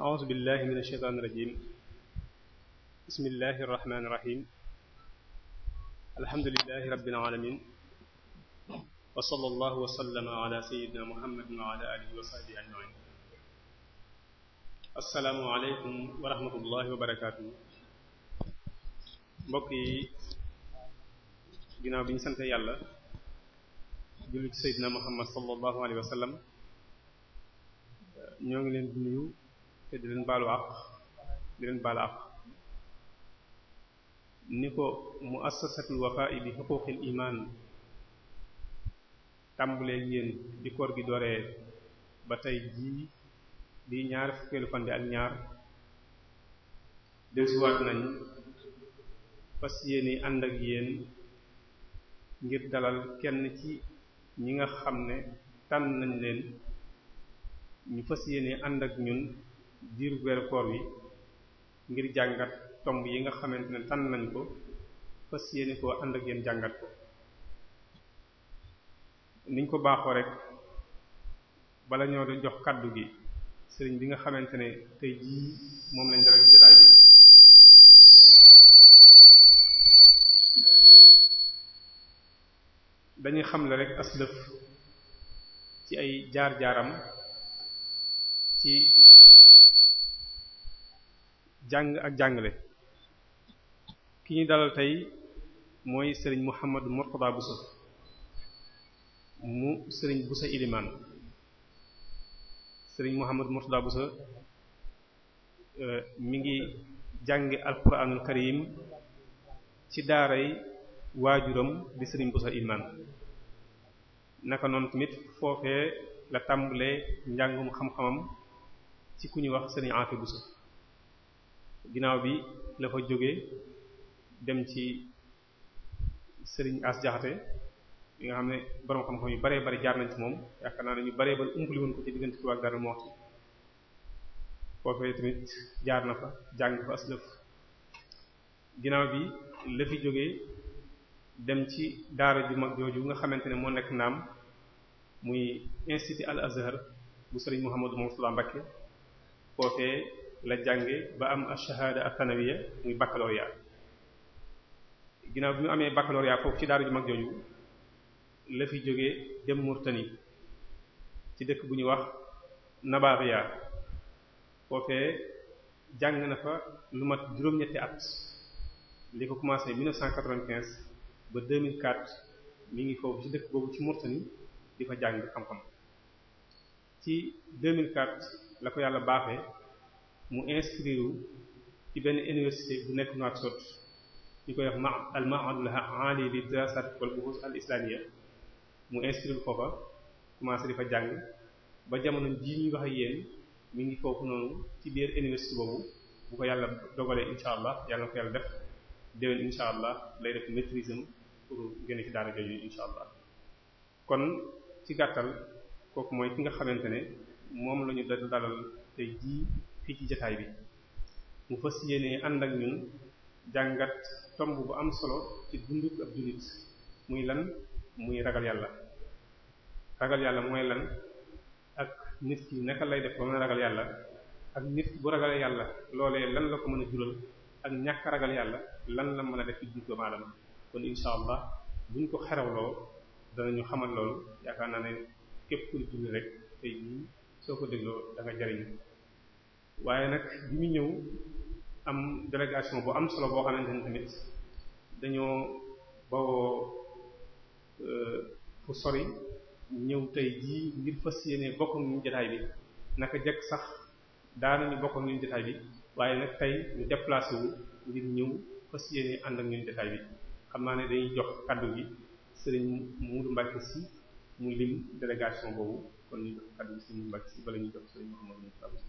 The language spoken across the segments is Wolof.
أعوذ بالله من الشيطان الرجيم بسم الله الرحمن الرحيم alhamdulilahi rabbil alamin wa sallallahu wa sallama ala sayyidina muhammadin wa ala alihi wa sahbihi ajmain assalaamu aleykum wa rahmatullahi wa barakaatu mbokk yi ginnaaw bi ñu sant yàlla julli ci sayyidina muhammad sallallahu alayhi wa sallam ñoo ngi leen di nuyu te di leen baalu àq di leen baalu àq ni ko muassasatul wafa'i bi xuquqil iman tàmbulee yéen di koor gi doree ba tey jii di ñaar fukkeelu fan bi ak ñaar dellusiwaat nañ fas yéeni ànd ak yéen ngir dalal kenn ci ñi nga xam ne tànn nañ leen ñu fas yéeni ànd ak ñun diiru weeru koor wi ngir jàngat tomb yi nga xamante ne tànn nañ ko fas yéene koo ànd ak yéen jàngat ko niñ ko baaxoo rek bala ñoo di jox kàddu gi sëriñ bi nga xamante ne tey jii moom lañ dara jotaay bi dañuy xamle rek aslëf ci ay jaar-jaaram ci jàng ak jàngale ki ñu dalal tey mooy sëriñ Mouhamadou Mourtada Bousso mu sëriñ Bousso Ilimaan sëriñ Mouhamadou Mourtada Bousso euh, mi ngi jàngi alquranul karim ci daaray waajuram di sëriñ Bousso Ilimaan naka noonu tamit foofee la tàmbalee njàngum xam-xamam ci ku ñu wax sëriñ Afi Bousso ginnaaw bi la fa jógee dem ci sëriñ as jaxate yi nga xam ne borom xam-xam yu baree bari jaar nañ ci moom yaakaar naa ne ñu baree bari umpali woon ko ci diggante Touba ak Darou Moukhty foofee tamit jaar na fa jàng fa aslëf ginnaaw bi la fi jógee dem ci daara ju mag jooju nga xamante ne moo nekk naam muy institut al azhar bu sëriñ Mouhamadou Moustapha Mbacké foofee la jànge ba am ashahada athanawiya muy baccalauréat ginnaaw bi mu amee baccalauréat foofu ci daaru ju mag jooju la fi jóge dem Murtani ci dëkk bu ñuy wax Nabawiya foofee jàng na fa lu mat juróom-ñetti at li ko commencé 1995 ba 2004 mi ngi foofu ci dëkk boobu ci Murtani di fa jàng xam-xam ci 2004 la ko yàlla baaxee mu inscrire ci benn université bu nekk Nouakchott ñu koy wax ma al mahadul aali li dirasat wal buhus al islamia mu inscrire foofa commencé di fa jàng ba jamono jii ñuy wax ak mu ngi foofu noonu ci biir université boobu bu ko yàlla dogalee incha allah yàlla na ko yàlla def déwén incha allah lay def maîtrise pour génne ci daara jooju incha allah kon ci gàttal kooku mooy ki nga xamante ne moom la ñu dalal tey jii fii ci jataay bi mu fas yéenee ànd ak ñun jàngat. tomb bu am solo ci dunduk ab jullit muy lan muy ragal yàlla ragal yàlla mooy lan ak nit ki naka lay def ba mën a ragal yàlla ak nit bu ragal yàlla loolee lan la ko mën a jural ak ñàkk ragal yàlla lan la mën a def ci dund doomu aadama kon insha allah buñ ko xerawloo ñu xamal loolu yaakaar naa ne képp ku julli rek tey jii soo ko dégloo da nga jariñ waaye nag bi mu ñëw am délégation bu am solo boo xamante ni tamit dañoo bawoo euh, fu sori ñëw tey jii ngir fas yéene bokk ñu jotaay bi naka jekk sax daanañu bokk ñu jotaay bi waaye nag tey ñu déplacé wu ngir ñëw fas yéene ànd ak ñun bi xam naa ne dañuy jox kaddu gi sëriñ Mourou Mbacke si mu lim délégation boobu kon ñu jox kaddu gi sëriñ Mbacke si bala ñuy jox sëriñ Mouhamadou Moustapha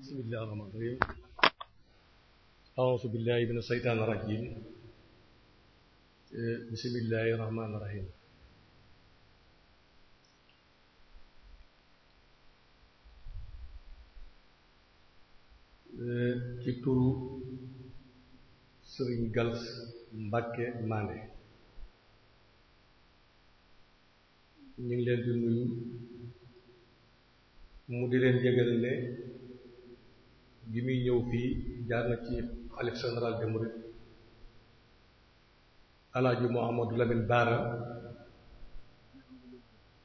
بسم الله الرحمن الرحيم أعوذ بالله من الشيطان الرجيم بسم الله الرحمن الرحيم ci turu Sëriñ Gals Mbàkke Maane ñu ngi leen di nuyu mu di leen yëgal ne bi muy ñëw fii jaar na ci xalif général des mourides alaaji Mouhamadou Lamine Baara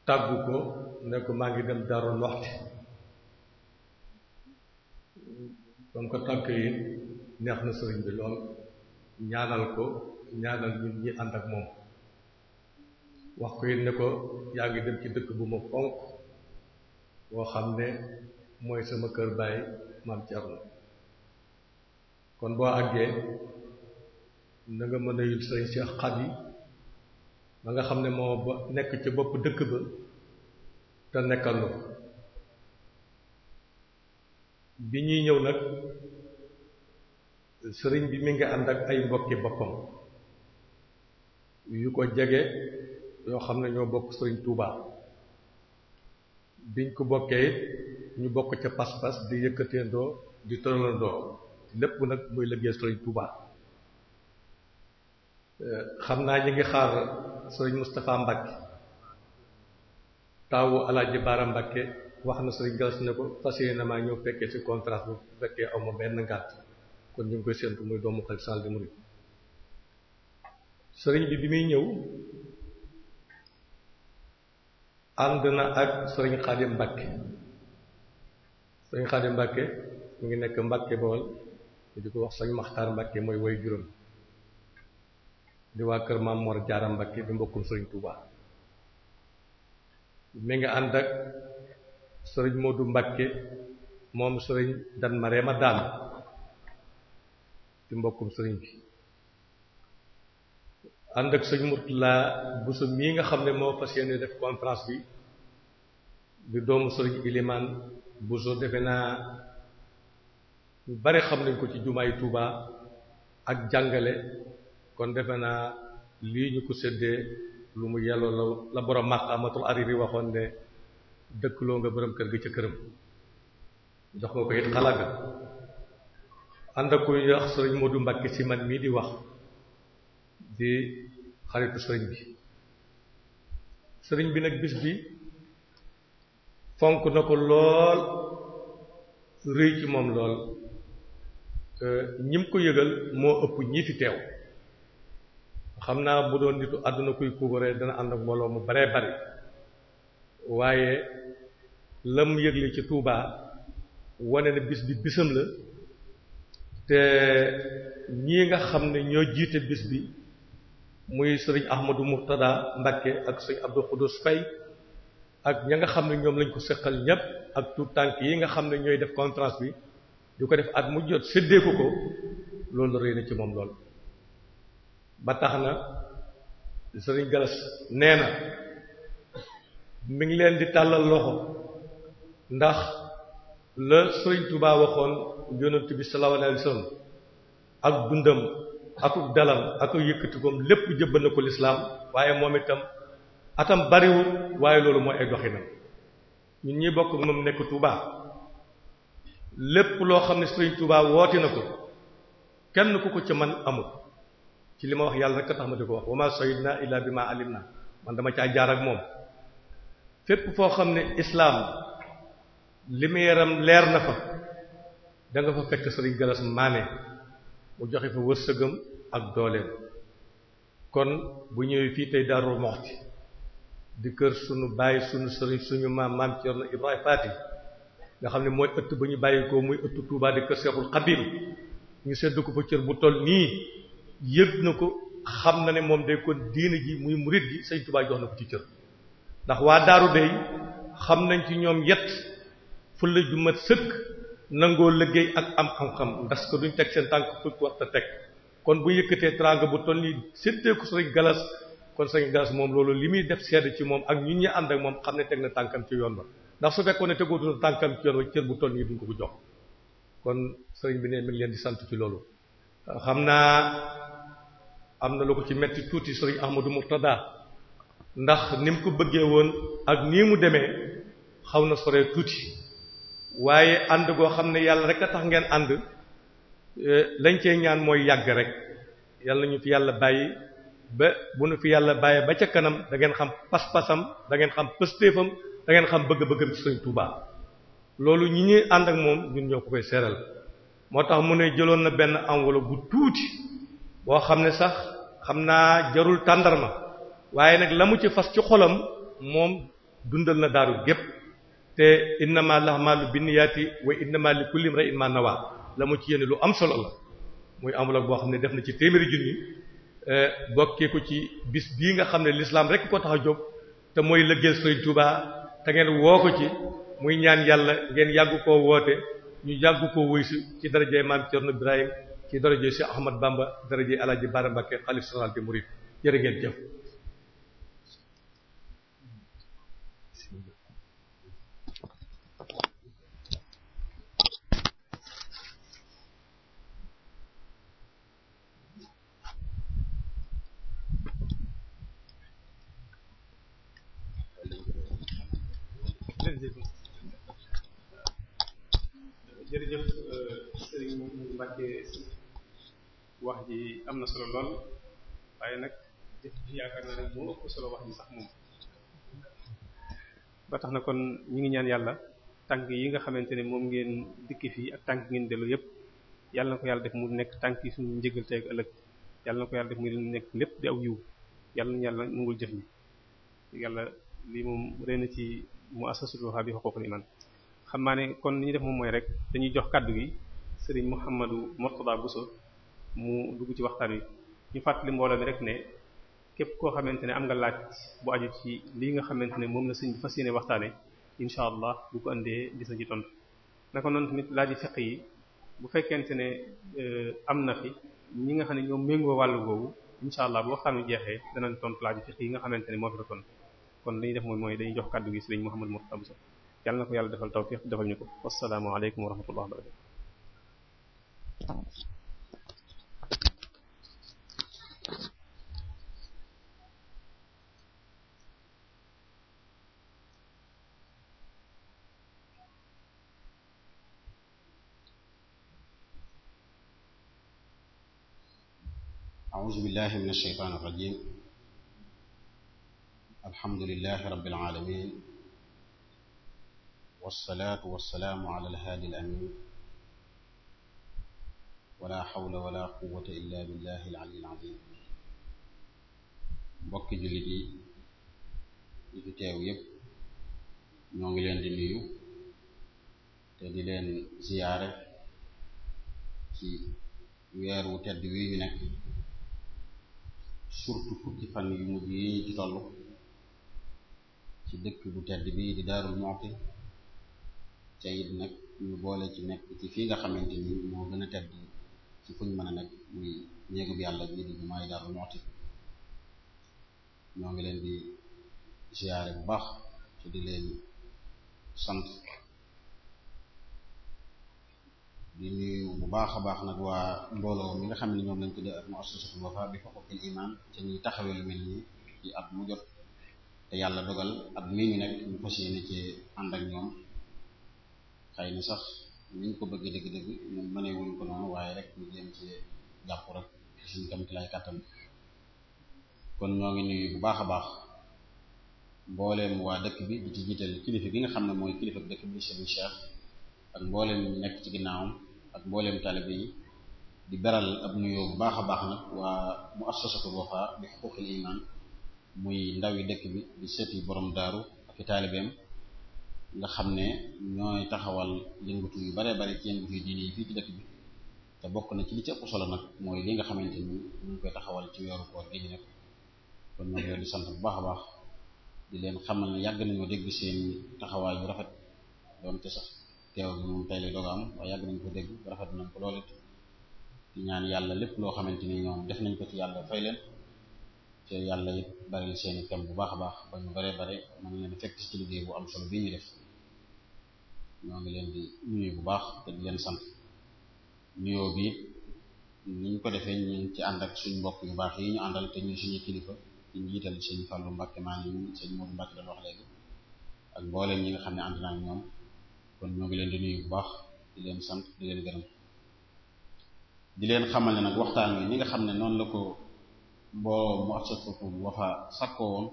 tàggu ko ne ko maa ngi dem Darou Moukhty ba mu ko tàgg yi neex na sëriñ bi lool ñaanal ko ñaanal ñun ñi ànd ak moom wax ko it ne ko yaa ngi dem ci dëkk bu ma fonk boo xam ne mooy sama kër baay maam Thierno kon boo àggee na mën a yul sëriñ Cheikh Khady ba nga xam ne moo ba nekk ca bopp dëkk ba te nekkal na bi ñuy ñëw nag sëriñ bi mi ngi ànd ak ay mbokki boppam yu ko jege yoo xam ne ñoo bokk sëriñ tuubaa biñ ko bokkee ñu bokk ca pas-pas di yëkkateendoo di tëralandoo lépp nag muy liggéey bu Touba. Eh, xam naa ñi ngi xaar sëriñ Moustapha Mbacke taawu alaaji Baara Mbacke wax na sëriñ Gallas ne ko fas yéene maa ñëw fekkee ci contrat bu fekkee aw ma benn ngàtt kon ñu ngi koy séntu muy doomu xel sal di murid bi bi muy ñëw ànd na ak sëriñ Xaadim Mbàkke sëriñ Xaadim Mbàkke mu ngi nekk Mbàkke Bawol di ko wax sëriñ Maxtaar Mbàkke mooy woy juróom di waa kër Maam Mor Jaara Mbàkke di mbokkum sëriñ Tuuba mi ngi ànd ak sëriñ Moodu Mbàkke moom sëriñ Dan Mareema Daan di mbokkum sëriñ bi ànd ak sëñ Murtala Bousso mii nga xam ne moo fas yéene def conférence bi di doomu sëriñ Iliman buso defe naa ñu bari xam nañ ko ci jumaay Touba ak jàngale kon defe naa lii ñu ko seddee lu mu yelloo la la borom maqamatul yi waxoon ne dëkkloo nga borom kër gi ca këram jox nga ko it xalaat ànd ak kuy wax sëriñ Modou si man mii di wax. di xaritu sëriñ bi sëriñ bi nag bis bi fonk na ko lool rëy ci moom lool ñim ko yëgal moo ëpp ñi fi teew xam naa bu doon nitu àdduna koy kuubaree dana ànd ak mbooloo mu baree bari waaye lam yëgle ci tuubaa wane na bis bi bisam la te ñi nga xam ne ñoo jiite bis bi muy sëriñ Ahmadou Murtada Mbakke ak sëriñ Abdou Khoudous Faye ak ña nga xam ne ñoom lañ ko seqal ñépp ak tout tànk yi nga xam ne ñooy def conférence bi yu ko def at mu jot séddeeku ko loolu rëy na ci moom lool. ba tax na sëriñ Galas nee na mu ngi leen di tàllal loxo ndax la sëriñ Touba waxoon yonent bi sallallahu alayhi wasallam ak dundam. akub dalam ak yëkkatikoom lépp jëbba na ko lislaam waaye moom itam atam bariwul waaye loolu mooy ay doxinam ñun ñuy bokk moom nekk tuuba lépp loo xam ne Serigne Touba woote na ko kenn ku ko ci man amul ci li ma wax yàlla rek a tax ma di ko wax wa ma sayidna illa bi ma alim na man dama caa jaar ak moom fépp foo xam ne islaam lumière am leer na fa da nga fa fekk Serigne Gallas Mané mu joxe fa wërsëgam ak dooleem kon bu ñëwee fii tey Darou Moukhty di kër sunu bàyyi suñu sëriñ suñu maam maam Thierno Ibrahima Fati nga xam ne mooy ëtt ba ñu bàyyi muy ëtt Touba di kër Cheikhul Khadim ñu seddu ko fa cër bu toll nii yëg na ko xam na ne moom de kon diina ji muy murit gi sëñ Touba jox na ko ci cër ndax waa daaru dey xam nañ ci ñoom yett fulla ju mat sëkk nangoo liggéey ak am xam-xam parce que duñ teg seen tànk fukk war a teg. kon bu yëkkatee teraanga bu toll nii séddee ko sëriñ galas kon sëriñ galas moom loolu li muy def sedd ci moom ak ñun ñi ànd ak moom xam ne teg na tànkam ci yoon ba ndax su fekkoon ne tegootu tànkam ci yoon bu toll nii duñ ko ko kon sëriñ bi ne mi leen di sant ci loolu xam naa am na lu ko ci metti tuuti sëriñ Ahmadou Murtada ndax ni mu ko bëggee woon ak nii mu demee xaw na soree tuuti waaye ànd koo xam ne yàlla rek a tax ngeen ànd lañ euh, cee ñaan mooy yàgg rek yàlla ñu fi yàlla bàyyi ba bu nu fi yàlla bàyyi ba ca kanam da ngeen xam pas-pasam da ngeen xam pëstéefam da ngeen xam bëgg-bëggam ci Sëriñ Tuubaa loolu ñi ñuy ànd ak moom ñun ñoo ko koy seeral moo tax mu ne jëloon na benn enveloppe bu tuuti boo xam ne sax xam naa jarul tàndarma waaye nag la mu ci fas ci xolam moom dundal na daaru gépp te innama lahmalu binniyaati wa innama li kulli imrin ma waa la mu ci yéene lu am solo la muy enveloppe boo xam ne def na ci téeméeri junni eh, bokkee ko ci bis bii nga xam ne lislaam rek ko tax a jóg te mooy lëggeel Sëriñ Tuubaa te ngeen woo ko ci muy ñaan yàlla ngeen yàgg koo woote ñu yàgg koo si ci darajee maam Cerno Ibrahim ci darajee si Ahmad Bamba darajee Alaaji Bara Mbacké xalif général des mourides jërë ngeen jëf jërëjëf euh, Serigne Mbacke si wax ji am na solo lool waaye nag jëf ji yaakaar naa ne solo wax moom ba na kon ñu ngi ñaan yàlla tànk yi nga xamante ne moom ngeen dikki fii ak tànk ngeen dellu yëpp yàlla na ko yàlla def mu nekk tànk yi suñu njëgal tey ak ëllëg yàlla na ko yàlla def mu nekk lépp di aw yiw yàlla na yàlla nangul jëf ñi yàlla lii moom rey na ci mu asasul Wahhabi huququl iman xam naa ne kon li ñu def moom mooy rek dañuy jox kàddu gi sëriñ Mouhamadou Mourtada Bousso mu dugg ci waxtaan wi ñu fàttali mbooloo mi rek ne képp koo xamante ne am nga laaj bu aju ci lii nga xamante ne moom la sëriñ bi fas yéene waxtaane incha allah bu ko indee gis na ci tontu naka noonu tamit laaji fiq bu fekkente ne eh, am na fi ñi nga xam ne ñoom méngoo wàllu googu incha allah bu waxtaan wi jeexee danañ tontu laaji fiq yi nga xamante ne moo fi la tontu kon li ñu def mooy mooy dañu jox kàddu gi sëriñ Mouhamadou Mourtada Bousso yàlla na ko yàlla defal tawfiq defal ñu ko wassalaamu aleykum wa rahmatullah wa barakatu أعوذ بالله من الشيطان الرجيم الحمد لله رب العالمين wasalaatu wasalaamu ala alhaadi al amin wala xawla wala quwata illa billahi al ali al azim mbokki jullit yi ñi fi teew yépp ñoo ngi leen di nuyu te di leen ziyaare ci weer wu tedd wi ñu nekk surtout fukki fan yu mujj yi ñu ci toll ci dëkk bu tedd bi di Daarul Muxti te it nag ñu boole ci nekk ci fii nga xamante ni moo gën a tedd ci fuñ mën a nekk yàlla bii di jumaay Daaru bu baax te di leen bu baax a baax nag waa mbooloo mi nga xam ne ñoom lañ tuddee ak muassasatul Wafa bi huquqil iman te ñuy taxawee lu ñu nekk ñu fas yéene ci ànd ak ñoom xëy na sax niñ ko bëgg dëgg-dëgg ñun mënewuñ ko noonu waaye rek ñu jéem ci jàpp rek suñ kon ñoo ngi bu baax a baax mbooleem waa dëkk bi di kilifa gi nga xam ne mooy kilifa dëkk bi ak mbooleem ñu nekk ci ginnaawam ak mbooleem talibe di beral ab baax a baax nag waa mu assosatu Wafa dëkk bi di seeti borom daaru ak taalibeem nga xam ne ñooy taxawal yëngatu yu bare bare ci yëngatu yu diine yi fii ci bi te bokk na ci li ci ëpp solo nag mooy lii nga xamante ni ñu ci weeru koor gi ñu bu baax a baax di leen xamal yàgg nañoo dégg seen taxawaay bu rafet doonte sax teew bi moom tey la ko dégg rafet nañ ko yàlla lépp loo xamante ni ñoom def nañ ko ci yàlla fay leen te yàlla it bari seeni kam bu baax a baax ba ñu bare a mën leen fekk ci liggéey bu am solo bi ñu def ñoo ngi leen di nuyu bu baax te di leen sant nuyoo bi ni ñu ko defee ñu ci ànd ak suñu mbokk yu baax yi ñu àndal te ñu suñu kilifa di njiital sëñ Fallou Mbacké maa ngi sëñ Modou Mbacké doon wax ak mboolem ñi nga xam ne ànd naa ñoom kon ñoo ngi leen di nuyu bu baax di leen sant di leen gërëm di leen xamal ne nag waxtaan wi ñi nga xam ne noonu la ko boo mu assasatu Wafa sakkoo woon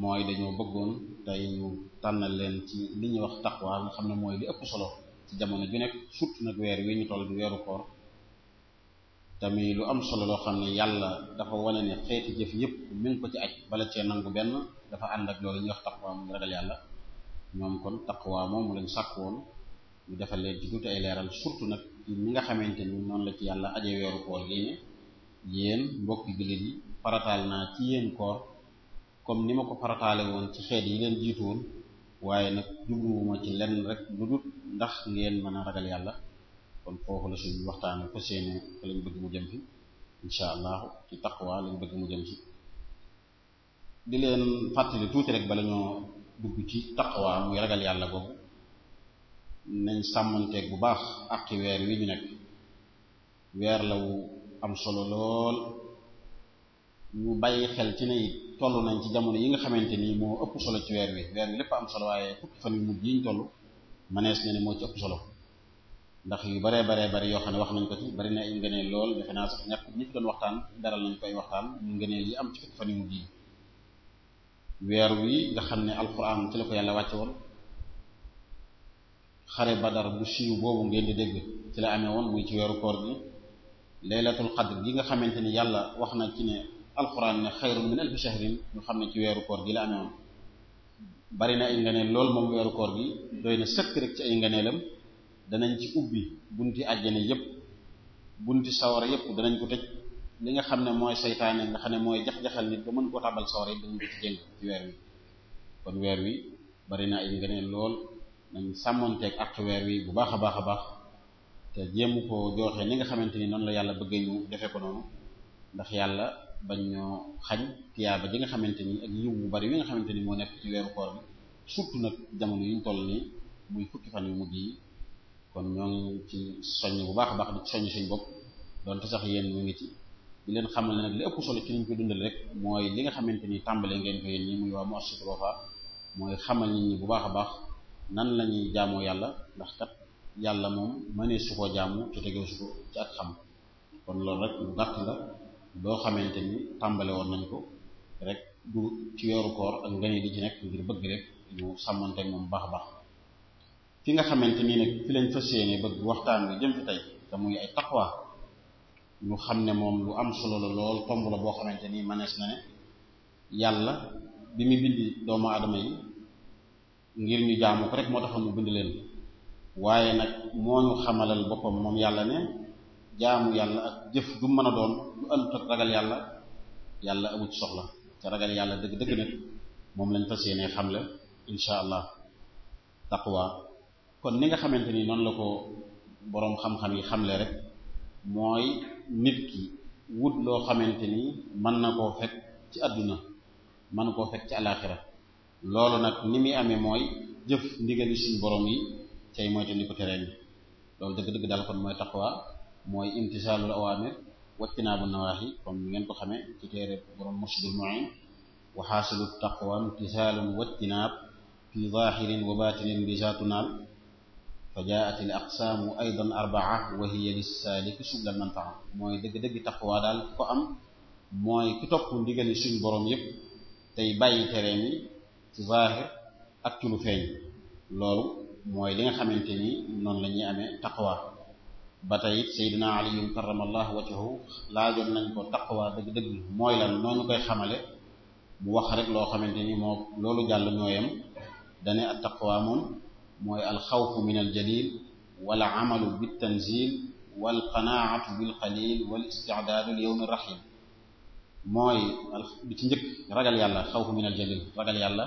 mooy dañoo bëggoon tey ñu tànnal leen ci li ñuy wax taqwa nga xam ne mooy li ëpp solo ci jamono ju nekk surtout nag weer wi ñu toll di weeru koor tamit lu am solo loo xam ne yàlla dafa wane ne xeeti jëf yépp mi ngi ko ci aj bala cee nangu benn dafa ànd ak loolu ñuy wax taqwa mu ragal yàlla ñoom kon taqwa moomu lañ sàkk woon ñu defal leen ci tuuti leeral surtout nag ñi nga xamante ni noonu la ci yàlla aje weeru koor lii ne yéen mbokki jullit yi farataal naa ci yéen comme ni ma ko farataale woon ci xeet yi leen jiitu waaye nag jubluwuma ci lenn rek lu ndax ngeen mën a ragal yàlla kon foofu la suñu waxtaane fa seeni fa bëgg mu jëm fi incha allahu ci taqwa lañ bëgg mu jëm ci di leen fàttali tuuti rek bala ñoo dugg ci taqwa muy ragal yàlla boobu nañ sàmmanteeg bu baax ak weer wi ñu nekk weer la wu am solo lool ñu bàyyi xel ci ne it toll nañ ci jamono yi nga xamante ni moo ëpp solo ci weer wi weer wi lépp am solo waaye fukki fan yu mujj yi ñu toll manees na ne moo ci ëpp solo ndax yu baree baree bari yoo xam ne wax nañ ko ci bari na ay ngëneel lool defe naa sax waxtaan daral nañ koy waxtaan ñu am ci fukki fan xam ne alquran ci la ko yàlla wàcce woon xare badar bu siiw boobu ngeen di dégg ci la amee woon muy ci weeru koor gi laylatul qadr gi nga xamante ni yàlla wax na ci ne alquran ne xayrun min alfi shahrin ñu xam ne ci weeru koor gi la amee woon bari na ay nganeel lool moom weeru koor gi doy na sëkk rek ci ay nganeelam danañ ci ubbi bunti àjjana yépp bunti sawara yépp danañ ko tëj li nga xam ne mooy saytaane nga xam ne mooy jax-jaxal nit ba mën koo tàbbal sawara yi danañ ko ci jëng ci weer wi kon weer wi bari na ay nganeel lool nañ sàmmonteeg ak weer wi bu baax a baax a baax te jéem ko jooxee ni nga xamante ni noonu la yàlla bëggee ñu defe ko bañ ñoo xañ tiyaaba ji nga xamante ni ak yiw bu bari wi nga xamante ni moo nekk ci weeru koor bi surtout nag jamono yuñ ñu toll nii muy fukki fan yu mujj yi kon ñoo ngi ci soñ bu baax a baax di soññ suñ bopp donte sax yéen ñu ngi ci di leen xamal ne nag li ëpp solo ci liñ koy dundal rek mooy li nga xamante ni tàmbale ngeen ko yéen ñi muy waa Muassasatul Wafa mooy xamal nit ñi bu baax a baax nan lañuy ñuy jaamoo yàlla ndax kat yàlla moom mënee su koo jaamu ci tegew su loo xamante ni tàmbale woon nañ ko rek du ci weeru koor ak ngëneel li ci nekk ngir bëgg rek ñu sàmmante moom baax a baax fi nga xamante ni nag fi lañ fas yéene bëgg waxtaan bi jëm fi tey te muy ay taqwa ñu xam ne moom lu am solo la lool tomb la boo xamante ni manees na ne yàlla bi mu bind doomu aadama yi ngir ñu jaamu ko rek moo taxoon mu bind leen waaye nag moo ñu xamalal boppam moom yàlla ne jaamu yàlla ak jëf ju mën a doon lu àndut ragal yàlla yàlla amu ci soxla te ragal yàlla dëgg dëgg nag moom lañ fas yéenee xamle incha allah taqwa kon ni nga xamante ni noonu la ko boroom xam-xam yi xamle rek mooy nit ki wut loo xamante ni mën na koo fekk ci àdduna mën koo fekk ci alaxira loolu nag ni muy amee mooy jëf ndigali suñu borom yi cay moytu ni ko tereen loolu dëgg-dëgg daal kon mooy taqwa mooy imtisaalul awaamir wattinaabu nawaahi comme ni ngeen ko xamee ci téere borom mursidul muin wa xaasilu taqwa imtisaalun wattinaab fi zaahirin wa baatinin bi zaatunaal fa jaat al aqsaamu aydan arbaa wa hiya lissaliki sublal dëgg-dëgg taqwa daal ku ko am mooy ki topp ndigali suñ borom yépp tey bàyyi tereem yi ci zaahir ak ci feeñ loolu mooy li nga xamante ni noonu la ñuy ba tey it Seydina Ali karamallahu wajhahu laajoon nañ ko taqwa dëgg-dëgg mooy lan noo ñu koy xamale mu wax rek loo xamante ni moo loolu jàll ñooyam dane at taqwa moom mooy alxawfu min aljalil wala amalu bittanzil wal qanaatu bil qalil wal istidaadu li ragal yàlla xawfu min aljalil ragal yàlla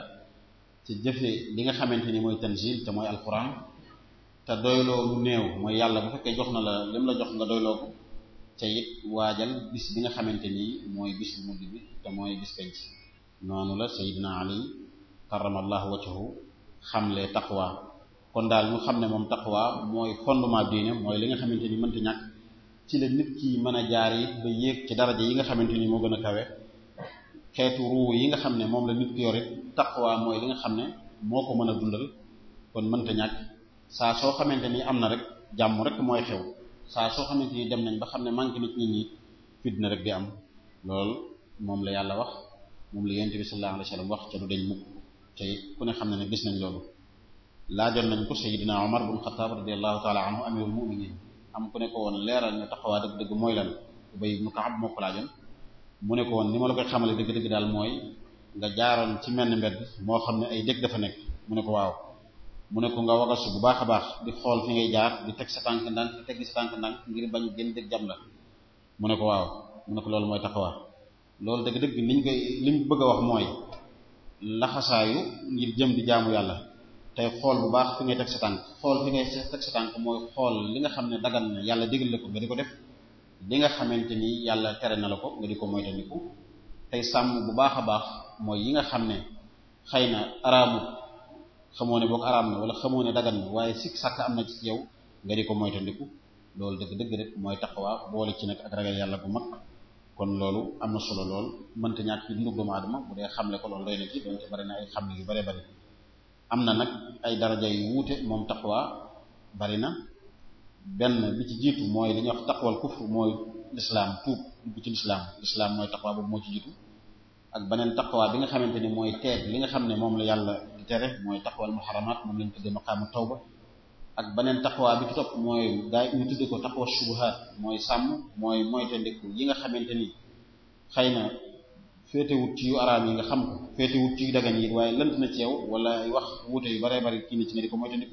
ci jëfe li nga xamante ni mooy tanzil te mooy alquran te doyloo lu néew mooy yàlla bu fekkee jox na la lim la jox nga doyloo ko te it waajal bis bi nga xamante nii mooy bis bu mujj bi te mooy bis penc noonu la sayidna ali karamallahu wajhahu xamle taqwa kon daal ñu xam ne moom taqwa mooy fondement diine mooy li nga xamante ni mënta ñàkk ci la nit ki mën a jaar it ba yéeg ci daraja yi nga xamante ni moo gën a kawe xeetu ruu yi nga xam ne moom la nit ki yorit taqwa mooy li nga xam ne moo ko mën a dundal kon mënta ñàkk saa soo xamante ni am na rek jàmm rek mooy xew saa soo xamante ni dem nañ ba xam ne manque nit ñi fitna rek di am loolu moom la yàlla wax moom la yonent bi sallallahu alayhi wax ca du dañ mukk te ku ne xam ne ne gis nañ loolu laajoon nañ ko sayyidina Umar bun Xattaab radiyallahu taala anhu amirul muminin am ku ne ko woon leeral ne taxawaa dëgg dëgg mooy lan Ubay ibn Ka'ab moo laa laajoon mu ne ko woon ni ma la koy xamal xamale dëgg-dëgg daal mooy nga jaaroon ci menn mbedd moo xam ne ay dëkk dafa nekk mu ne ko waaw mu ne ko nga wagasu bu baax a baax di xool fi ngay jaar di teg sa tànk ndànk di teg sa tànk ndànk ngir bañ gën dëgg jam la mu ne ko waaw mu ne ko loolu mooy taxawaa loolu dëgg-dëgg liñ koy liñ bëgg a wax mooy laxasaayu ngir jëm di jaamu yàlla tey xool bu baax fi ngay teg sa tànk xool fi ngay teg sa tànk mooy xool li nga xam ne dagan na yàlla digal la ko nga di ko def li nga xamante ni yàlla tere na la ko nga di ko moytandiku tey sàmm bu baax a baax mooy yi nga xam ne xëy na araamut xamoo ne boog araam na wala xamoo ne dagan waaye sikk sàkk am na ci yow nga di ko moytandiku loolu dëgg-dëgg rek mooy taqwa boole ci nag ak ragal yàlla bu mag kon loolu am na solo lool mënta ñàkk ci dundu doomu aadama ko loolu doy bari na ay yu bare bari na nag ay daraja yu wuute moom taqwa bari na benn bi ci jiitu mooy li ñuy wax taqwal kufr mooy lislaam ci moo ci jiitu ak beneen taqwa bi nga xamante ni mooy teeg li nga xam ne moom la yàlla tere mooy taxawal muharramat moom lañ tuddee maqaamu tawba ak beneen taxawaa bi ci topp mooy gaa ñu tuddee ko taxawa shubuhaat mooy sàmm mooy moytandiku yi nga xamante ni xëy na féetewut ci yu araam yi xam ko féetewut ci yu dagan waaye lënt na ci wala wax wuute yu baree bari kii ni ci nga di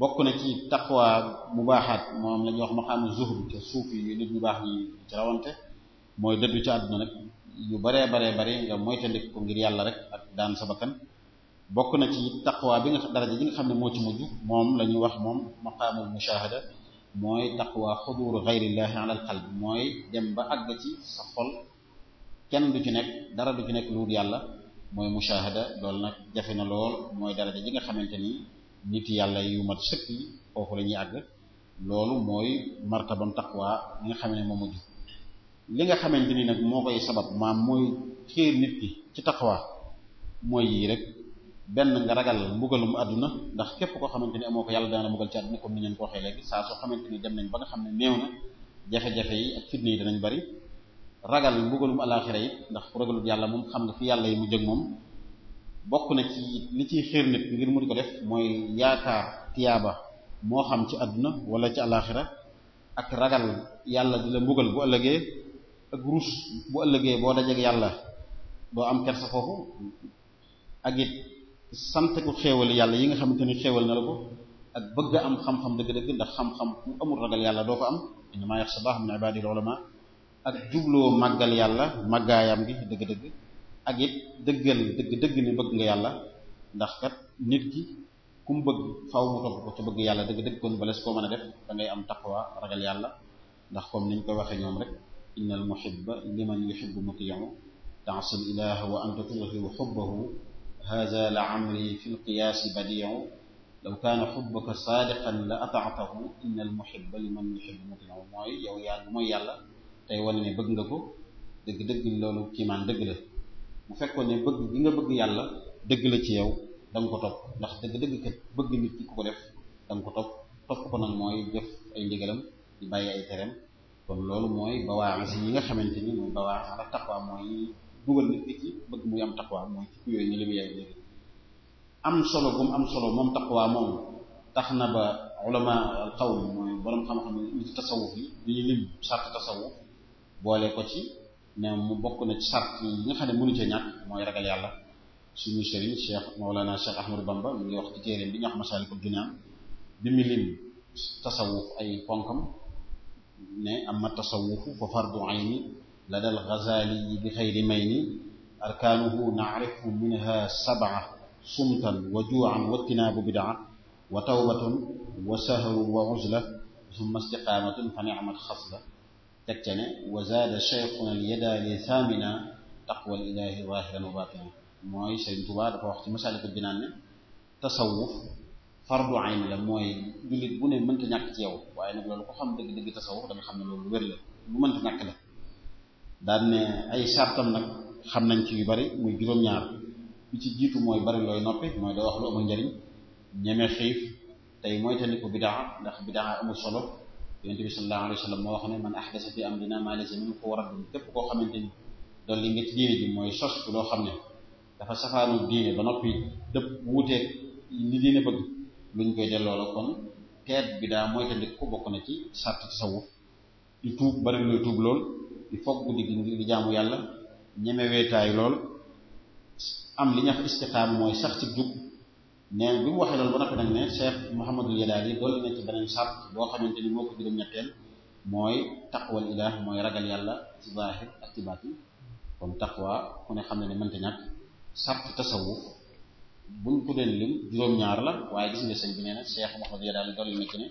bokk na ci taxawaa mu baaxaat moom la wax maqaamu zuhd te suuf yi nit ñu baax ñi ci rawante mooy dëddu ci àdduna nag yu bare baree bari nga moytandiku ko ngir yàlla rek ak daan sa bakkan bokk na ci taqwa bi nga daraja nga xam ne moo ci mujj moom la ñuy wax moom maqaamul mushahada mooy taqwa xuduuru gayrillahi ala al qalb mooy dem ba àgg ci sa xol kenn du ci nekk dara du ci nekk lu yàlla mooy mushahada loolu nag jafe na lool mooy daraja ji nga xamante ni nit yàlla yu mat sëkk yi foofu la ñuy àgg loolu mooy martabam taqwa li nga xam ne moo mujj li nga xamante ni nag moo koy sabab maam mooy xiir nit ki ci taqwa mooy yii rek benn nga ragal mbugalum àdduna ndax képp koo xamante ni amoo ko yàlla dana mbugal ci àdduna comme ni ngeen ko waxee léegi saa soo xamante ni dem nañ ba nga xam ne néew na jafe-jafe yi ak fitna yi danañ bari ragal mbugalum alaxira yi ndax ku ragalul yàlla moom xam nga fi yàlla yi mu jëg moom bokk na ci li ciy xiir ngir mun ko def mooy yaakaar tiyaaba moo xam ci àdduna wala ci alaxira ak ragal yàlla di la mbugal bu ëllëgee ak ruus bu ëllëgee boo dajeeg yàlla doo am kersa foofu ak sant ko xéewal yàlla yi nga xamante ni xéewal na la ko ak bëgg am xam-xam dëgg-dëgg ndax xam-xam ku amul ragal yàlla doo ko am innamaa yaxsha llaaha min ibaadihi ulamaa ak jubloo màggal yàlla màggaayam gi dëgg-dëgg ak dëgg-dëgg ni bëgg nga yàlla ndax kat nit ki ku mu bëgg faaw mu topp ko ci bëgg yàlla dëgg-dëgg kon bales koo man a def da ngay am taqwa ragal yàlla ndax comme niñ koy waxee ñoom rek inna al muhibba liman yuhibbu mutii'u ta'sil ilaaha wa anta tughfiru xubbahu haaza la amri fi lqiyaasi badiu law kaana xubbuka saadiqan la ataatahu inna almuhibba liman yuhibbu mutinaw mooy yow yaa mooy yàlla tey wane ne bëgg nga ko dëgg-dëgg loolu kiimaan dëgg la bu fekkoon ne bëgg gi nga bëgg yàlla dëgg la ci yow da ko topp ndax dëgg-dëgg kat bëgg nit ki ko def da ko topp topp ko nag mooy def ay ndigalam di bàyyi ay tereem kon loolu mooy bawaas yi nga xamante ni mooy bawaas ak taqwa mooy dugal nit ki ci bëgg muy am taqwa mooy ci yooyu ñu li mu yaay léegi am solo bu mu am solo moom taqwa moom tax na ba ulama al qawm mooy boroom xam-xam ni ko ci ne mu bokk na ci sart yi nga xam ne yàlla suñu sëriñ Cheikh Mawlana Cheikh Ahmadou Bamba mu ngi wax ci téeréem bi ñu wax Masaalikul Jinaan bi mu lim tasawuf ay ponkam ne amma tasawufu fa fardu ayni لدى الغزالي بغير مين أركانه نعرف منها سبعة صمتا وجوعا واجتناب بدعة وتوبة وسهر وعزلة ثم استقامة فنعمت خصلة تكتنى وزاد شيخنا اليدا لثامنا taqwal ilaahi zaahiran wa baatinan mooy Sëriñ Tuubaa dafa wax ci Masaalikul Jinaan ne tasawuf fardu ayn la mooy jullit bu ne mënta ñàkk ci yow waaye nag loolu ko xam dëgg-dëgg tasawuf da nga xam ne loolu wér la lu mënta ñàkk la daan ay sartam nag xam nañ ci yu bari muy juróom-ñaar bi ci jiitu mooy bari looy noppi mooy doo wax lu amul njariñ ñeme xiif tey mooy te ni ko bidaa ndax bidaa amul solo yonent bi sallallahu alayhi wa moo wax ne man ahdasa fi ma laysa minhu ko xamante ni doon nga ci diine bi mooy sos bi loo xam ne dafa safaanu diine ba noppi dëpp wuuteeg li diine bëgg luñ koy delloo la kon teet bidaa mooy te ni ko bokk na ci sàrt ci sawuf di tuub bari looy tuub lool di foog guddi gi jaamu yàlla ñeme weetaay lool am li ñax istiqaam mooy sax ci jub neen bi mu waxee loolu ba noppi nag ne Cheikh Mouhamadul Yadaali dolli na ci beneen xamante ni moo ko juróom mooy taqwal yàlla ci zaahir ak ci baatin kon taqwa ku ne xam ne ne mënta ñàkk sàrt tasawuf buñ ko deen juróom-ñaar la waaye gis nga sëñ bi nee na Cheikh Mouhamadul Yadaali dolli na ci ne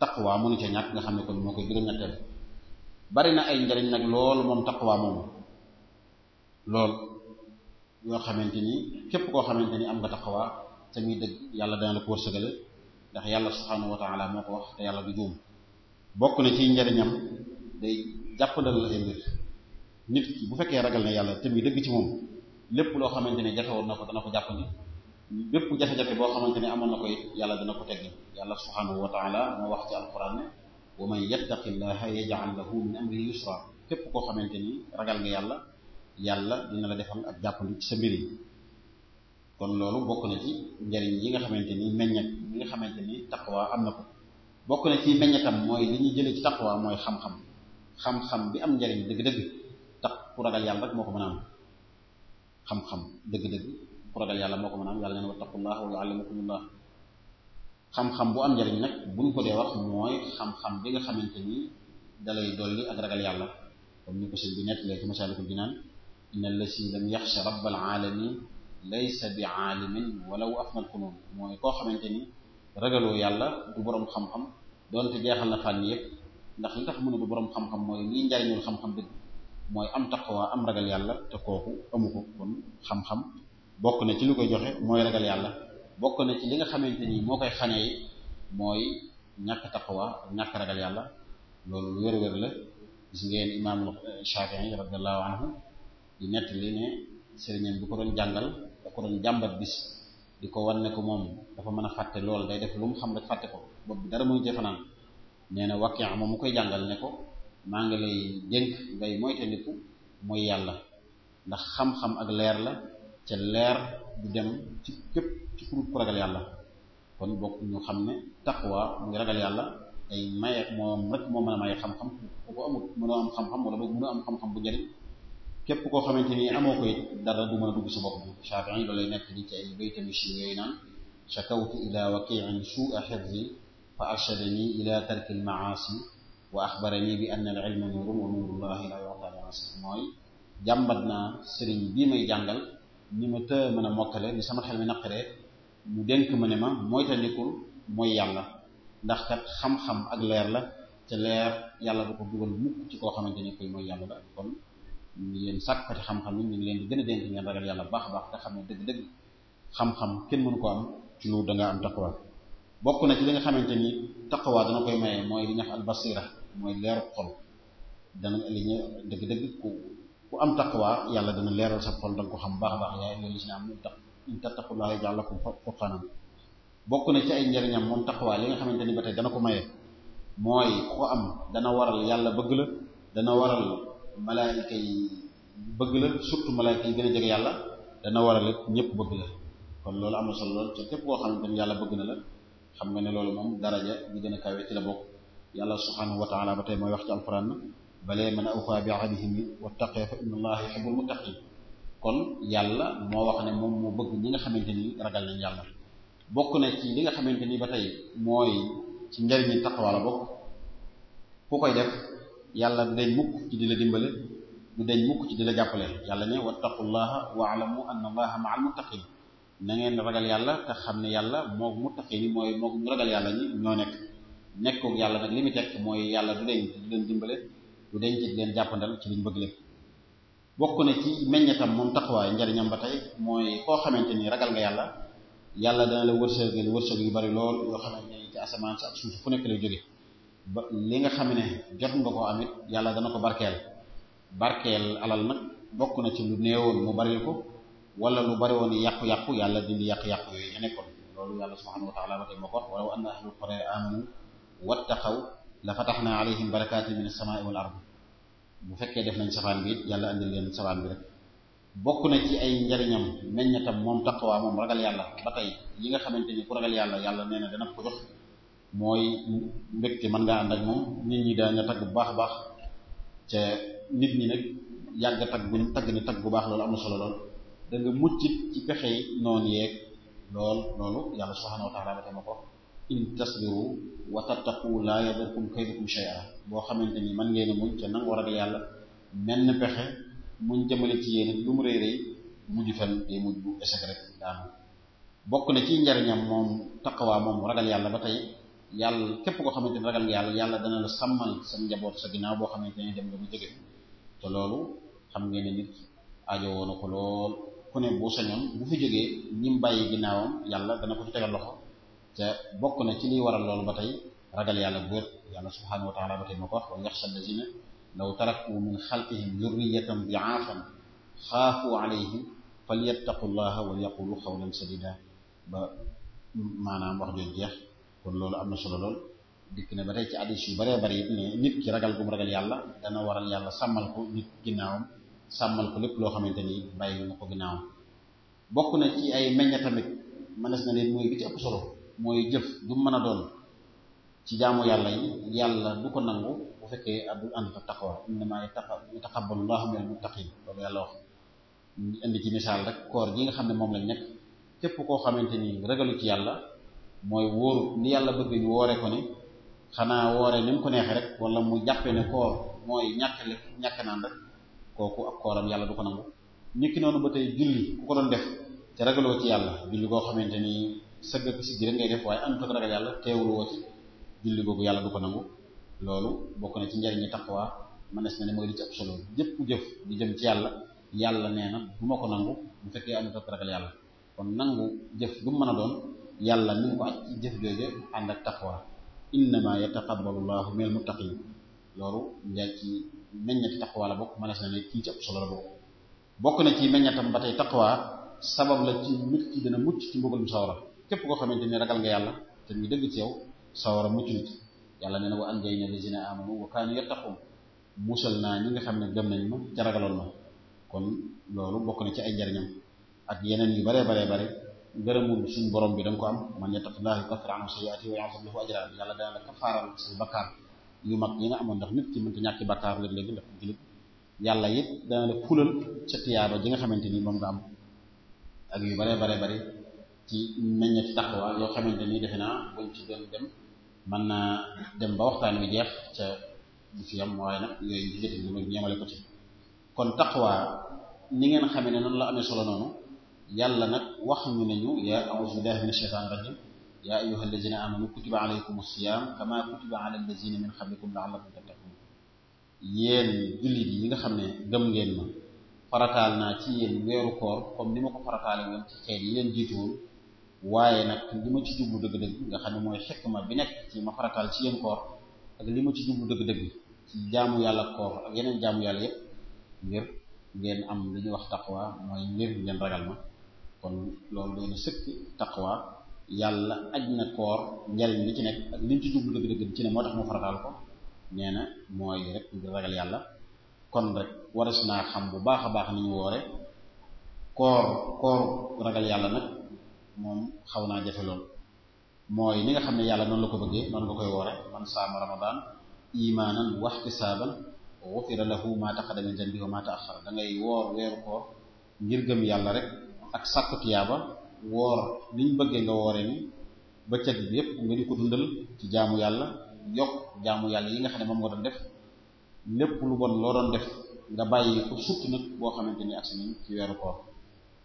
taqwa mënu ca ñàkk nga xam ne kon moo koy juróom-ñetteel bari na ay njariñ nag lool moom taqwa moomu lool yoo xamante ni képp koo xamante ni am nga taqwa te muy dëgg yàlla dana la ko wërsëgale ndax yàlla subhaanahu wa taala moo ko wax yàlla du juum bokk ci njariñam day bu fekkee ragal na yàlla te muy dëgg ci moom lépp loo xamante ne jafewoon na ko dana ko jàppandi bépp jafe-jafe boo xamante ne amoon na ko yàlla dana ko tegg yàlla subhaanahu wa taala moo wax ci alquran ne wa man yattaqillaha yaj'al lahu min amrihi yusra képp koo xamante ni ragal nga yàlla yàlla dina la defal ak jàppandi ci sa mbir kon loolu bokk na ci njariñ yi nga xamante ni meññet yi nga xamante ni taqwa am na ko bokk na ci meññetam mooy li jële jëlee ci taqwa mooy xam-xam xam-xam bi am njariñ dëgg-dëgg tax ku ragal yàlla rek moo ko mën a am xam-xam dëgg-dëgg ku ragal yàlla moo ko mën a am yàlla neen wattaqullaha wa yuallimukumullah xam-xam bu am njariñ nag buñ ko dee wax mooy xam-xam bi nga xamante ni dalay dolli ak ragal yàlla comme ni ko sëñ bi nettalee ci masaalikul jinaan inna allasi lam yaxsha rabbal alamin laysa bi aalimin walaw afnal xunoon mooy koo xamante ni ragaloo yàlla du boroom xam-xam doonte jeexal na fànn ndax li tax mu ne du boroom xam-xam xam-xam dëgg mooy am taqwa am ragal yàlla te kooku amu ko kon xam-xam bokk na ci lu koy joxe mooy ragal yàlla bokk na ci li nga xamante nii moo koy xanee mooy ñàkk taqwa ak ñàkk ragal yàlla loolu wér-wér la gis ngeen imaam Shafii radiyallahu anhu di nettali ne sëriñam bi ko doon jàngal da ko doon jàmbat bis di ko wan ne ko moom dafa mën a fàtte loolu day def lu mu xam rek fàtte ko boobu dara muy jëfanaan nee na wàqi moom mu koy jàngal ne ko maa ngi lay dénk ngay moytandiku mooy yàlla ndax xam-xam ak leer la ca leer du dem ci képp ci kurut ku ragal yàlla kon bokk ñu xam ne taqwa muy ragal yàlla ay maye moom rek moo mën a maye xam-xam ku ko amul mënoo am xam-xam wala boog mënoo am xam-xam bu jëriñ képp koo xamante ni amoo ko it dara du mën a dugg sa bopp Shaafi'i loolay nekk ni ci ay baytami si yooyu naan shakawtu fa arshadani ila tarki al wa axbarani bi anna al-ilma nurun bi 'asir mooy jàmbat naa sëriñ bii may jàngal ni ma të mën a mokkale ni sama xel mi naqaree mu dénk ma ne ma moytandikul mooy yàlla ndax kat xam-xam ak leer la te leer yàlla du ko dugal mukk ci koo xamante ni koy mooy yàlla la kon yéen sàkkati xam-xam yi ñu ngi leen di gën a yàlla baax baax te xam ne dëgg xam-xam kenn mënu ko ci lu da nga am taqwa bokk na ci li nga xamante ni taqwa dana koy maye mooy li ñax al basira mooy leeru xol dana dëgg-dëgg ku am waa yàlla dana leeral sa xol da nga ko xam baax baax yaay loolu si na am mu tax in bokk na ci ay njariñam moom taqwa li nga xamante ni ba tey dana ko maye mooy ko am dana waral yàlla bëgg la dana waral malaayika bëgg la surtout malaayika yi yàlla dana waral it ñëpp bëgg la loolu am na solo lool képp koo xamante yàlla bëgg na la xam nga ne loolu moom daraja ñu gën a kawe ci la bokk yàlla subhanahu ba tey mooy wax ci alquran balee man awfaa bi ahdihim wattaqee fa inna allaha yuhibbul muttaqin kon yàlla moo wax ne moom moo bëgg ñi nga xamante ni ragal nañ yàlla bokk na li nga xamante ni ba tey mooy ci njariñi taqwa la bokk koy def yàlla du deñ mukk ci di la dimbale du deñ mukk ci di la jàppale yàlla ne wattaqullaha wa'lamu anna allaha ma'al muttaqin ngeen ragal yàlla xam ne yàlla moog muttaqin yi mooy moog yàlla ñoo nekk nekkoog yàlla nag li mu mooy yàlla du deñ du leen dimbale lu denc di leen jàppandal ci liñ bëgg lépp bokk na ci meññetam moom taxawaay njariñam ba tey mooy koo xamante ni ragal nga yàlla yàlla dana la wërsëgal wërsëg yu bari lool yoo xamante ni ci suuf fu nekk ba li nga xam ne jot nga koo amit yàlla dana ko barkeel barkeel alal nag bokk na ci lu néewoon mu bari ko wala lu bari woon yàqu-yàqu yàlla dindi yàq-yàqu yooyu ya nekkoon loolu yàlla subhanahu wa ba tey moo ko wax walaw anna ahlul qura amanu wattaqaw la fataxna alayhim barakaati min as-samaa'i wal ard bu fekkee def nañ safaan bi it yàlla andil leen safaan bi rek bokk na ci ay njariñam meññatam moom taqwa moom ragal yàlla ba tey yi nga xamante ni ku ragal yàlla yàlla nee na dana ko jox mooy mbégte mën ngaa ànd ak moom nit ñi daañu tagg bu baax baax ca bu tagg ni tagg bu baax loolu am na solo lool da nga muccit ci pexe yi noonu yeeg lool loolu yàlla subhanahu wa ta'ala ko in tasbiru wa tattaqu laa yadurkum kaydukum shay'a boo xamante ni man ngeen a muñ te nangoo ragal yàlla menn pexe muñ jëmale ci yéen lu mu rëy rëy mujj fan day mujj bu daanu bokk na ci njariñam moom taqawaa moom ragal yàlla ba tey yàlla képp koo xamante ni ragal yàlla yàlla dana la sàmmal sa njaboot sa ginnaaw boo xamante ni dem nga xam ngeen ne nit aajo na ko lool ku ne bu sañoon bu fi jógee ñi mu bàyyi ginnaawam yàlla dana ko ci tegal loxo te bokk na ci liy waral loolu ba tey ragal yàlla bu wér yàlla subhanahu wa taala ba tey ma ko wax wa yaxsha allazina law taraku min xalqihim zurriyatan diaafan xaafu alayhim ba maanaam wax jooju jeex kon loolu am na solo lool dikk ne ba tey ci yu baree bari it ne ragal gu mu yàlla dana waral yàlla sàmmal ko nit ginnaawam lépp loo xamante ni bàyyi na ko na ay meñña tamit mënees na leen mooy bi ci ëpp solo mooy jëf du mën a doon ci jaamu yàlla yi yàlla du ko nangu bu fekkee addu ànd ak taqwa innama yataqabbalu llahu minal muttaqin loolu yàlla wax indi ci misaal rek koor gi nga xam ne moom lañ nekk képp koo xamante ni ragalu ci yàlla mooy wóoru yàlla bëgg ñu woore ko ko neexee rek wala mu jàppe ne koor mooy ñàkk lekk ñàkk naan rek kooku ak kooram yàlla du ko nangu nit noonu ba tey julli ku ko doon def te ragaloo ci yàlla julli koo xamante ni sëgg ak si jërë ngay def waaye ànd ak ragal yàlla teewul woo ci julli boobu yàlla du ko nangu loolu bokk na ci njariñu taqwa mënees na ne mooy li ci ëpp solo jëpp jëm ci yàlla yàlla nee na du ma ko kon nangu jëf du mën yàlla ni ko aj ci jëf jooje ànd ak taqwa innama yataqabbalu llahu minal muttaqin loolu njaay ci meññati taqwa la bokk mënees na ne kii ci ëpp solo la bokk bokk na ci meññatam ba tey taqwa sabab la ci nit ki dina mucc ci mbugalum sawra képp koo xamante ni ragal nga yàlla te ñu dëgg ci yow sawara mucc nit yàlla nee na wa anjaynaa lazina amanu wa kaanu yattaqun musal naa ñi nga xam ne gëm nañ ma ragaloon ma kon loolu bokk ci ay njariñam yeneen yu baree baree bare ngërëmul suñu borom bi da nga ko am man yattaqillaah yukaffir anhu sayyi'aatihi wa ya'zim lahu la kafaaral say bakkaar yu mag yi nga amoon ndax nit ki mënta ñàkki bakkaar léeg-léeg ndax jullit yàlla it dana la fulal ca tiyaaba ji nga xamante ni moom nga am ak yu baree baree bare ci meññeeti taqwa yoo xamante ni defe naa buñ ci doon dem mën naa dem ba waxtaan wi jeex ca du fi am waaye nag yooyu ci jëti lu ñeemale ko kon taqwa ni ngeen xamee noonu la amee solo noonu yàlla nag wax ne ñu ya ya ayyuhal ladzina amanu kutiba alaykumus siyam kama kutiba alal ladzina yi nga xam ne gëm ngeen ma farataal naa ci yéen weeru koor comme ni ma ko farataale woon ci xeet yi leen jiituwoon waaye nag li ma ci jublu dëgg-dëgg nga xam ne mooy xikma bi nekk ci ma faratal ci yéen koor ak li ma ci jublu dëgg-dëgg ci yàlla koor ak yeneen jaamu am li ñuy wax taqwa mooy ngir ngeen ragal ma kon loolu doy na sëkk taqwa yàlla ci nekk ak moo tax mu faratal ko nee na mooy rek ngir ragal yàlla kon rek waras naa xam bu baax a baax ni ñu woore koor koor ragal yàlla nag moom xaw naa jafe lool mooy li nga xam ne yàlla noonu la ko bëggee noonu nga koy woore man saama ramadan imaanan waxtisaaban xufira lahu ma taqaddama min dambi wa ma ta'axxara da ngay woor weeru koor gëm yàlla rek ak sàkku tiyaaba woor nga woore yépp nga ko dundal ci jaamu yàlla yokk jaamu yàlla yi nga xam ne moom nga doon def lépp lu bon loo doon def nga bàyyi ko sukk nag boo xamante ni ak si ci weeru koor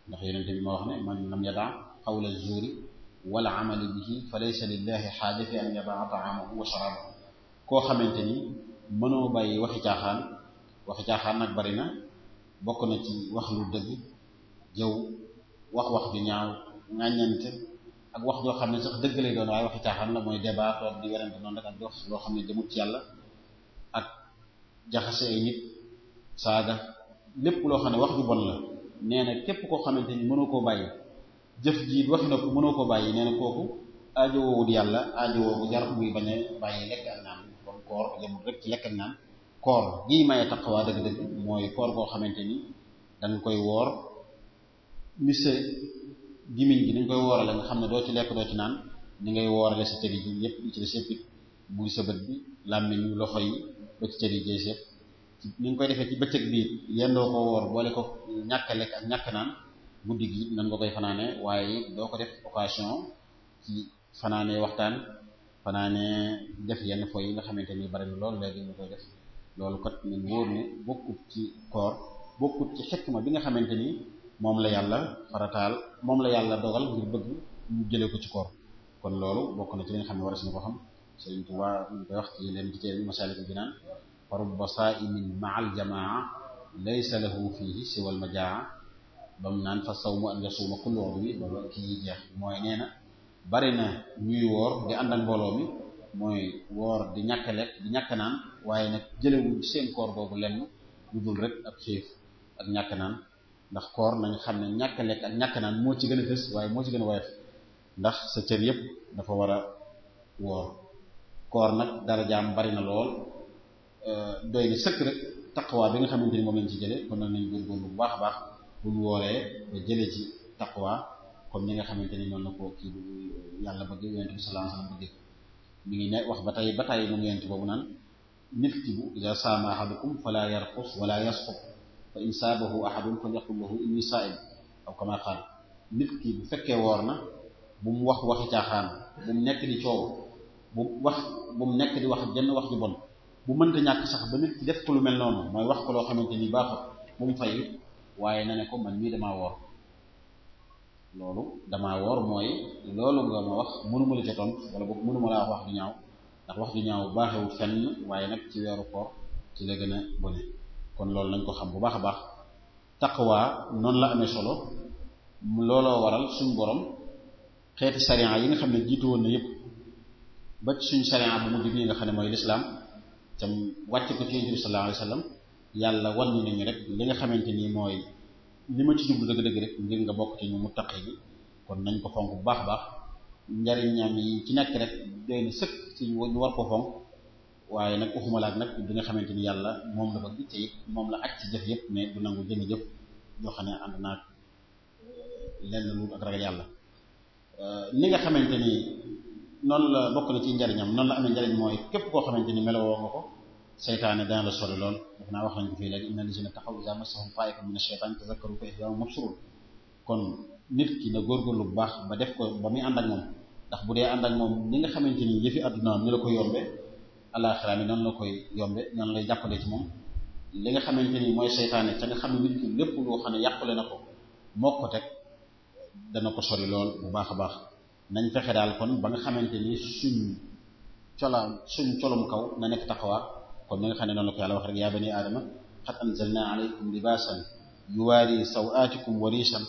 ndax yeneen bi ma wax ne man lam yadaa qawla zuuri wala amali bihi fa laysa lillahi xaajati an yabaa taamahu wa sharaabahu koo xamante ni mënoo bàyyi waxi caaxaan waxi caaxaan nag bari na bokk na ci wax lu dëgg jëw wax wax ju ñaaw ŋàññante ak wax joo xam ne sax dëgg lay doon waaye waxi caaxaan la mooy débat toog di werante noonu rek ak wax loo xam ne jëmut ci yàlla ak jaxase ay nit saaga lépp loo xam ne wax ju bon la nee na képp koo xamante ni mënoo koo bàyyi jëf ji waxi na ko mënoo ko bàyyi nee na kooku aajowoowut yàlla aajowoo bu jar muy bañ a bàyyi lekk ak naan kon koor ci lekk ak naan koor gii maye waa dëgg-dëgg mooy koor goo xamante ni danga koy woor ni sa gimiñ gi dañ koy woorale nga xam ne doo ci lekk doo ci naan ni ngay woorale sa cëri ji yépp ci la séppit muy sa bët bi làmmiñ loxo yi ba ci cëri sépp ni nga koy defee ci bëccëg bii yendoo ko woor boole ko ñàkk lekk ak ñàkk naan guddi gi nan nga koy fanaane waaye doo ko def occasion ci fanaane waxtaan fanaane def yenn fo yi nga xamante ni bari lool loolu léegi ñu koy def loolu kat ñun wóor ne bokkut ci koor bokkut ci bi nga xamante ni moom la yàlla farataal moom la yàlla dogal ngir bëgg ñu jëlee ko ci koor kon loolu bokk na ci li xam ne war a suñu ko xam Sëriñ Tuubaa ñu koy wax ci leen ci téere bi Masaalikul Jinaan fa rubba saa'imin ma'al jamaa laysa lahu fiihi siwal majaa ba mu naan fa saw mu an nga suuma kullu yawmi loolu ak kii jeex mooy nee na bari na ñuy woor di ànd ak mbooloo mi mooy woor di ñàkk lekk di ñàkk naan waaye nag jëlewuñ seen koor boobu lenn lu rek ak xiif ak ñàkk naan ndax koor nañ xam ne ñàkk lekk ak ñàkk naan moo ci gën a fës waaye moo ci gën a woyof ndax sa cër yépp dafa war a woor koor nag dara jaam bari na lool doy na sëkk rek taqwa bi nga xamante ni moom lañ ci jële kon nag nañ góorgóorlu bu baax a baax buñ wooree jëlee ci comme ni nga xamante ni noonu la ko kii yàlla bëgg yonent bi sallallahu alayhi wasallam ngi ne wax ba tey ba tey moom yonent boobu naan niktibu ida saama ahadukum fala yarqus wala yasqut fa in saabahu ahadun fa yaqul lahu inni saa'im aw kama qaal nit ki bu fekkee woor na bu mu wax waxi caaxaan bu mu nekk di coow bu wax bu mu nekk di wax jenn wax ju bon bu mënta ñàkk sax ba nit ki def ko lu mel noonu mooy wax ko loo xamante ni baaxul bu mu fay waaye na ne ko man mii damaa woor loolu damaa woor mooy loolu nga ma wax mënuma la ca tontu wala boog mënuma laa wax du ñaaw ndax wax du ñaaw baaxewul fenn waaye nag ci weeru koor ci la gën a bone kon loolu lañ ko xam bu baax a baax taqwa noonu la amee solo looloo waral suñ borom xeeti sariya yi nga xam ne jiitu woon na yëpp ba ci suñ sariya bu mujj bii nga xam ne mooy lislaam tam wàcc ko ci yonent bi sallallahu alayhi yàlla wan nañu rek li nga xamante nii mooy li ma ci jublu dëgg-dëgg rek ngir nga bokk ci mu taqi yi kon nañ ko fonk bu baax baax njariñam ci nekk rek doy na sëkk ci ñu war ko fonk waaye nag uxumalaak nag bi nga xamante ni yàlla moom la bëgg te it moom la aj ci jëf yëpp mais du nangu jënd jëf yoo xam ne ànd naag eh, lenn lu ak ragal yàlla eh, ni nga xamante ni noonu la bokk na ci njariñam noonu la amee njariñ mooy képp koo xamante ni melowoo nga ko seytaane dana la sori lool daf naa wax nañ ko fii léegi inna lazina taxaw iza massahum taa'ifun mina shaytaani kon nit ki na góorgóorlu baax ba def ko ba muy ànd ak moom ndax bu dee ànd ak moom ni nga xamante ni yëfi addunaam ni la ko yombe alaxira mi noonu la koy yombe noonu lay ci moom li nga xamante ni mooy seytaane te xam ne nit lépp loo xam ne yàqule na ko moo teg dana ko sori lool bu baax a baax nañ fexe daal kon ba nga xamante ni suñ cola suñ kaw na nekk taxawaat kon ni nga xam ne noonu la ko yàlla wax rek yaa bani aadama qad anzalna alaykum libaasan yuwaari sawaatikum wa riisan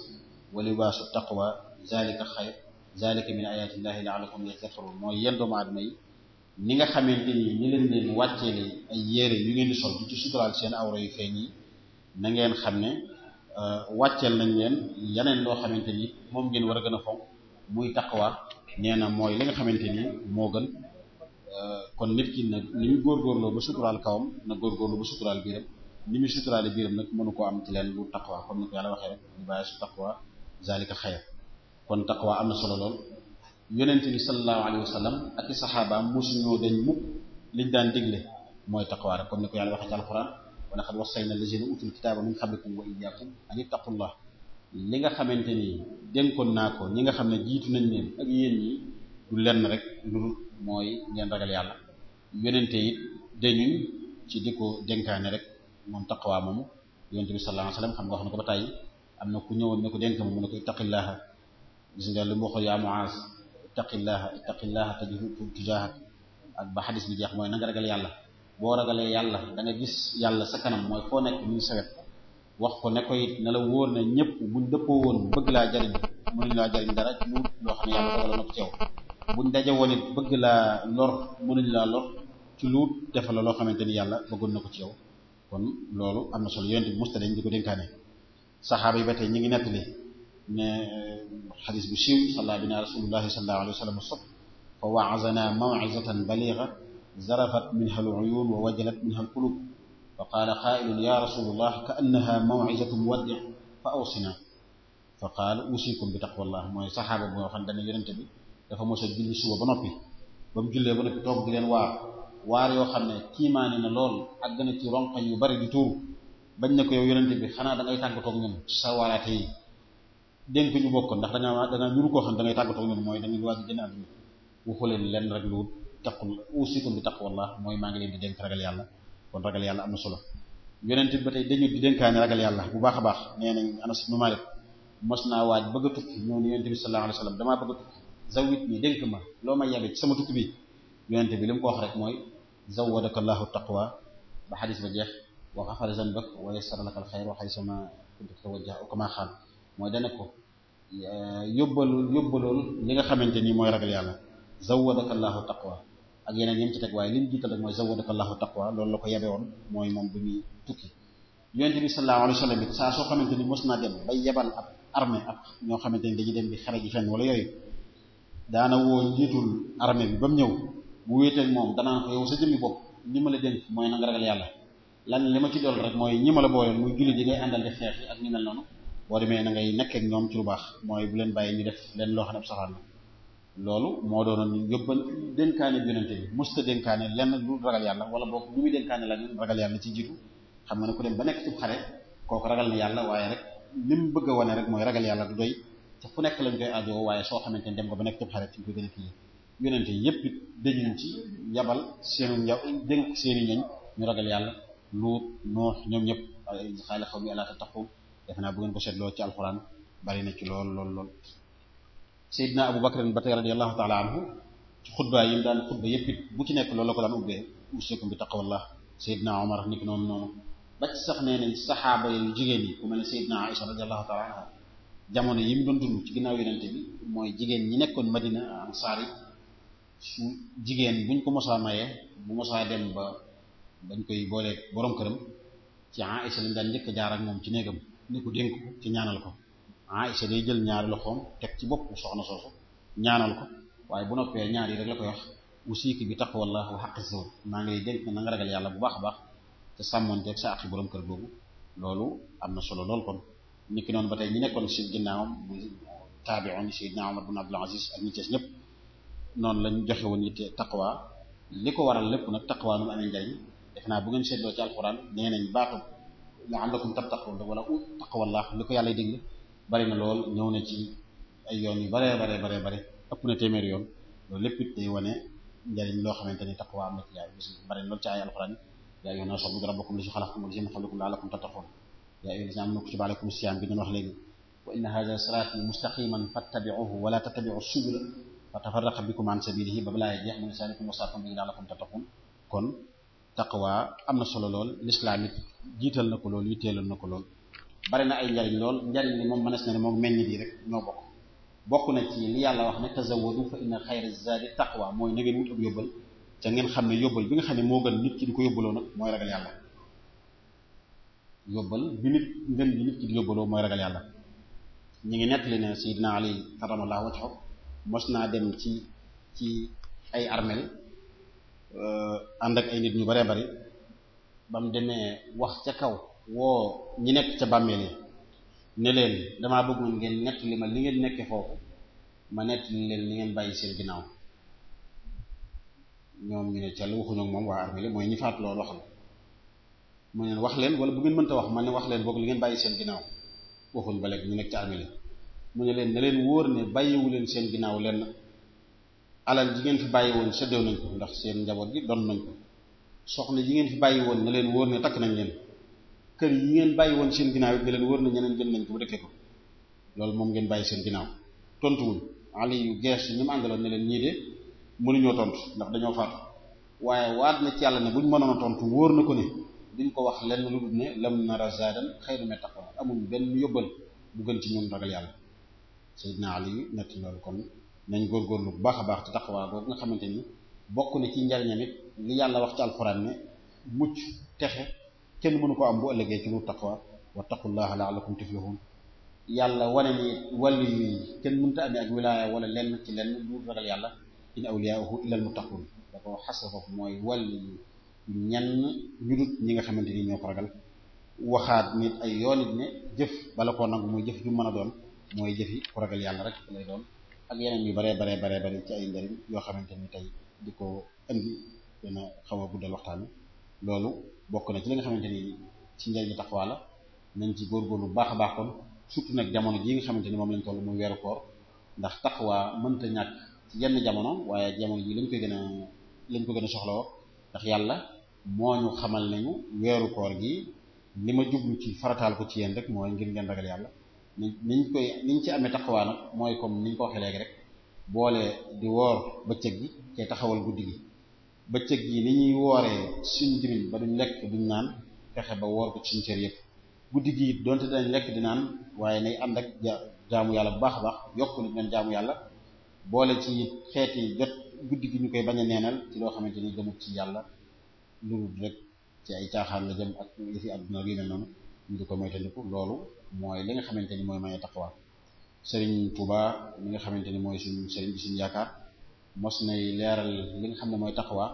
wa libaasu taqwa zalika xayr zalika min ayaatillahi laalakum yatafakkaruun mooy yéen doomu aadama yi ni nga xamante ni ñi leen leen wàcceele ay yére yu ngeen di sol di ci suturaal seen awra yu feeñ yi ngeen xam ne euh, wàcceel nañ leen yeneen loo xamante ni moom ngeen war a gën a fonk muy taqwa nee na mooy li nga xamante ni moo gën euh, kon nit ki nag ni mu góorgóorloo ba suturaal kawam na góorgóorlu ba suturaal biiram ni mu suturaale biiram nag mënu koo am ci leen lu taqwa comme ni ko yàlla waxee rek li bàyyi su taqwa zalika xayr kon am na solo lool yonente bi sallallahu alayhi wa sallam ak i saxaabaam mosuñoo dañ mukk liñ daan digle mooy taqwa rek comme ni ko yàlla waxee ci alquran wa laqad wassayna lazina utul kitaaba min qablikum wa iyyakum an ittaqullah li nga xamante ni dénkoon naa ko ñi nga xam ne jiitu nañ neen ak yéen ñi du lenn rek lu mooy ngeen ragal yàlla yonente it dañuy ci di ko dénkaane rek moom taqwa moomu yonente bi sallallahu alayhi wasallam xam nga wax na ko ba tàyyi am na ku ñëwoon ne ko dénk mu ne ko ittaqillaha gis nga li mu waxoon yaa Muaz ittaqillaha ittaqillaha tajidhu ak ba xadis bi jeex na yàlla boo yàlla da yàlla sa kanam mooy foo nekk wax ko ne ko it ne la wóor na ñëpp buñ dëppoo woon bëgg laa jariñ mënuñ laa jariñ dara lu loo xam ne yàlla dogal na ko ci buñ daje woon it bëgg laa lor mënuñ laa lor ci lu defal la loo xamante ni yàlla bëggoon na ko ci yow kon loolu am na solo yonent bi musta dañ di ko dénkaane saxaaba yi ba tey ñu ngi nettali ne xadis bu siiw salla bina rasulullahi sallallahu alayhi wa sallam sob fa waazana mawizatan baliga zarafat minha al uyun wa wajalat minha al qulub fa qaala qaa'ilun ya rasulullah ka annaha mawizatu muwaddi' fa awsina fa qaal usikum bi taqwallah mooy saxaaba boo xam dana yonente bi dafa mos a julli suba ba noppi ba mu jullee ba noppi toog di leen waar waar yoo xam ne kiimaane na lool àgg na ci ronkoñ yu bari di tuuru bañ ne ko yow yonente bi xanaa da ngay tàggatoo ak ñun sa yi dénk ñu bokkoon ndax dangaa dangaa ñuru koo xam da ngay tàggatoo ak mooy da ngeen waaj a jënd àdduna waxu leen lenn rek lu taqul usikum bi taqwallah mooy maa ngi leen di dénk yàlla kon ragal yàlla am na solo yonent bi ba tey dañu di dénkaane ragal yàlla bu baax a baax nee nañ Anas naa waaj bëgg a tukki ñëw yonent bi sallallahu alayhi wasallam damaa bëgg a tukki zawit ni dénk ma loo may yabe ci sama tukki bi yonente bi li mu ko wax rek mooy zawadaka llahu taqwa ba xadis ba jeex wa xafara zanbak wa yassara laka al xayr wa xaysama a tawajjah aw kama xaal mooy dana ko e, yóbbalul yóbbalool li nga xamante ni mooy ragal yàlla zawadaka llahu taqwa ak yeneen yém ci teg waaye li mu jiital rek mooy zawadaka llahu taqwa loolu la ko yabe woon mooy moom bu muy tukki yonente bi sallallahu alayhi wa sallam saa soo xamante ni mos naa dem bay yebal ab armée ab ñoo xamante ni dañuy dem di xare ji fenn wala yooyu daana woo njiitul armée bi ba mu ñëw mu wéeteeg moom danaa ko yow sa jëmmi bopp li ma la dénk mooy na nga ragal yàlla lan li ma ci dool rek mooy ñi ma la booleel muy jullit yi ngay àndal def xeex yi ak ñu mel noonu boo demee na ngay nekk ak ñoom ci lu baax mooy bu leen bàyyi ñu def leen loo xam ne safaan la loolu moo doonoon yóbban dénkaane bi yonente bi musta dénkaane lenn lu ragal yàlla wala boog lu muy dénkaane la ragal yàlla ci jiitu xam nga ne ko dem ba nekk ci xare ragal na yàlla waaye rek li mu bëgg a wane rek mooy ragal yàlla du doy te fu nekk lañ koy ajoo waaye soo xamante ni dem nga ba nekk cëb xarit ci ñu koy gën a kii yonente yépp it dañ ci yabal seeni ñoñ ñu ragal yàlla luut noox ñoom ñëpp xaali xaw mi àlaata taxu defe naa bu ngeen ko seetloo ci alxuraan bari na ci lool lool lool Seydina Abu Bakr ba tey radiyallahu taala anhu ci xutba yi daan xutba yépp bu ci nekk loolu la ko daan ubbee usikum bi taqwallah Seydina Omar nit noonu noonu ba sax nee nañ saxaaba jigéen yi ku mel ne jamono yi mu doon dund ci ginnaaw yonente bi mooy jigéen ñi nekkoon madina ansaar yi su jigéen buñ ko mosaa mayee bu mosaa dem ba dañ koy boolee borom këram ci Aïcha lañ daan njëkk jaar ak moom ci néegam ni ko dénk ko ci ñaanal ko Aïcha day jël ñaari loxoom teg ci bopp soxna soosu ñaanal ko waaye bu noppee ñaar yi rek la koy wax usiiki bi tax taqwallah wa haqqi zawj maa ngi lay dénk na nga yàlla bu baax a baax te sàmmonteeg sa aqi boroom kër boobu loolu am na solo lool ki noonu ba tey ñi nekkoon ci ginnaawam muy taabi'un Seydina Umar ibn Abdul Aziz ak ñi ci ñëpp noonu lañ joxe woon it taqwa li ko waral lépp nag taqwa nu mu amee njariñ def naa bu ngeen seetloo ci alxuraan nee nañ baatu la'allakum tattaqun wala u taqwallah li ko yàlla digle bari na lool ñëw na ci ay yoon yu bare bare bare bare ëpp na téeméer yoon loolu lépp it day wane njariñ loo xamante ni taqwa am na ci yaay gis bari na lool ci ay alxuraan yaa ayyuhan naasu u'budu rabbakum li si xalaqakum wa li si xalakum la'allakum tattaqun yaa ayyuha llaziina aamanu kutiba alaykum siyaam bi ñu wax léegi wa inna haadha siraatii mustaqiman fattabi'uuhu wa laa tattabi'u subula fa tafarraqa bikum an sabiilihi ba balaa jeex mu ne saalikum wasaakum bi la'allakum tattaqun kon taqwa am na solo lool lislaamit jiital na ko lool yi yitteeloon na ko lool bari na ay njariñ lool njariñ li moom mënees na ne moom meññ bi rek ñoo bokk bokk na ci li yàlla wax ne tazawwadu fa inna xayra zaadi taqwa mooy na ngeen wut ab yóbbal ca ngeen xam ne yóbbal bi nga xam ne moo gën nit ki di ko yóbbaloo nag mooy ragal yàlla yóbbal bi nit ngën bi nit ki di yóbbaloo mooy ragal yàlla ñu ngi nettali ne Seydina Ali karamallahu wajhu mos naa dem ci ci ay armel euh, ànd ak ay nit ñu bare bari ba mu demee wax ca kaw woo ñi nekk ca bàmmeel yi ne leen damaa bëggoon ngeen nettali ma li ngeen nekkee foofu ma nettali leen li ngeen bàyyi seen ginnaaw ñoom ñu ne ca lu waxuñu moom waa armel yi mooy ñi faat loolu waxal mu ne wax leen wala bu ngeen mënta wax ma ne wax leen boog li ngeen bàyyi seen ginnaaw waxuñ ba léegi ñu nekk ci armée mu ne leen ne leen wóor ne bàyyiwu leen seen ginnaaw lenn alal ji ngeen fi bàyyi woon séddew nañ ko ndax seen njaboot gi doon nañ ko soxna yi ngeen fi bàyyi woon ne leen wóor ne takk nañ leen kër yi ngeen bàyyi woon seen ginnaaw it ne leen wóor na ñeneen jël nañ ko bu dëkkee ko loolu moom ngeen bàyyi seen ginnaaw tontuwuñ ali yu gees ñu mu àndaloon ne leen ñii de mënuñoo ndax dañoo faatu waaye waat na ci yàlla ne buñ mënoon a tontu wóor na ko ne duñ ko wax lenn lu dul ne lam na zaadan xayru ma taqwa amuñ benn yóbbal bu gën ci ñun ragal yàlla Seydina Ali nett loolu kon nañ góorgóorlu bu baax a baax ci taqwa boobu nga xamante ni bokk na ci njariñam li yàlla wax ci alxuraan ne mucc texe kenn mënu ko am bu ëllëgee ci lu taqwa wattaqullaha la'allakum tuflihun yàlla wane ni wàllu yi kenn mënta amee ak wilaaya wala lenn ci lenn lu ragal yàlla in awliyaa'uhu illa al muttaqun da ñenn ñu ñi nga xamante ni ñoo ko ragal waxaat nit ay yoon it ne jëf bala koo nangu muy jëf ju mën a doon mooy jëfi ku ragal yàlla rek lay doon ak yeneen yu bare bare bare bare ci ay njariñ yoo xamante ni tey di ko indi dina xaw a guddal waxtaan loolu bokk na ci li xamante ni ci njariñu taxawaa la nañ ci góorgóorlu baax a baax kon surtout nag jamono jii nga xamante ni moom lañ toll muy weeru koor ndax taxawaa mënta ñàkk ci yenn jamono waaye jamono ji lañ koy gën a lañ ko gën a soxlawoo ndax yàlla moo ñu xamal nañu weeru koor gi li ma jublu ci farataal ko ci yéen rek mooy ngir ngeen ragal yàlla ni niñ koy niñ ci amee taxawaa nag mooy comme niñ ko waxee léegi rek boole di woor bëccëg gi te taxawal guddi gi bëccëg gi ni ñuy suñ gimiñ ba duñ lekk duñ naan fexe ba woor ko ci suñ cër yëpp guddi gi dañ lekk di naan waaye nay ànd ak jaamu yàlla bu baax baax yokk nit ñoom jaamu yàlla boole ci xeeti jot guddi gi ñu koy bañ a neenal ci loo xamante ni jëmut ci yàlla lurut rek ci ay caaxaan la jëm ak yëfi àdduna yu mel noonu ñu di ko moytandiku loolu mooy li nga xamante ni mooy maye taqwa sëriñ Touba li nga xamante ni mooy suñ sëriñ bi suñu yaakaar mos nay leeral li nga xam ne mooy taqwa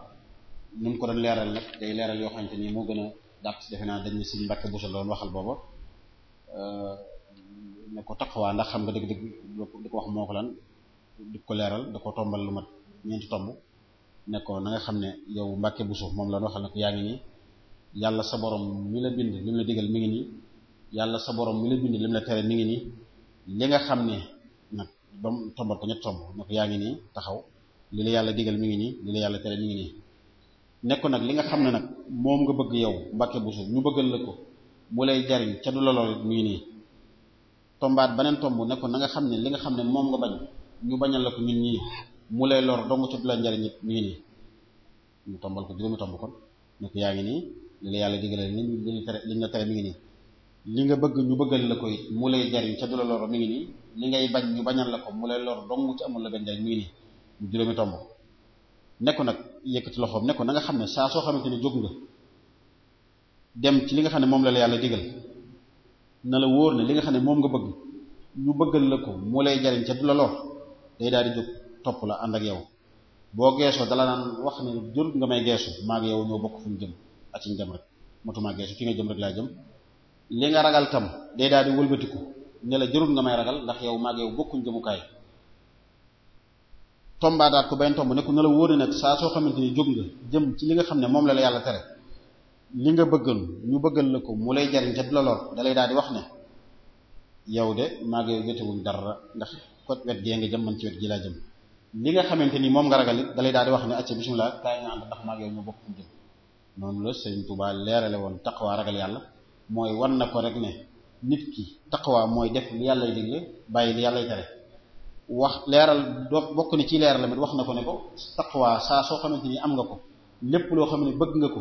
ni mu ko doon leeral nag day leeral yoo xamante ni moo gën a dàq defe naa dañ ne suñu mbàkk bu loon waxal booba ne ko taqwa ndax xam nga dëgg-dëgg di ko wax moo ko lan di ko leeral da ko tombal lu ma ñeenti tomb nekkoon na nga xam ne yow Mbàkke bu suuf moom la waxal ne ko yaa ngi nii yàlla sa boroom mi la bind li mu la digal mi ngi nii yàlla sa borom mi la bind li mu la tere mi ngi nii li nga xam ne nag ba mu tombal ko yaa ngi nii taxaw li yàlla digal mi ngi nii li yàlla tere mi ngi nag li nga xam ne nag moom nga bëgg yow Mbàkke bu ñu bëggal la ko mu lay jariñ ca du la lool mi ngi nii tombaat beneen tomb nekkoon na nga xam ne li nga xam ne moom nga bañ ñu bañal la ko ñun ñii mu lay lor dong la njariñ mi ngi nii mu tombal ko yaa ngi nii yàlla digale ni li ñu tere li mi ngi nga bëgg ñu bëggal la ko it mu lay ca du la lor mi ngi nii li ngay bañ ñu bañal la ko mu lay lor dong ci la benn njariñ mu juróomi tomb ne nag yëkkati loxoom ne ko na nga xam ne saa soo xamante ne jóg ci li nga xam ne moom la yàlla digal li nga xam ne moom nga bëgg ñu la ko mu lay ca du la lor jóg topp la ànd ak yow boo geesoo dala naan wax ne jur nga may geesu maa ngi yow jëm ak ñu dem rek matuma geesu fi nga jëm rek laa jëm li nga ragal tam day daal di wëlbatiku ne la jërul may ragal ndax yow maa ngi bokkuñ jëmukaay tombaadaat ko benn tomb ne ko na la wóor nag saa soo xamante ni jóg nga jëm ci li nga xam ne la la yàlla tere li nga bëggal ñu bëggal la ko mu lay jariñ te la lor dalay daal di wax ne yow de maa ngi yow jotewuñ dara ndax kot wet gee nga jëm man ci wet gi laa jëm li nga xamante ni moom nga ragal it dalay daal di wax ne acca bismillah kaay nga ànd ndax maag yow ñu bokk fu mu jëm noonu la Sëriñ Tuubaa leerale woon taqwa ragal yàlla mooy wan na ko rek ne nit ki mooy def yàlla y bàyyi li yàlla y wax leeral bokk na ci leeral mit wax na ko ne ko taqwa saa soo xamante am nga ko lépp loo xam ne bëgg nga ko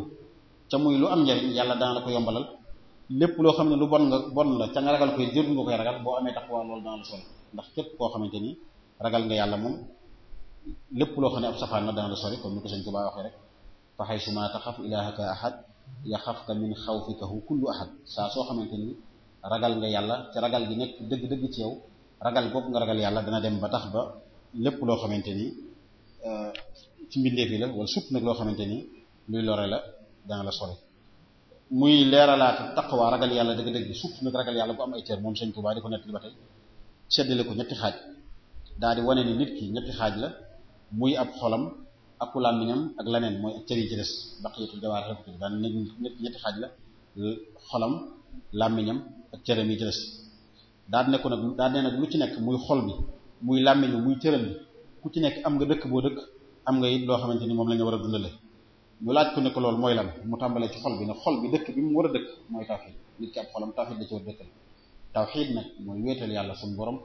ca muy lu am njariñ yàlla dana ko yombalal lépp loo xam ne lu bon nga bon la ca nga ragal koy koy ragal boo amee taqwa loolu ndax képp koo xamante ni ragal nga yàlla moom lépp loo xam ne ab safaan la dana la sori comme ni ko sëñ Tuubaa waxee rek fa xay suma taxaf ilaahaka ahad yaxafka min xawfikahu kullu ahad saa soo xamante ni ragal nga yàlla ci ragal gi nekk dëgg ci yow ragal boobu ragal yàlla dana dem ba tax ba lépp loo xamante ni euh, ci mbindeef yi la wala supp nag loo xamante ni luy lore la dana la sori muy leeralaata waa ragal yàlla dëgg-dëgg supp nag ragal yàlla bu am ay teer moom sëñ Tuubaa di ko nett li ba tey seddale ko ñetti xaaj daal di wane ni nit ki ñetti xaaj la muy ab xolam ak làmmiñam ak laneen mooy ak cër yi ci des baqiyatul jawaar rek daan nit ñetti xaaj la xolam làmmiñam ak cëram yi ci des daan ne ko nag daan ne nag lu ci nekk muy xol bi muy làmmiñ muy cëram bi ku ci nekk am nga dëkk boo dëkk am nga it loo xamante ni moom la ñu war a dundale ñu laaj ko ne ko loolu mooy lan mu tàmbalee ci xol bi ne xol bi dëkk bi mu war a dëkk mooy tawxiid nit ki ab xolam tawxiid da ci war mooy wéetal yàlla suñu borom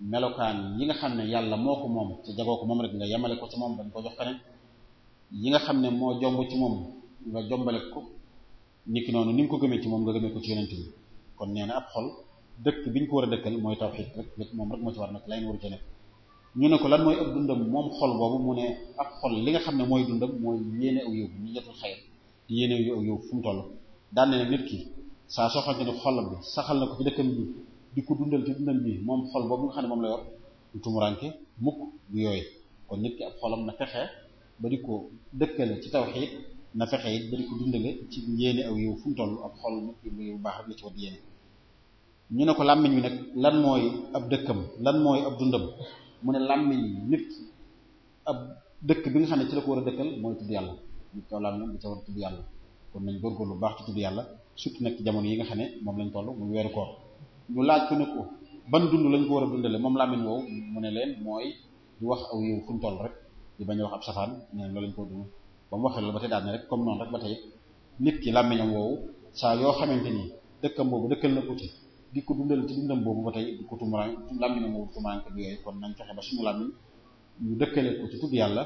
melokaan yi nga xam ne yàlla moo ko moom te jagoo ko moom rek nga yemale ko ci moom bañ ko jox keneen yi nga xam ne moo jomb ci moom nga jombale ko niki noonu ni nga ko gëmee ci moom nga gëmee ko ci yonent bi kon nee ne ab xol dëkk bi ñu ko war a dëkkal mooy tawxiid rek moom rek moo ci war nag layn waru ca nekk ñu ne ko lan mooy ab dundam moom xol boobu mu ne ab xol li nga xam ne mooy dundam mooy yéene aw yow ñu jotul xayr di yéene aw yow fu mu toll daan saa soo xam ne xolam di ko dundal ci dundal bi moom xol boobu nga xam ne moom la yor du tumuranke mukk kon nit ki ab xolam na fexe ba di ko dëkkale ci tawxiid na fexe it ba di ko dundale fu mu toll ab xol bu baax rek la ne ko làmmiñ wi nag lan mooy ab dëkkam lan mooy ab dundam mu ne làmmiñ nit ki ab dëkk bi nga xam ne ci la mooy yàlla nit kaw làmmiñ bi ca war a tudd yàlla kon baax ci yàlla surtout nag jamono yi nga xam ne moom lañ toll muy weeru koor ñu laaj ko ne ko ban dund lañ ko war a dundale moom làmmiñ woowu mu ne leen mooy di wax aw yow fu mu toll rek di bañ a wax ab safaan nee loolu lañ ko dund ba mu waxee loolu ba tey daal rek comme noonu rek ba tey nit ki làmmiñam woowu saa yoo xamante ni dëkkam boobu dëkkal na ko ci di ko dundal ci dundam boobu ba tey di ko tumuraan làmmiñam woowu tumuraan ko di yooyu kon nañ fexe ba suñu làmmiñ ñu dëkkale ko ci tudd yàlla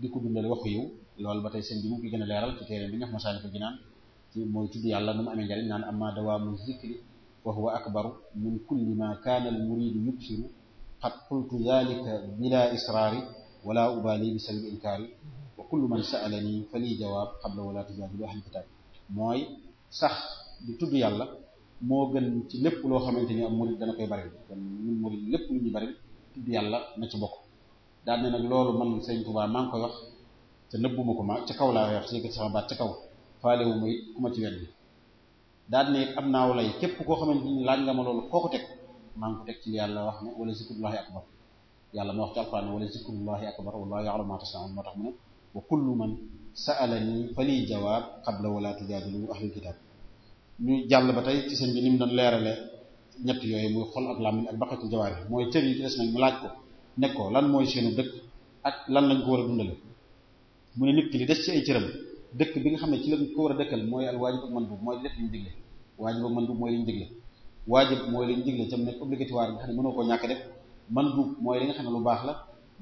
di ko dundale waxu yiw loolu ba tey seen bi mu ngi gën a leeral ci téere bi ñax Masaalikul Jinaan ci mooy tudd yàlla nu mu amee njariñ naan amma dawaamu zikri wa huwa akbaru min kulli ma kaana almuridu yubsiru qad qultu dhalika wala ubaali bi sabil inkaari wa kullu man sa'alani fali jawaab qabla wala tujaadilu ahlul kitaab mooy sax di tudd yàlla moo gën ci lépp loo xamante ni am murid dana koy yàlla na bokk daal ne nag loolu man Sëriñ Tuubaa maa ngi koy wax te nëbbuma ko ma ci kaw laa wax yëkkati sama baat ca kaw faale wu ma it ku ma ci wenn daal ne am naaw lay képp koo xamante ni laaj nga ma loolu koo ko teg maa ngi ko teg ci yàlla wax ne wala zikrullahi akbar yàlla ma wax ci alquran wala zikrullahi akbar wallahu ya'lamu ma tasna'un moo tax mu ne ba kullu man sa'alani fali jawaab qabla wala tujaadilu ahlul kitab ñu jàll ba tey ci sëñ bi ni mu doon leerale ñett yooyu muy xol ak làmmiñ ak baqatul jawaari mooy cër yi ci des nag mu laaj ko nekkoo lan mooy seenu dëkk ak lan lañu ko war a dundale mu ne nit ki li des ci ay cëram dëkk bi nga xam ne ci lañ ko war a dëkkal mooy al waajib ak mandub mooy lépp li ñu waajib mooy li ñu digle waajib mooy li ñu digle ca nekk obligatoire bi nga xam ne mënoo koo ñàkk def mandub mooy li nga xam ne lu baax la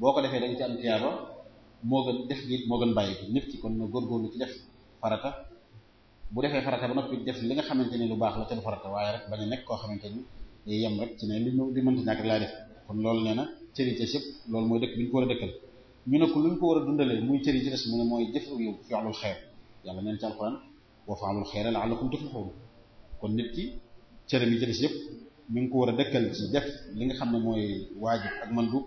boo ko defee da nga ci am tiyaaba moo gën def gi moo gën bàyyi bi nit ki kon na góorgóorlu ci def farata bu defee farata ba noppi def li nga xamante ni lu baax la te du farata waaye rek bañ a nekk koo xamante ni yem rek ci ne li li mënta ñàkk rek laa def kon loolu nee na cëri ca yëpp loolu mooy dëkk bi ko war mu ne ko lu ñu ko war a dundalee muy cër yi ci des mu ne mooy jëf ak yow fi'lul xeer yàlla neen ci alquran wa fa'alul xeera la'allakum tuflihun kon ki cëram yi des yëpp mi ngi ko war a dëkkal ci def li nga xam ne mooy waajib ak mandub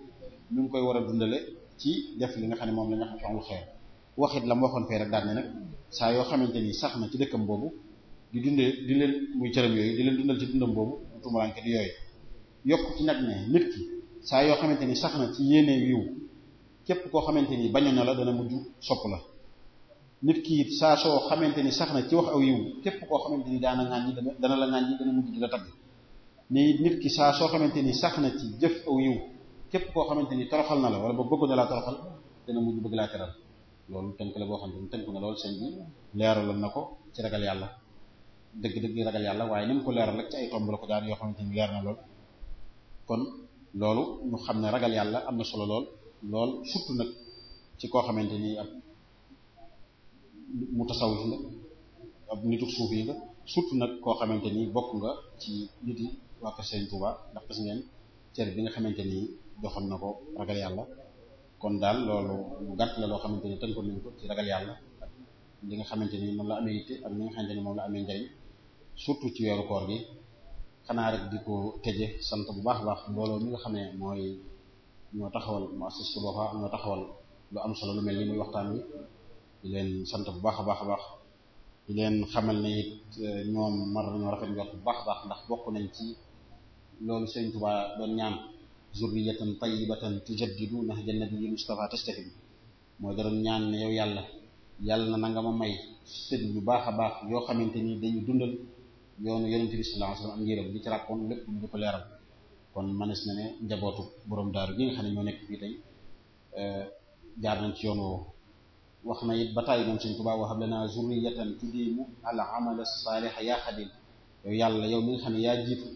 mi ngi koy war a dundale ci def li nga xam ne moom la ñu xam fi'lul xeer waxit la mu waxoon fee rek daal ne nag saa yoo xamante ni sax na ci dëkkam boobu di dundee di leen muy cëram yooyu di leen dundal ci dundam boobu du tumuraanke di yooyu yokk ci nag ne nit ki saa yoo xamante ni sax na ci yéene yiw képp koo xamante ni bañoon na la dana mujj sopp la nit kii it saa soo xamante ni sax na ci wax aw yiw képp koo xamante ni daana ŋaañ dana la ŋaañ ñi dana mujj di la tagg nit ki saa soo xamante ni sax na ci jëf aw yiw képp koo xamante ni toroxal na la wala ba bëgg na laa toroxal dana mujj bëgg laa teral loolu tënk la boo xam ne tënk na loolu sëñ bi leeralal na ko ci ragal yàlla dëgg-dëgg ragal yàlla waaye ni mu ko leeral rek ci ay tomb la ko daan yoo xamante ni leer na lool kon loolu ñu xam ne ragal yàlla am na solo lool lool surtout nag ci koo xamante ni ab mu tasawuf nga ab nitu suuf yi nga surtout nag koo xamante ni bokk nga ci nit yi waa kër Sëriñ Tuuba ndax gis ngeen cër bi nga xamante ni joxoon na ko ragal yàlla kon daal loolu lu gàtt la loo xamante ni tënkoon nañu ko ci ragal yàlla di nga xamante ni moom la amee yitte ak li nga xamante ni moom la amee njariñ surtout ci weeru koor gi xanaa rek di ko tëje sant bu baax a baax mbooloo mi nga xam ne mooy ñoo taxawal mu assis su boobaa ñoo taxawal lu am solo lu mel ni muy waxtaan wi di leen sant bu baax a baax a baax di leen xamal ne it eh, ñoom mar nañoo rafet njort bu baax baax ndax bokk nañ ci loolu Sëriñ Tuubaa doon ñaan zurriyatan tayyibatan tujaddidu nahja nabiyyi Mustafa tastaqim moo doon ñaan ne yàlla yàlla na nanga ma may sët bu baax a baax yoo xamante nii dañu dundal yoonu yonente bi sallallahu alayhi wasallam am njëram li ci ràkkoon lépp ñu di ko leeral kon mënees na ne njabootu borom daaru gi nga xam ne ñoo nekk fii tey eh, jaar nañ ci yoon woowu wax na it ba tàyyi moom Sëriñ Tuubaa waxam lana zurriyatan tudiimu al amal saalih yaa xadim yow yàlla yow mi nga xam ne yaa jiitu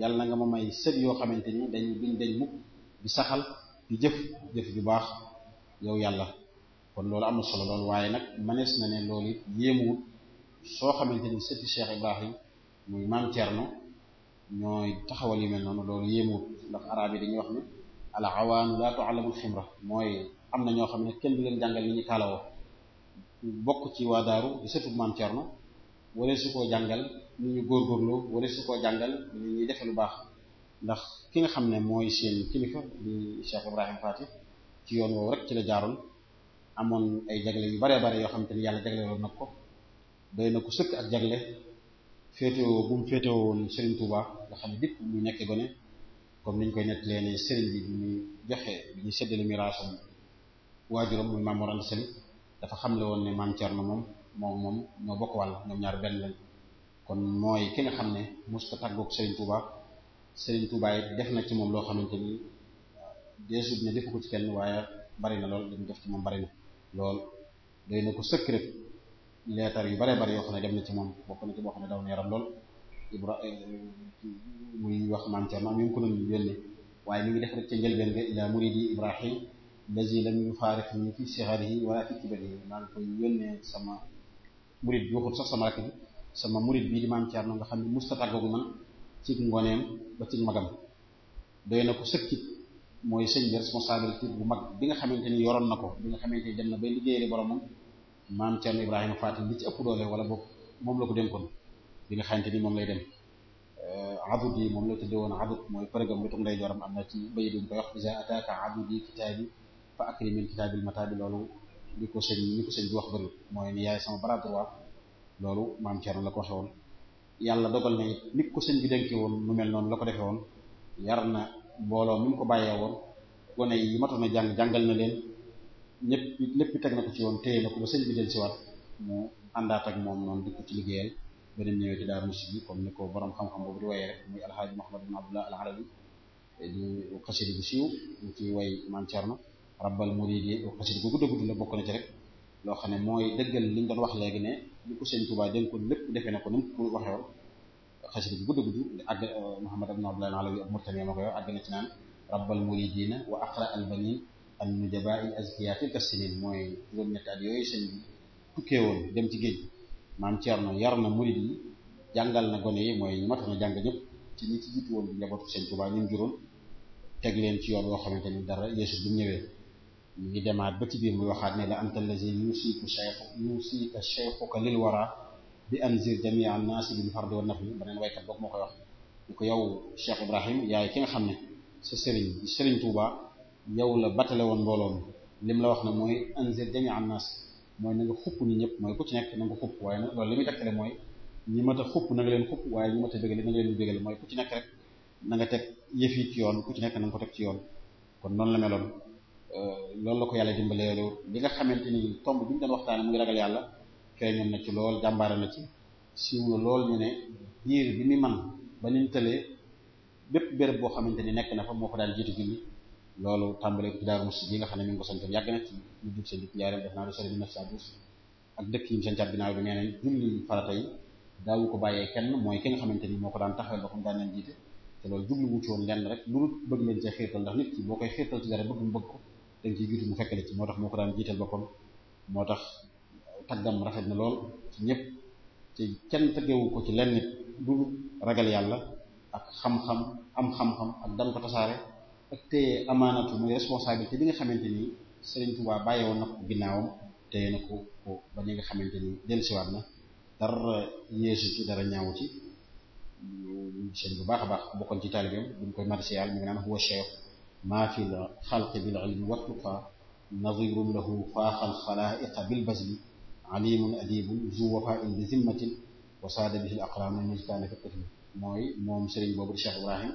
yàlla na nga ma may sët yoo xamante ni dañ duñ dañ mukk di saxal di jëf jëf ju baax yow yàlla kon loolu am na solo loolu waaye nag mënees na ne loolu it yéemuwut soo xamante ni sëti Cheikh Ibrahim muy maam Thierno ñooy taxawal yi mel noonu loolu yéemuut ndax arab yi dañuy wax ne al awaanu laa tuallamul ximra mooy am na ñoo xam ne kenn du leen jàngal ni ñu kaalawoo bokk ci waa daaru di sëtub maam Cerno wala su koo jàngal ni ñu góorgóorloo koo jàngal ñuy defe lu baax ndax ki nga xam ne mooy seen kilifa di Cheikh Ibrahim Fati ci yoon woowu rek ci la jaaroon amoon ay jagle yu bare bare yoo xam te ni yàlla jagle woon nag ko doy na ko sëkk ak jagle féetewoo bu mu féetewoo woon nga xam ne lépp ñu nekk gone comme niñ koy nettalee ne sëriñ bi bi ñuy joxe bi ñuy séddale miraasam waajuram muy Maam Mor Anta Sali dafa xamle woon ne Maam Cerno moom moom moom ñoo bokk wàll moom ñaar benn lañ kon mooy ki nga xam ne musta tàggoog Sëriñ Tuuba Sëriñ Tuuba yi def na ci moom loo xamante ni deesut ne defu ko ci kenn waaye bari na lool dañu def ci bari lool doy ko sëkk rek leetar yu bare bari yoo xam ne dem na ci moom bokk na ci boo xam ne daw na yaram lool Ibra muy wax maam Thierno mi ngi ko doon yónnee waaye mi ngi def rek ca njëlbeen ga ila muridi Ibrahim lazi lam yufaariqni fi sigharihi wala fi kibarihi maa ngi koy yónnee sama murid bi waxut sax sama rakk sama murid bii di maam Thierno nga xam ne musta tàggoog man cig ngooneem ba cig magam doy na ko sëkkit mooy sëñ bi responsabilité bu mag bi nga xamante ni yoroon na ko bi nga xamante ni dem na bay liggéeyale boromam maam Thierno Ibrahima Fatim li ci ëpp doole wala boog moom la ko dem dénkoon bi nga xamante ni moom lay dem euh, adud yi moom la tudde woon adud mooy përgam bi tug nday joram am na ci bay duñ koy wax isa ataka adud yi kitaabi fa akrimin kitaabil mataabi loolu li ko sëñ li bi wax bëri mooy ni yaay sama bras droit loolu maam Thierno la ko waxee yàlla dogal na it nit ko sëñ bi dénki woon nu mel noonu la ko defee woon yar na mbooloo mi mu ko bàyyee woon gone yi matoon a jàng jàngal na leen ñëpp lépp teg na ko ci woon téye na ko ba sëñ bi mu àndaat ak moom ci liggéeyal beneen dem ñëwee ci daar musik bi comme ni ko borom xam-xam boobu di wayee rek muy alxaaji Muhammad bin Abdullah al Alawi eh, di xasida bu siiw ñu ci way Maam Cerno rabbal muridi xasida na ci loo xam ne mooy dëggal li ñu doon wax léegi ne li ko sëñ Tuubaa dénkoon lépp defee na ko ni mu ko waxee woon xasida gu gudd gudd àgg eh, Muhammad bin Abdullah al Alawi ak Murtani ma ko yow àgg na ci naan rabbal muridina wa aqra al banin an nujaba il mooy juróom yooyu sëñ bi dem ci géej maam Thierno yar na murid yi jàngal na gone yi mooy ñi ma tax na jàng ñëpp ci ñi ci ju woon njabootu Sëñ Tuubaa ñun juróom teg leen ci yoon woo xamante ni dara Yeesu bu ñëwee ñu ngi demaat ba ci biir muy waxaat ne la anta allazi yusiku shaykhu yusiku shaykhuka lil wara bi anzir jamia naasi bil fardi wa nafli beneen waykat boobu moo koy wax ñu ko yow Cheikh Ibrahim yaay ki nga xam ne sa sëriñ sëriñ Tuubaa yow la batale woon mbooloo mi lim la wax ne mooy anzir jamia naasi mooy na nga xupp ni ñëpp mooy ku ci nekk na nga xupp waaye nag loolu li muy tegtale mooy ñi mat a xupp na nga leen xupp waaye ñi mat a bégale na nga leen mooy ku ci nekk rek na nga teg yëf ci yoon ku ci nekk na nga ko teg ci yoon kon noonu la meloon euh, loolu la ko yàlla dimbaleelu li nga xamante ni tomb bi ñu waxtaan waxtaane muy ragal yàlla feeñoon na ci lool jàmbaara na ci siiw loolu ñu ne diir bi mi man ba niñ tëlee bépp béréb boo xamante ni nekk na fa moo ko daan jiitu julli loolu tàmbale ko ci Daaru Muxti bi nga xam ne mi ngi ko santoon yàgg na ci lu jub seen dëkk Njaareem def naa lu sori mille neuf cent douze ak dëkk yi mu santaat ginnaaw bi nee nañ julli farata yi daawu ko bàyyee kenn mooy ki nga xamante ni moo ko daan taxawal boppam daan leen jiite te loolu jublu wu ci woon lenn rek lu bëgg leen cee xiirtal ndax nit ki boo koy xiirtal ci dara bëgg mu bëgg ko da nga ciy jiitu mu fekkale ci moo tax moo ko daan jiital boppam moo tax taggam rafet na lool ci ñëpp te kenn tëggewu ko ci lenn nit du ragal yàlla ak xam-xam am xam-xam ak dan ko tasaare ak téye amaanatu muy responsabilité bi nga xamante ni Serigne Touba bàyyi woon na ko ginnaawam téye na ko ba ni nga xamante ni dellusiwaat na dara yeesu ci dara ñaaw ci seen bu baax a baax bokkoon ci taalibeem buñ koy marché yàlla mu ngi naan huwa cheikh maa fi l xalqi bil ilmi wa tuqa nadirun lahu faaxal xalaaiqa bil basli alimun bi zimmatin wa saada bihi l aqraanu mujtaana fi mooy moom Serigne boobu di Cheikh Ibrahim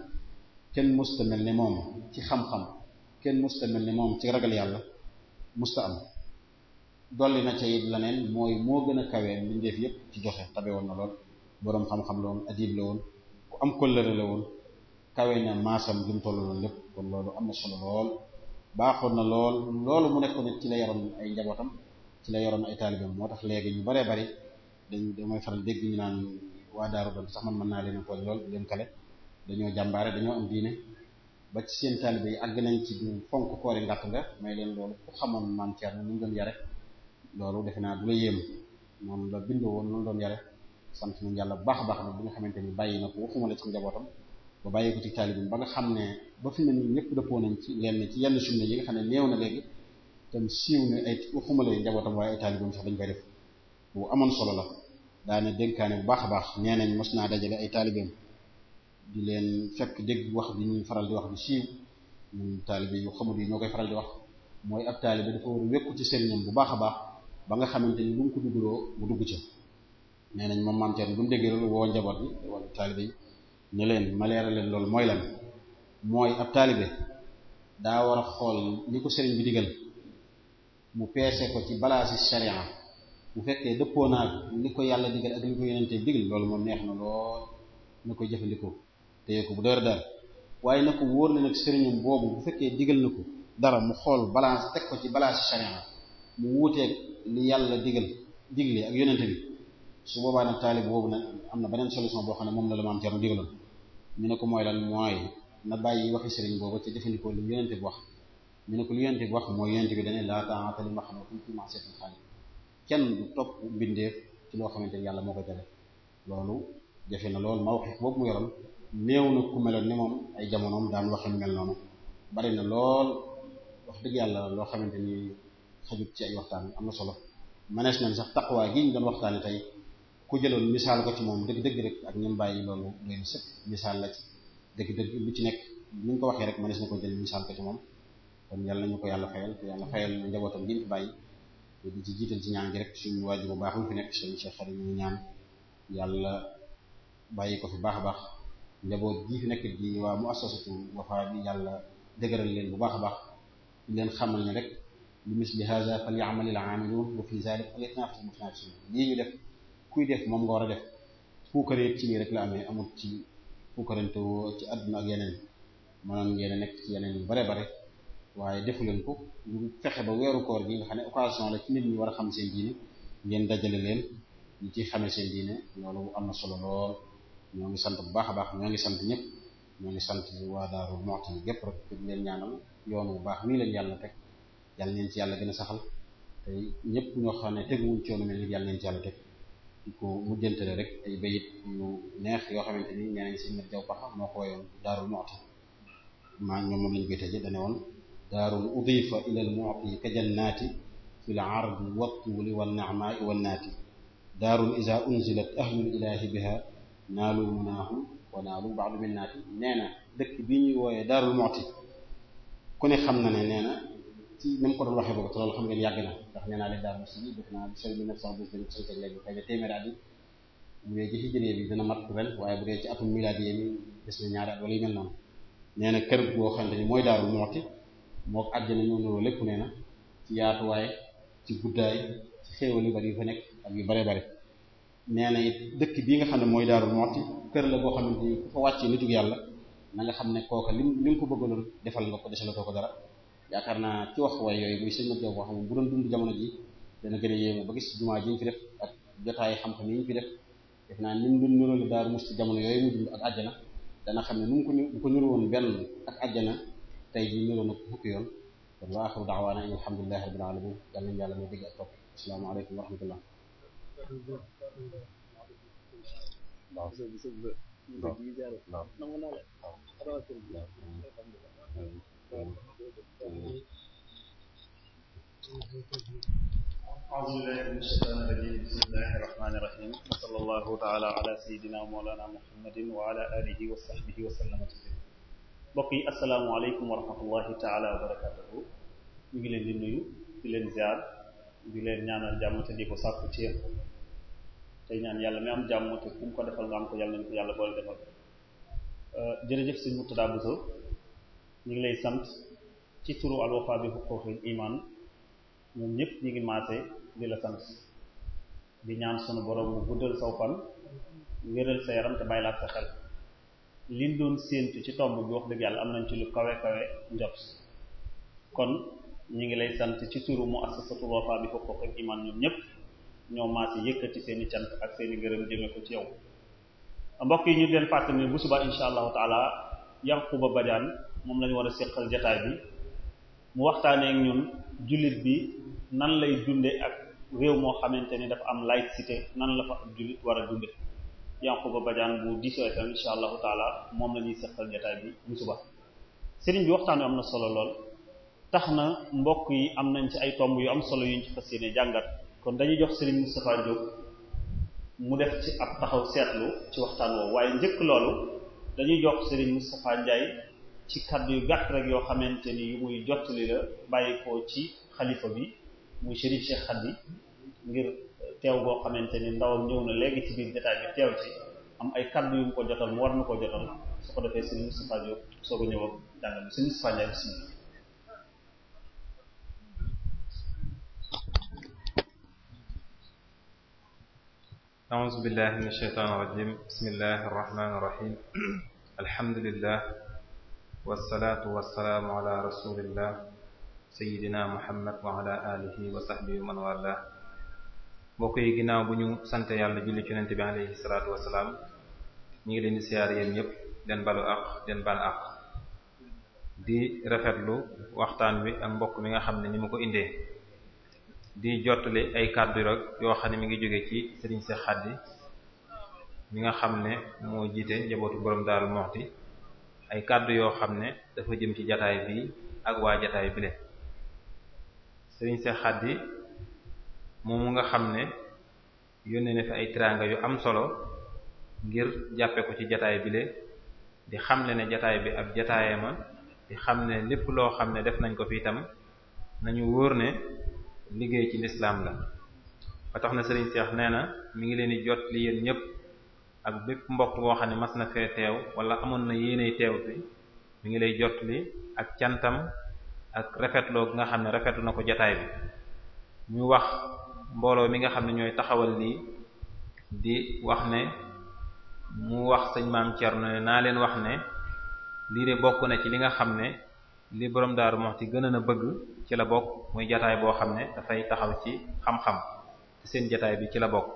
kenn musta mel ni moom ci xam-xam kenn musta mel ni moom ci ragal yàlla musta am dolli na ca it leneen mooy moo gën a kawee mbindeef yépp ci joxe tabe woon na lool boroom xam-xam la woon adib la woon ku am kóllëre la woon kawe na maasam gi mu tollu loolu lépp kon loolu am na solo lool baaxoon na lool loolu mu ci la yaroon ay njabootam ci la yaroon ay taalibeem moo tax léegi ñu baree bari dañ damay faral dégg ñu naan waa daaru doon sax man mën naa leen a tooñ lool dem kale dañoo jàmbaare dañoo am diine ba ci seen taalibe yi àgg nañ ci du fonk koori ngàtt nga may leen loolu ku xamoon maam Thierno ni mu doon yare loolu defe naa du la yéem moom la bindoo woon noonu doon yare sant nañ yàlla baax a baax nag bi nga xamante ni bàyyi na ko waxuma la ci njabootam ba bàyyi ko ci ba nga xam ne ba fi mu ne nii ñëpp dëppoo nañ ci lenn ci yenn sunna yi nga xam ne néew na léegi tam siiw ne ay waxuma la njabootam waaye ay taalibeem sax dañ koy def bu amoon solo la daanee denkaane bu baax a baax nee nañ mos naa dajale ay taalibeem di leen fekk dégg wax bi ñuy faral di wax bi siiw ñun taalibe yu xamul yi ñoo koy faral di wax mooy ab taalibe dafa war wékku ci sëriñam bu baax a baax ba nga xamante ni lu mu ko duggaloo mu dugg ca nee nañ moom maam Thierno bu mu déggee loolu woo njaboot bi wala taalibe yi ñu mooy lan mooy daa war xool li ko sëriñ bi digal mu ko ci balaasi bu fekkee dëppoo naa li ko yàlla digal loolu moom neex na lool na koy jëfandikoo téye ko bu dër dër waaye na ko wóor ne nag sëriñam boobu bu fekkee digal na ko dara mu xool balance teg ko ci balance charia mu wuuteeg li yàlla digal digle ak yonente bi su boobaa nag taalib boobu nag am na beneen solution boo xam ne moom la la maam Cerno digaloon ñu ne ko mooy lan mooy na bàyyi waxi sëriñ boobu te jëfandikoo li yonente bi wax ñu ne ko li yonente mooy yonente bi dane laa ta'ata li makhluqin fi ma'siyatil khaliq kenn du topp mbindeef ci loo xamante ne yàlla moo ko tere loolu jafe na loolu ma wax boobu mu yoroon néew na ku meloon ni moom ay jamonoom daan waxe mel noonu bari na lool wax dëgg yàlla loo xamante ni xajut ci ay waxtaan am na solo manees nañ sax taqwaa gii ñu doon waxtaane tey ku jëloon misaal ko ci moom dëgg-dëgg rek ak ñim bàyyi loolu leen sëpp la ci dëgg-dëgg lu ci nekk ni ñu ko waxee rek manees na ko jël misaal ko ci moom kon yàlla nañu ko yàlla fayal te yàlla fayal na njabootam gi ñu fi bàyyi di ci jiital ci ñaan gi rek suñu waaju bu baax mu fi nekk suñu Cheikh Xarit ñu ñaan yàlla bàyyi ko fi baax a baax njaboot gii fi nekk di waa mu assasatu Wafa bi yàlla dëgëral leen bu baax a baax di leen xamal ne rek li misli haza fal ya'malil 'amilun wa fi zalika falyatanafasil mutanafisun kuy def moom nga a def ci lii rek la amee amul ci puukarante ci àdduna ak yeneen maanaam ngeen a nekk ci yeneen yu bare bare waaye defu leen ko ñu ba weeru koor gi ne occasion la ci nit ñi war a xam seen diine ngeen dajale leen ñu ci xamee seen diine loolu am na solo lool ñoo ngi sant bu baax a baax ñoo ngi sant ñëpp ñoo ngi sant waa Daarul Muxti yi gépp rek yoon bu baax nii leen yàlla teg yàlla neen ci yàlla gën a saxal ñëpp ñoo xam ne teguwuñ coono mel ni yàlla neen ci yàlla teg rek ay bayit yu neex yoo xamante ni ñeneen si mbir jaw paxa moo ko woyoon Daarul Muxti maa ñoom moom lañu koy tëje dane woon daarul udifa ilal muxti ka jannaati fi l ardi wa tuuli wa naamaai wa naati daarul isa unzilat ahlul ilahi biha naalu munaahu wa naalu ba'du minnaati nee na dëkk bi ñuy wooyee Daarul Muxti ku ne xam na ne nee ci ni mu ko doon waxee boobu te loolu xam ngeen yàgg na ndax nee Daarul Muxti bi def naa seen 1912 léegi bu dee ci hijriya bi dina mi gis na ñaari at yu mel noonu nee kër boo xam mooy Daarul Muxti moo ko àjjana ñoo nuroo lépp nee na ci yaatuwaay ci guddaay ci xéewal yu bari yu fa nekk ak yu bare bari nee na dëkk bii nga xam ne mooy Daaru Muxti kër la boo xamante ni ku fa wàccee nitug yàlla na nga xam ne kooka li nga ko bëggaloon defal la ko desalatoo ko dara yaakaar naa ci wax way yooyu muy sëñ Abdou boo xam bu doon dund jamono ji dana ba gis jumaa ji ñu def ak jotaay xam-xam yi ñu fi def def naa nim doon niróolu Daaru Muxti jamono yooyu mu dund ak àjjana dana xam nu mu ko bu ko niróo woon benn ak àjjana tey ji niroo na ko fukki yoon kon wa axiru daawaana in alhamdulillahi rabbil alamin yàlla nañu yàlla may dégg ak topp asalaamaaleykum wa rahmatullah أعوذ بالله من الشيطان الرجيم بسم الله الرحمن الرحيم وصلى الله تعالى على سيدنا مولانا محمد وعلى آله وصحبه وسلم تسليما mbokk yi asalaamaaleykum wa rahmatullahi taala wa barakatuhu ñu ngi leen di nuyu di leen ziar di leen ñaanal jàmm te di ko sàkku ci yéen te ñaan yàlla mi am jàmm te fu mu ko defal nga am ko yàlla nañu ko boole defal euh, jërëjëf sëñ Murtada Bousso ñu ngi lay sant ci turu Al Wafa bi huquqil iman ñoom ñëpp ñu ngi maase di la sant di ñaan sunu borom mu guddal saw fan wéral sa yaram te bàyyi la sa xel liñ doon séentu ci tomb bi wax dëgg yàlla am nañ ci lu kawe kawe njot kon ñu ngi lay sant ci turu muassasatu Wafa bi foofu ak iman ñoom ñëpp ñoo maa si yëkkati seen i cant ak seen i ngërëm ko ci yow. mbokk yi ñu leen fàttali ne bu subaa insha allahu taala moom la ñu war a seqal jotaay bi mu waxtaanee ak ñun bi nan lay dunde ak réew moo xamante ni dafa am laïcité nan la war a dunde Yankuba Badiane bu diisoo itam insha moom la ñuy seqal jotaay bi bu suba waxtaan wi am na solo lool. tax na mbokk yi am nañ ci ay tomb yu am solo yuñ ci fas yéene jàngat kon dañuy jox Serigne Moustapha Diop mu def ci ab taxaw seetlu ci waxtaan woowu waaye loolu dañuy jox Serigne Moustapha Ndiaye ci kaddu yu gàtt rek yoo xamante ni yu muy jottali la bàyyi ko ci xalifa bi muy Serigne Cheikh yi ngir teew boo xamante ni ndawam ñëw na léegi ci biir jotaay bi teew ci am ay kaddu yu mu ko jotal mu war na ko jotal su ko defee Serigne Moustapha Diop soog a ñëw ak jàngat bi Serigne Moustapha Ndiaye bismillah أعوذ بالله من الشيطان الرجيم بسم الله الرحمن الرحيم الحمد لله والصلاة والسلام على رسول الله سيدنا محمد وعلى آله وصحبه ومن والاه mbokk yi ginnaaw bu ñu sant yàlla julli ci yonent bi alayhi salaatu wasalaam ñu ngi leen di siyaar yéen ñëpp den balu àq den bal àq di rafetlu waxtaan wi ak mbokk mi nga xam ne ni mu ko indee di jottali ay kàddu rek yoo xam ne mu ngi jóge ci Serigne Cheikh Khady mi nga xam ne moo jiite njabootu borom Darou Moukhty ay kàddu yoo xam ne dafa jëm ci jataay bi ak waa jataay bile Serigne Cheikh Khady moomu nga xam ne yónnee na fi ay teraanga yu am solo ngir jàppe ko ci jataay bile di xamle ne jataay bi ak jataayama di xam ne lépp loo xam ne def nañ ko fi itam nañu wóor ne liggéey ci lislaam la ba tax na Serigne Cheikh nee na mu ngi leen di jot li yéen ñëpp ak bépp mbokk boo xam ne mas na fee teew wala amoon na yéenay teew bi mi ngi lay jot li ak cantam ak rafetloo nga xam ne rafetlu na ko jataay bi ñu wax mbooloo mi nga xam ne ñooy taxawal lii di wax ne mu wax sëñ maam Thierno ne naa leen wax ne lii de bokk na ci li nga xam ne li borom Darou Moukhty gën a na bëgg ci la bokk muy jataay boo xam ne dafay taxaw ci xam-xam te seen jataay bi ci la bokk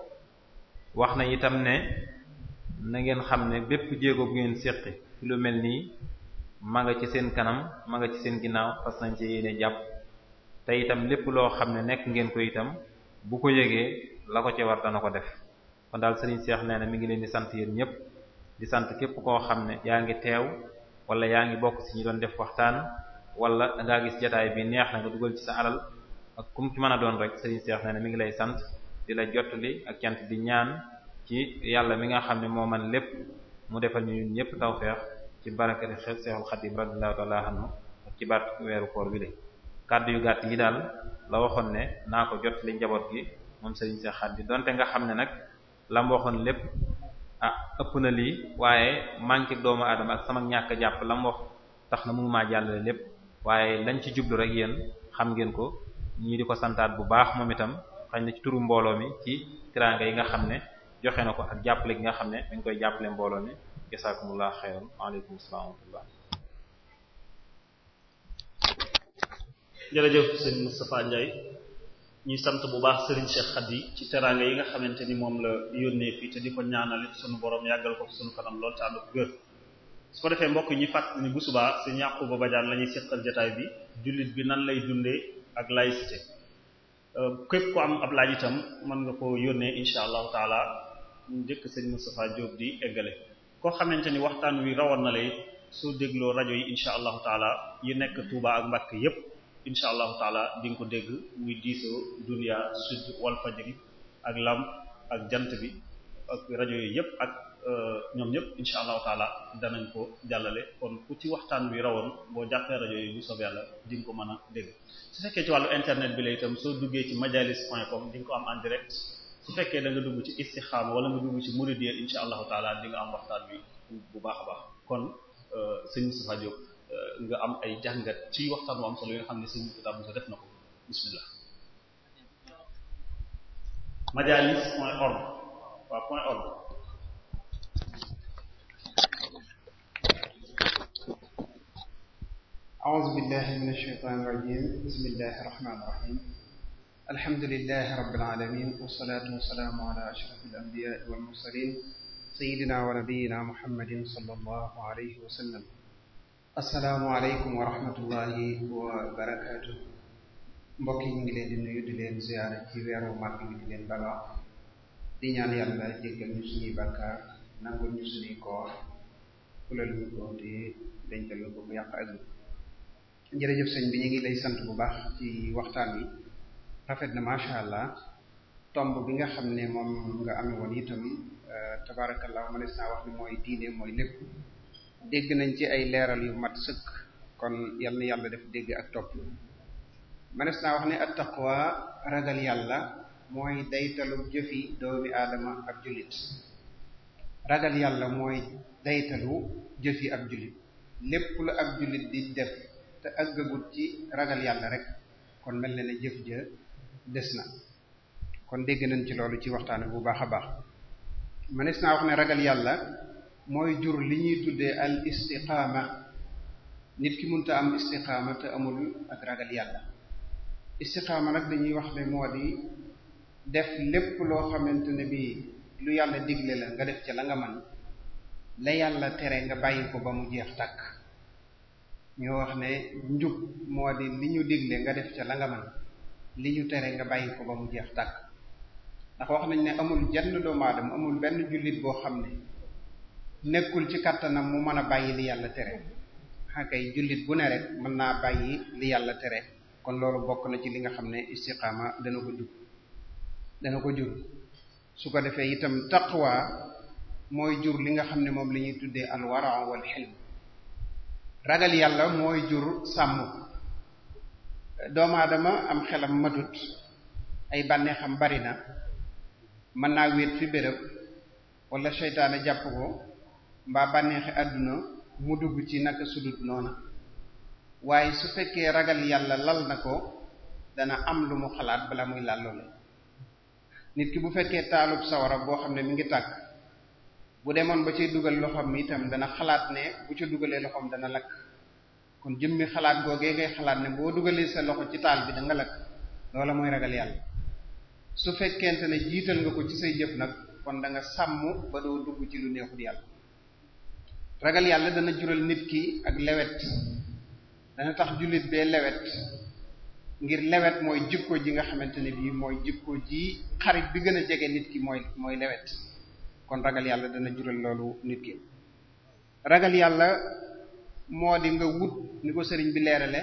wax na itam ne na ngeen xam ne bépp jéego bu ngeen séqi ci lu mel nii ma nga ci seen kanam ma nga ci seen ginnaaw fas nañ ci yéene jàpp te itam lépp loo xam ne nekk ngeen ko itam bu ko yëgee la ko ci war dana ko def kon daal Serigne Cheikh nee na mi ngi leen di sant yéen ñëpp di sant képp koo xam ne yaa ngi teew wala yaa ngi bokk ci ñu doon def waxtaan wala dangaa gis jataay bi neex na nga dugal ci sa alal ak kum ci mën a doon rek Serigne Cheikh nee na mi ngi lay sant di la jottali ak cant di ñaan ci yàlla mi nga xam ne moo man lépp mu defal ñu ñun ñëpp tawfeex ci barakati Cheikhul Khadim radiyallahu ta'ala anhu ak ci baat weeru koor wi la kàddu yu gàtt yi daal la waxoon ne naa ko jot li njaboot gi moom Serigne Cheikh Khadim donte nga xam ne nag la waxoon lépp ah ëpp na lii waaye manque doomu aadama ak sama ñàkk jàpp la mu wax tax na mënu maa jàllale lépp waaye lañ ci jublu rek yéen xam ngeen ko ñii di ko santaat bu baax moom itam xañ na ci turu mbooloo mi ci tiraanga yi nga xam ne joxe na ko ak jàppale gi nga xam ne dañ koy jàppale mbooloo mi jazakumullah xayran waaleykum salaam wa rahmatullah jërëjëf sëriñ Moustapha Ndiaye ñuy sant bu baax sëriñ Cheikh Khady ci teraanga yi nga xamante ni moom la yónnee fii te di ko ñaanal suñu boroom yàggal ko sunu kanam lool te ànd su ko defee mbokk ñi fàttali ni bu subaa si ñàkku ba bajaan la ñuy seqal jotaay bi jullit bi nan lay dundee ak laïcité euh, képp ko am ab laaj itam mën nga koo yónnee incha allahu taala njëkk sëñ Moustapha Diop di eggale koo xamante ni waxtaan wi rawoon na lay soo dégloo rajo yi incha allahu taala yi nekk tuubaa ak Mbacké yépp incha allahu taala di ko dégg muy diisoo Dunya Sud Walfadjri ak Lamp ak jant bi ak rajo yooyu yépp ak Euh, ñoom ñëpp insha allahu taala danañ ko jàllale kon ku ci waxtaan wi rawoon boo jàppee rajo yi bu soobee yàlla di ko mën a dégg su fekkee ci wàllu internet bi la itam soo duggee ci majalis.com di nga ko am en direct su fekkee da nga dugg ci istixaama wala nga dugg ci muridiyya insha allahu taala di nga am waxtaan wi bu baax a baax kon sëñ euh, Safa Diop euh, nga am ay jàngat ci waxtaan wu am solo yi nga xam ne sëñ Safa Diop def na ko bismillah majalis.org waaw أعوذ بالله من الشيطان الرجيم بسم الله الرحمن الرحيم الحمد لله رب العالمين والصلاة والسلام على أشرف الأنبياء والمرسلين سيدنا ونبينا محمد صلى الله عليه وسلم السلام عليكم ورحمة الله وبركاته mbokk yi ñu ngi leen di nuyu di leen ziyaara ci weeru màgg bi di leen bala di ñaan yàlla jéggal ñu suñuy bàkkaar nangul ñu suñuy koor fulal ñu ko te dencal ñu ko mu yàq ak jërëjëf sëñ bi ñu ngi lay sant bu baax ci waxtaan wi rafet na macha allah tomb bi nga xam ne moom nga amee woon itam euh, tabarakallah mënees naa wax ni mooy diine mooy lépp dégg nañ ci ay leeral yu mat sëkk kon yal yàlla def dégg ak topp mënees naa wax ne at taqwa ragal yàlla mooy daytalub jëfi doomi aadama ak jullit ragal yàlla mooy daytalu jëfi ab jullit lépp lu ab jullit di def te àggagut ci ragal yàlla rek kon mel na ne jëf ja des na kon dégg nañ ci loolu ci waxtaan bu baax a baax manees naa wax ne ragal yàlla mooy jur li ñuy tuddee al istiqaama nit ki mënta am istiqaama te amul ak ragal yàlla istiqaama nag dañuy wax ne moo di def lépp loo xamante ne bii lu yàlla digle la nga def ca la nga man la yàlla tere nga bàyyi ko ba mu jeex tàkk ñoo wax ne njub moo di li ñu digle nga def ca la nga mën li ñu tere nga bàyyi ko ba mu jeex tàkk ndax wax nañ ne amul jenn doomu amul benn jullit boo xam ne nekkul ci kattanam mu mën a bàyyi li yàlla tere xakay jullit bu ne rek mën naa bàyyi li yàlla tere kon loolu bokk na ci li nga xam ne istiqaama dana ko jur ko jur su ko defee itam taqwa mooy jur li nga xam ne moom la ñuy tuddee alwara wal xilm ragal yàlla mooy jur sàmm doomu aadama am xelam matut ay bànneexam bari na mën naa wéet fi bërëb walla seytaane jàpp ko mbaa bànneexi àdduna mu dugg ci naka sudut noona waaye su fekkee ragal yàlla lal na ko dana am lu mu xalaat bala muy làlloole nit ki bu fekkee taalub sawara boo xam ne mu ngi tàkk bu demoon ba cay dugal loxoom itam dana xalaat ne bu ca dugalee loxoom dana lakk kon jëmmi xalaat googee ngay xalaat ne boo dugalee sa loxo ci taal bi danga nga lakk loola mooy ragal yàlla su fekkente ne jiital nga ko ci say jëf nag kon danga nga sàmm ba doo dugg ci lu neexul yàlla ragal yàlla dana jural nit ki ak lewet dana tax jullit bee lewet ngir lewet mooy jikko ji nga xamante ne bii mooy jikko ji xarit bi gën a jege nit ki mooy mooy lewet kon ragal yàlla dana jural loolu nit ki ragal yàlla moo di nga wut ni ko sëriñ bi leerale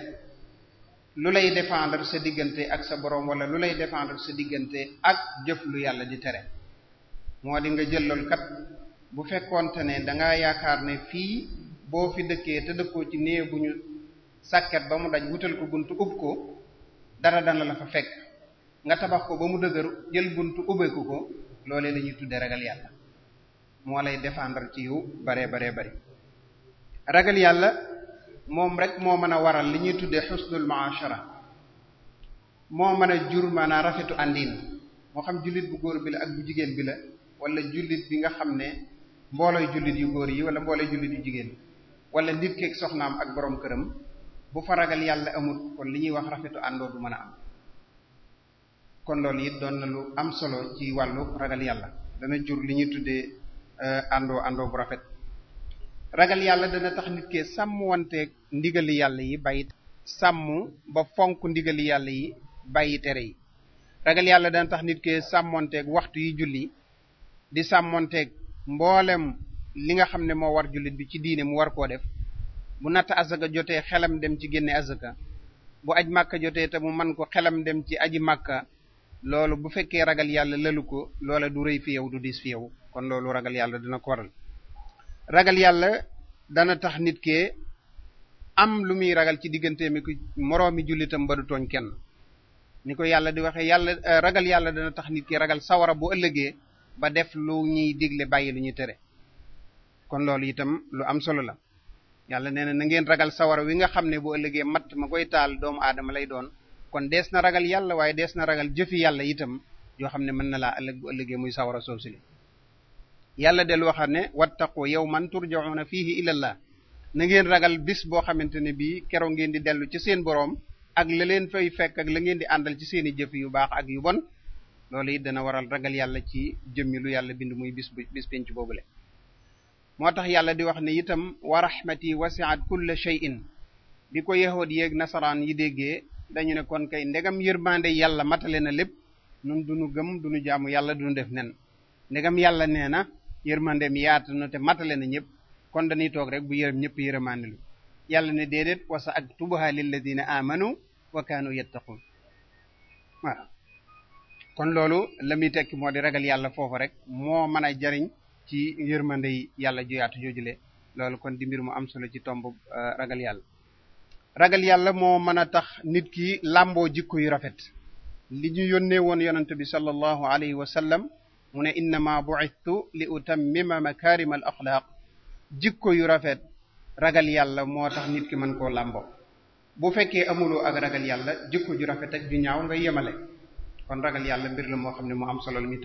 lu lay défendre sa diggante ak sa borom walla lu lay défendre sa diggante ak jëf lu yàlla di tere moo di nga jël loolu kat bu fekkoonte ne dangaa yaakaar ne fii boo fi dëkkee te dëkkoo ci néew bu ñu sàkket ba mu daj wutal ko bunt ub ko dara dana la fa fekk nga tabax ko ba mu dëgër jël bunt ubbeeku ko loolee la ñuy tudde ragal yàlla moo lay défendre ci yu bare bare bari ragal yàlla moom rek moo mën a waral li ñuy tuddee xusnul maashara moo mën a jur maanaam rafetu àndiin moo xam jullit bu góor bi la ak bu jigéen bi la wala jullit bi nga xam ne mboolooy jullit yu góor yi wala mboolooy jullit yu jigéen wala nit keeg soxnaam ak boroom këram bu fa ragal yàlla amul kon li ñuy wax rafetu àndoo du mën a am kon loolu it doon na lu am solo ci wàllu ragal yàlla dana jur li ñuy tuddee Euh, àndoo àndoo bu rafet ragal yàlla dana tax nit kee sàmm wanteeg ndigali yàlla yi bàyyi sàmm ba fonk ndigali yàlla yi bàyyi yi ragal yàlla dana tax nit kee sàmmonteeg waxtu yi julli di sàmmonteeg mboolem li nga xam ne moo war jullit bi ci diine mu war koo def bu natt asaka jotee xelam dem ci génne asaka bu aj màkka jotee te mu man ko xelam dem ci aji màkka loolu bu fekkee ragal yàlla lalu ko loola du rëy fi yow du diis fi yow kon loolu ragal yàlla dana ko waral ragal yàlla dana tax nit ke am lu muy ragal ci diggante mi ku moroomi jullitam ba du tooñ kenn ni ko yàlla di waxee yàlla euh, ragal yàlla dana tax nit ki ragal sawara bu ëllëgee ba def lu ñuy digle bàyyi lu ñuy tere kon loolu itam lu am solo la yàlla nee na na ngeen ragal sawara wi nga xam ne bu ëllëgee mat ma koy taal doomu adama lay doon kon dees na ragal yàlla waaye dees na ragal jëfi yàlla itam yoo xam ne mën na laa ëllëg bu ëllëgee muy sawara soosu li yàlla del waxaat ne wattaqu yawman turja'una fihi ila allah na ngeen ragal bis boo xamante ne bii keroog ngeen di dellu ci seen boroom ak la leen fay fekk ak la ngeen di àndal ci seen i jëf yu baax ak yu bon loolu it dana waral ragal yàlla ci jëmmi lu yàlla bind muy bis bi bis penc boobule. moo tax yàlla di wax ne itam wa rahmati wasi'at kulla shay'in bi ko yahood yeeg nasaraan yi déggee dañu ne kon kay ndegam yërmande yàlla matale na lépp nun duñu gëm duñu jaamu yàlla duñu def nen ndegam yàlla nee na yërmandeem yaatu na te matale na ñëpp kon dañuy toog rek bu yërëm ñëpp yërëmaanelu yàlla ne déedéet wasa ak tubaha lilladina amanu wa kaanu yattaqun waaw kon loolu la muy tekki moo di ragal yàlla foofu rek moo mën a jariñ ci yërmande yi yàlla ju yaatu joojule loolu kon di mbir mu am solo ci tomb euh, ragal yàlla ragal yàlla moo mën a tax nit ki làmboo jikko yu rafet li ñu yónnee woon yonent bi sallallahu alayhi wa mu ne innama bu'ithtu li utam utammima makarim al axlaaq jikko yu rafet ragal yàlla moo tax nit ki mën koo làmboo bu fekkee amuloo ak ragal yàlla jikko ju rafet ak ju ñaaw nga yemale kon ragal yàlla mbir la moo xam ne mu am solo la muy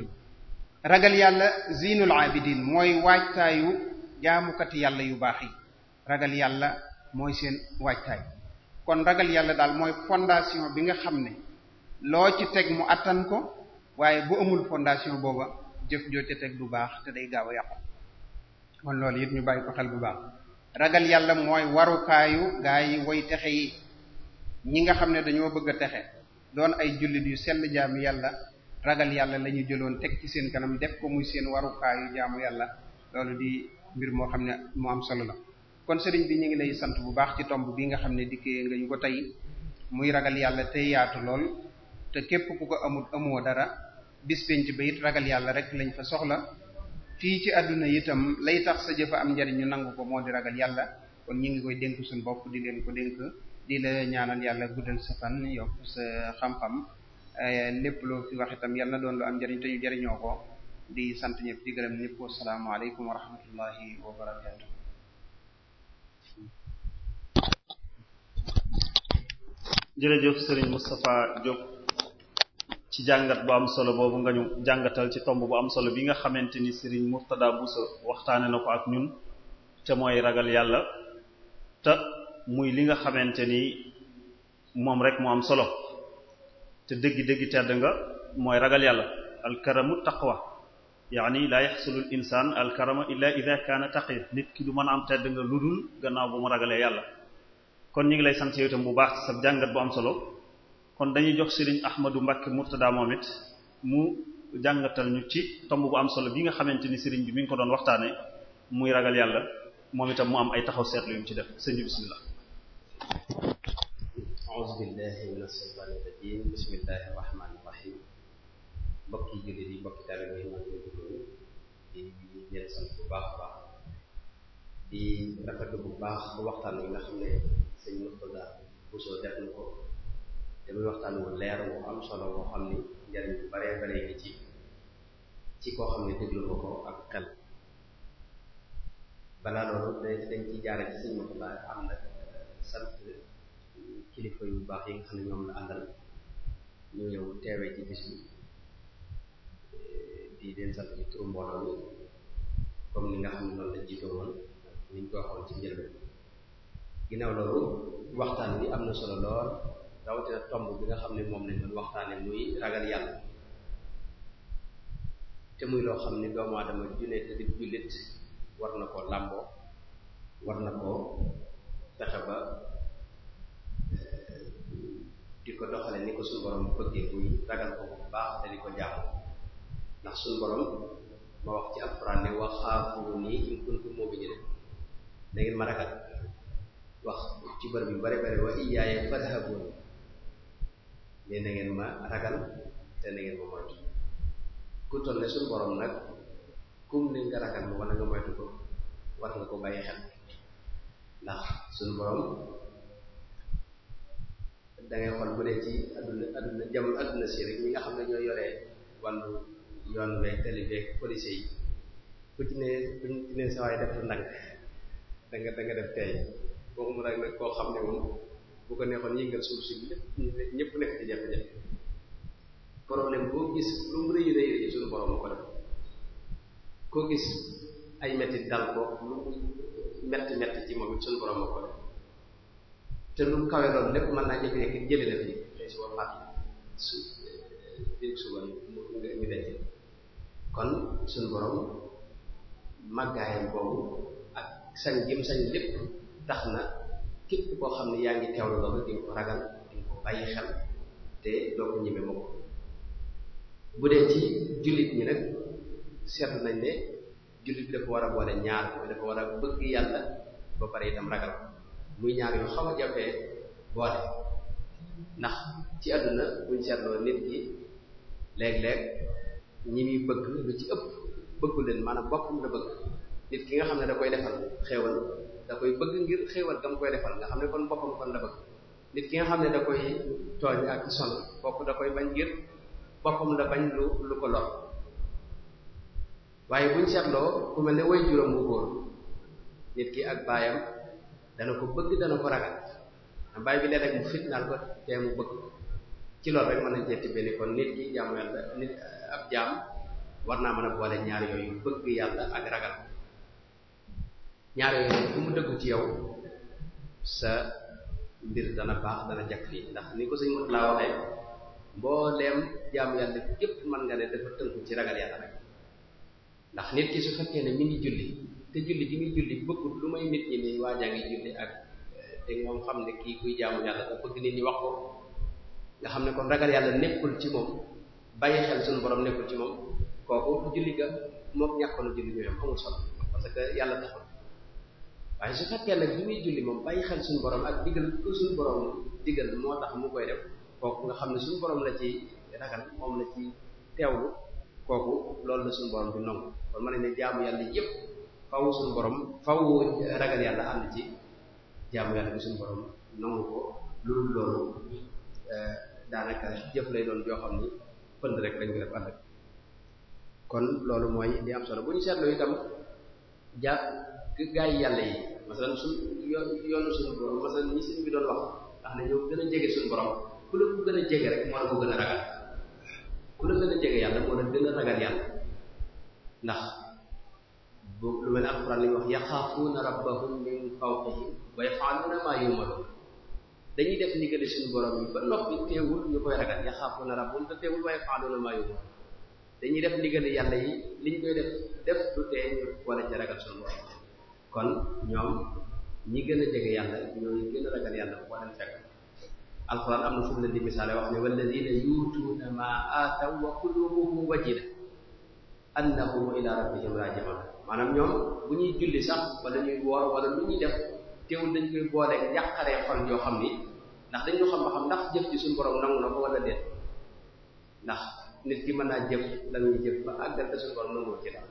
ragal yàlla ziinul abidin mooy waajtaayu jaamukati yàlla yu baax yi ragal yàlla mooy seen waajtaay kon ragal yàlla daal mooy fondation bi nga xam ne loo ci teg mu attan ko waaye bu amul fondation booba jëf joo ca teg du baax te day gaaw a yàqu kon loolu it ñu bàyyi ko xel bu baax ragal yàlla mooy warukaayu gaa yi woy texe yi ñi nga xam ne dañoo bëgg a texe doon ay jullit yu sell jaamu yàlla ragal yàlla la jëloon teg ci seen kanam def ko muy seen warukaayu jaamu yàlla loolu di mbir moo xam ne mu am solo la kon sëriñ bi ñu ngi lay sant bu baax ci tomb bi nga xam ne dikkee nga ñu ko tey muy ragal yàlla tey yaatu lool te képp ku ko amul amoo bis penc ba it ragal yàlla rek lañ fa soxla fii ci àdduna itam lay tax sa jëfa am njariñ ñu nangu ko moo di ragal yàlla kon ñu ngi koy dénk suñ bopp di leen ko dénk di la ñaanal yàlla guddal sa fan yokk sa xam-xam eh, lépp loo fi wax itam yàlla na doon lu am njariñ te ñu jariñoo ko di sant ñëpp di gërëm ñëpp asalaamaaleykum wa rahmatullahi wa barakaatu. jërëjëf Serigne Moustapha Diop. ci jàngat bu am solo boobu nga ñu jàngatal ci tomb bu am solo bi nga xamante ni Serigne Mourtada Bousso waxtaane na ko ak ñun ca mooy ragal yàlla te muy li nga xamante ni moom rek mu am solo te dëgg-dëgg tedd nga mooy ragal yàlla alkaramu taqwa yaani laa yaxsulul insaan alkarama illa ida kaana taqiya nit ki du mën a am tedd nga ludul gannaaw bu ma ragalee yàlla kon ñu ngi lay sant yow bu baax sa jàngat bu am solo kon dañuy jox sëriñ Ahmadou Mbacké Mourtada moom it mu jàngatal ñu ci tomb bu am solo bi nga xamante ni Serigne bi mi ngi ko doon waxtaane muy ragal yàlla moom itam mu am ay taxaw seetlu yum ci def sëñ bi bismillah a'udhu billahi minash shaytanir rajim bismillahir rahmanir rahim mbokki jullit yi mbokki taalibe yi bu baax a baax bu waxtaan yi nga xam ne sëñ Mourtada Bousso damay waxtaan wu leer wu am solo boo xam ni njariñ bu baree baree ngi ci koo xam ne déglu ko ko ak xel balaa loolu dañ dañ ci jaare ci sëñ Moussa yu baax yi nga xam ne ñoom la àndal ñu ñëw teewee ci bis ko waxoon am na solo lool. rawatina tomb bi nga xam ne moom lañ doon waxtaane muy ragal yàlla te muy loo xam ne doomu aadama junne te di jullit war na ko làmboo war na ko fexe ba di ko doxale ni ko suñu borom ko ko jàmm ma wax ci alquran ne wa xaafuuni in kuntum mu'minin da ngeen ma ragal wax ci bërëb yu bare bare wa iyyaaya farhabuun ne na ngeen ma ragal te na ngeen ma moytu ku toll ne suñu borom nag kum ne nga ragal ma wala nga moytu ko war nga ko bàyyi xel ndax suñu borom da ngay bu dee ci adduna adduna jamono adduna si rek ñi nga xam ne ñoo yore wàllu yoon beeg tali beeg police yi ku ci ne ku ci ne sawaay def lu nag da nga def tey boo mu nag nag koo xam ne moom bu ko neexoon yëngal suuf si lépp ñëpp nekk ci jafe-jafe borom ko def koo gis ay metti lu mu metti metti ci moom it borom ko def ak sañ jëm sañ lépp tax na. képp koo xam ne yaa ngi teewlu loolu di nga ko ragal di ko bàyyi xel te doo ko ñeme mukk bu dee ci jullit ñi nag seetlu nañ ne jullit bi dafa war a boole ñaar mooy dafa war a bëgg yàlla ba pare itam ragal muy ñaar yu xaw a jafee boole ndax ci àdduna buñ seetloo nit ki léeg-léeg ñi muy bëgg lu ci ëpp bëggu leen maanaam boppam la bëgg nit ki nga xam ne da koy defal xéewal da koy bëgg ngir xéewal gam koy defal nga xam ne kon boppam kon la bëgg nit ki nga xam ne da koy tooñ ak son kooku da koy bañ ngir boppam la bañ lu lu ko lor waaye buñ seetloo ku mel ni way juróom bu góor nit ki ak baayam dana ko bëgg dana ko ragal baay bi léeg-léeg mu fitnaal ko te bëgg ci loolu rek mën nañ cee tibbee ni kon nit ki jaamu yàlla nit ab jaam war naa mën a boole ñaar yooyu bëgg yàlla ak ragal ñaar yooyu bu mu dëggu ci yow sa mbir dana baax dana jakk fii ndax ni ko sëñ mot laa waxee mbooleem jaamu yàlla képp mën nga ne dafa tënku ci ragal yàlla rek ndax nit ki su fekkee ne mi ngi julli te julli gi muy julli bëggul lu may nit ñi ni waajaa ngi julli ak eh, te moom xam ne kii kuy jaamu yàlla da bëgg nit ñi wax ko nga xam ne kon ragal yàlla nekkul ci moom bàyyi xel suñu borom nekkul ci moom kooku julli ga moom ñàkkoon julli ñooyam amul solo waaye su fekkee nag bi muy julli moom bàyyi xel suñu borom ak digal ko suñu borom digal moo tax mu koy def kooku nga xam ne suñu borom la ci ragal moom la ci teewlu kooku loolu la suñu borom di nangu kon mën nañ ne jaamu yàlla yëpp faw suñu loolu loolu euh, daanaka jëf lay doon joo xam ni pënd rek dañ def ànd kon loolu mooy li am solo bu ñu seetloo itam ja gaa yi yàlla yi. masalan suñ yoon yoonu suñu borom masalan ñi suñ bi doon wax ndax ne ñoo gën a jege suñu borom ku la gën a jege yàlla moo la gën a ragal yàlla lu mel ne alquran li wax yaxaafuuna rabbahum min fawqihim dañuy def ndigali suñu borom yi ba noppi teewul ñu koy ragal yaxaafuuna rabbahum te teewul wa yafaaluuna maa yumaruun dañuy def ndigali yàlla yi liñ koy def def du tee ñu ragal suñu borom kon ñoom ñi gën a jege yàlla ñooñu gën a ragal yàlla boo leen am na fu mu di misaale wax ne walladina yuutuuna ma aataw wa qulubuhum wajila annahum ila rabbihim rajiun maanaam ñoom bu ñuy julli sax wala ñuy woor wala lu ñuy def teewul dañ koy yàqaree xol yoo xam ni ndax dañ ko xam ba xam ndax jëf ci suñu borom nangu na ko wala déet ndax nit ki mën naa jëf la jëf ba àggal te borom nangu ci daal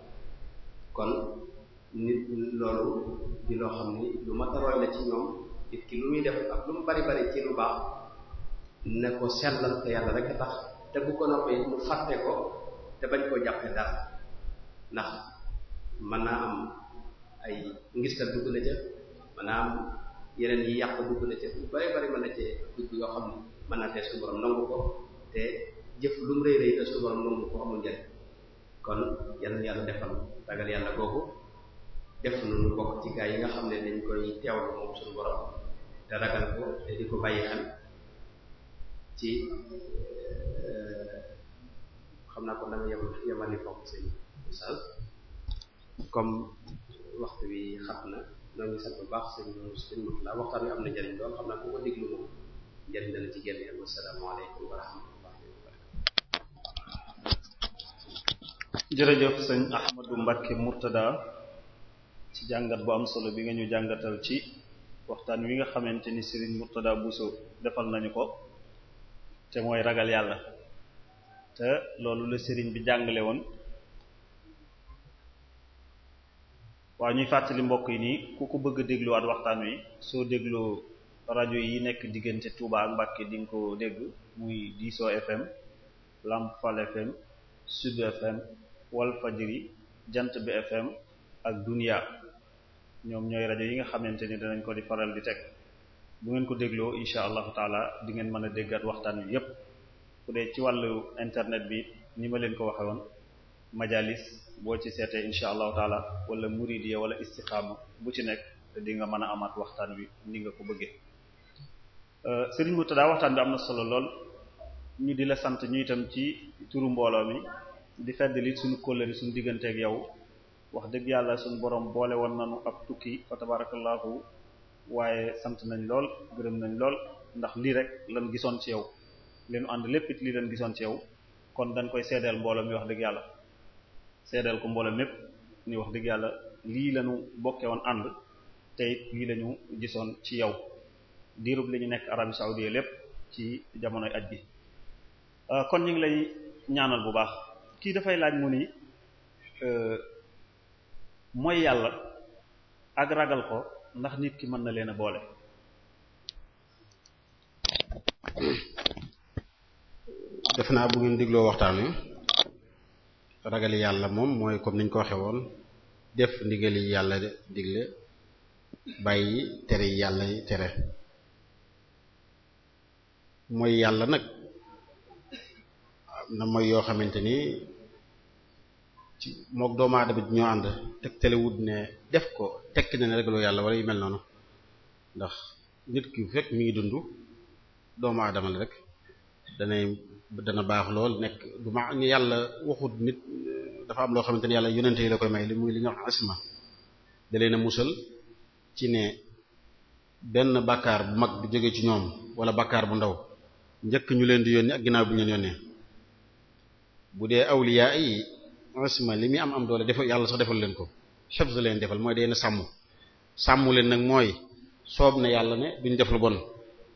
kon nit loolu di loo xam ni lu mat a roy la ci ñoom nit ki lu muy def ak lu mu bari bari ci lu baax ne ko sellal ko yàlla rek tax te bu ko noppee mu fàtte ko te bañ koo jàppe dara ndax mën naa am ay ngistal dugg na ca mën naa am yeneen yi yàq dugg na ca lu bari bari mën na dugg yoo xam ne mën naa tee su borom nangu ko te jëf lu mu rëy rëy te su borom nangu ko amul njëriñ kon yàlla yàlla defal ragal yàlla googu def nañu bokk ci gaa yi nga xam ne dañ koy teewlu moom suñu borom te ragal ko te di ko bàyyi xel ci euh, xam naa kon dama yem yemali foofu seen message comme waxtu bi xat na ñoo ngi bu baax seen seen mot la waxtaan wi am na njëriñ lool xam naa ku ko déglu moom njëriñ dana ci génne wasalaamaaleykum wa rahmatullahi wa barakatuh jërëjëf sëñ Ahmadou Mbacké Murtada jàngat bu am solo bi nga ñu jàngatal ci waxtaan wi nga xamante ni sëriñ Mourtada buso defal nañu ko te mooy ragal yàlla te loolu la sëriñ bi jàngale woon waa ñuy fàttali mbokk yi nii ku ko bëgg dégluwaat waxtaan wi soo dégloo rajo yi nekk diggante Touba ak Mbacké nga ko dégg muy Diso FM Lamp Fall FM Sud FM Walfadjri Jant Bi FM ak Dunia. ñoom ñooy rajo yi nga xamante ni danañ ko di faral di teg bu ngeen ko dégloo incha allahu taala dingeen ngeen mën a déggaat waxtaan wi yépp ku dee ci wàllu internet bi ni ma leen ko waxe woon majalis boo ci seetee incha allahu taala wala muridiya wala istiqaama bu ci nekk te di nga mën a amaat waxtaan wi ni nga ko bëggee euh, Serigne Moutada waxtaan bi am na solo lool ñu di la sant ñu itam ci turu mbooloo mi di fedd li suñu kóllëri suñu digganteeg yow wax dëgg yàlla suñu boroom boole woon nañu ab tukki fa tabarakallahu waaye sant nañ lool gërëm nañ lool ndax lii rek lan gisoon ci yow ànd lépp lii lan gisoon ci kon dañ koy seedeel mbooloo mi wax dëgg yàlla seedeel ko mbooloo mépp ni wax dëgg yàlla lii lañu bokke woon ànd te lii lañu gisoon ci yow diirub li ñu nekk Arabie saoudite lépp ci jamonoy aj bi euh, kon ñu ngi lay ñaanal bu baax kii dafay laaj mu ni euh, mooy yàlla ak ragal ko ndax nit ki mën na leen a boole def naa bu ngeen digloo waxtaan wi ragal yàlla moom mooy comme niñ ko waxee woon def ndigali yàlla digle bàyyi tere yàlla tere mooy yàlla nag na mooy yoo xamante ni ci mook doomu aadama ñoo ànd teg telewut ne def ko tekki na ne rek loo yàlla wala yu mel noonu ndax nit ki fekk mu ngi dundu doomu aadama la rek danay dana baax lool nekk du ma yàlla waxut nit dafa am loo xamante ne yàlla yonente yi la koy may li muy li nga wax asma da leen a musal ci ne benn bàkkaar bu mag bu jóge ci ñoom wala bàkkaar bu ndaw njëkk ñu leen di yónni ak ginnaaw bi ñu leen yónnee bu dee awliya asma li muy am am doole defal yàlla sax defal leen ko xefs leen defal mooy day na sàmm sàmm leen nag mooy soob na yàlla ne duñ def lu bon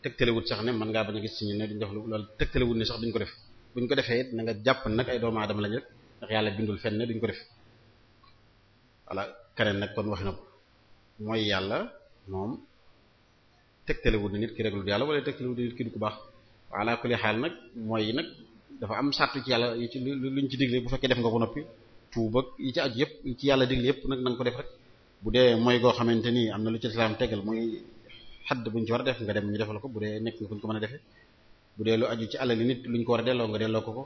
tegtalewut sax ne mën ngaa bañ a gis si ñu ne duñ def lu loolu tegtalewut ne sax duñ ko def buñ ko defee it na nga jàpp nag ay doomu aadama lañ rek ndax yàlla bindul fenn ko def voilà keneen nag kon wax na ko mooy yàlla moom tegtalewut ne nit ki réglu yàlla wala tegtalewut ne nit ki du ko baax wala kulli xaal nag mooy nag. dafa am sartu ci yàlla yi ci luñ ci digle bu fekkee def nga ko noppi tuub yi ci aju yëpp yi ci yàlla digle yépp nag na nga ko def rek bu dee mooy goo xamante ni am na lu ci lislaam tegal mooy xadd buñ ci war a def nga dem ñu defal ko bu dee nekk nga fuñ a defee bu dee lu aju ci alali nit luñ ko war a delloo nga delloo ko ko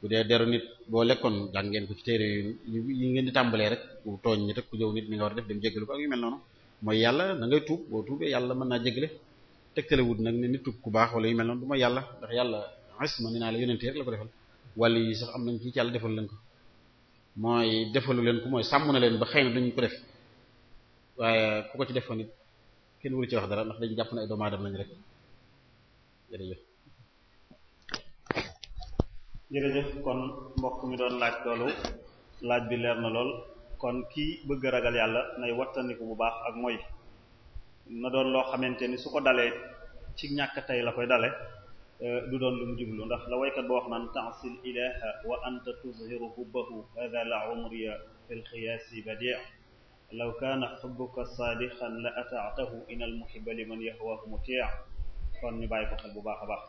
bu dee deru nit boo lekkoon jàng ngeen ko ci téere yi ngeen di tàmbalee rek ku tooñ ñi teg ku jëw nit mi nga war a def dem jéggalu ko ak yu mel noonu mooy yàlla da naa jéggale tegtale wut nag ne nit ku baax wala mel noonu du mooy yàlla ndax yàlla isma ni naa la yonente rek la ko defal wàllu yi sax am nañ ci yàlla defal leen ko mooy defalu leen ko mooy sàmm na leen ba xëy na duñ ko def waaye ku ko ci defoon it kenn wulu ci wax dara ndax dañu jàpp na ay doomu aadama rek jërëjëf jërëjëf kon mbokk mi doon laaj loolu laaj bi leer na lool kon kii bëgg ragal yàlla nay wattandiku bu baax ak moy na doon loo xamante ni su ko dalee ci ñàkk tey la koy dale Euh, du doon lu mu jublu ndax la waykat ba wax naan ta'sil ilaha wa anta tuzhiru hubbahu hadha la umriya fi lxiyaasi badi' law kaana hubbuka saadixan la ata'tahu in almuhibba liman yahwahu muti' kon ñu bàyyi ko xel bu baax a baax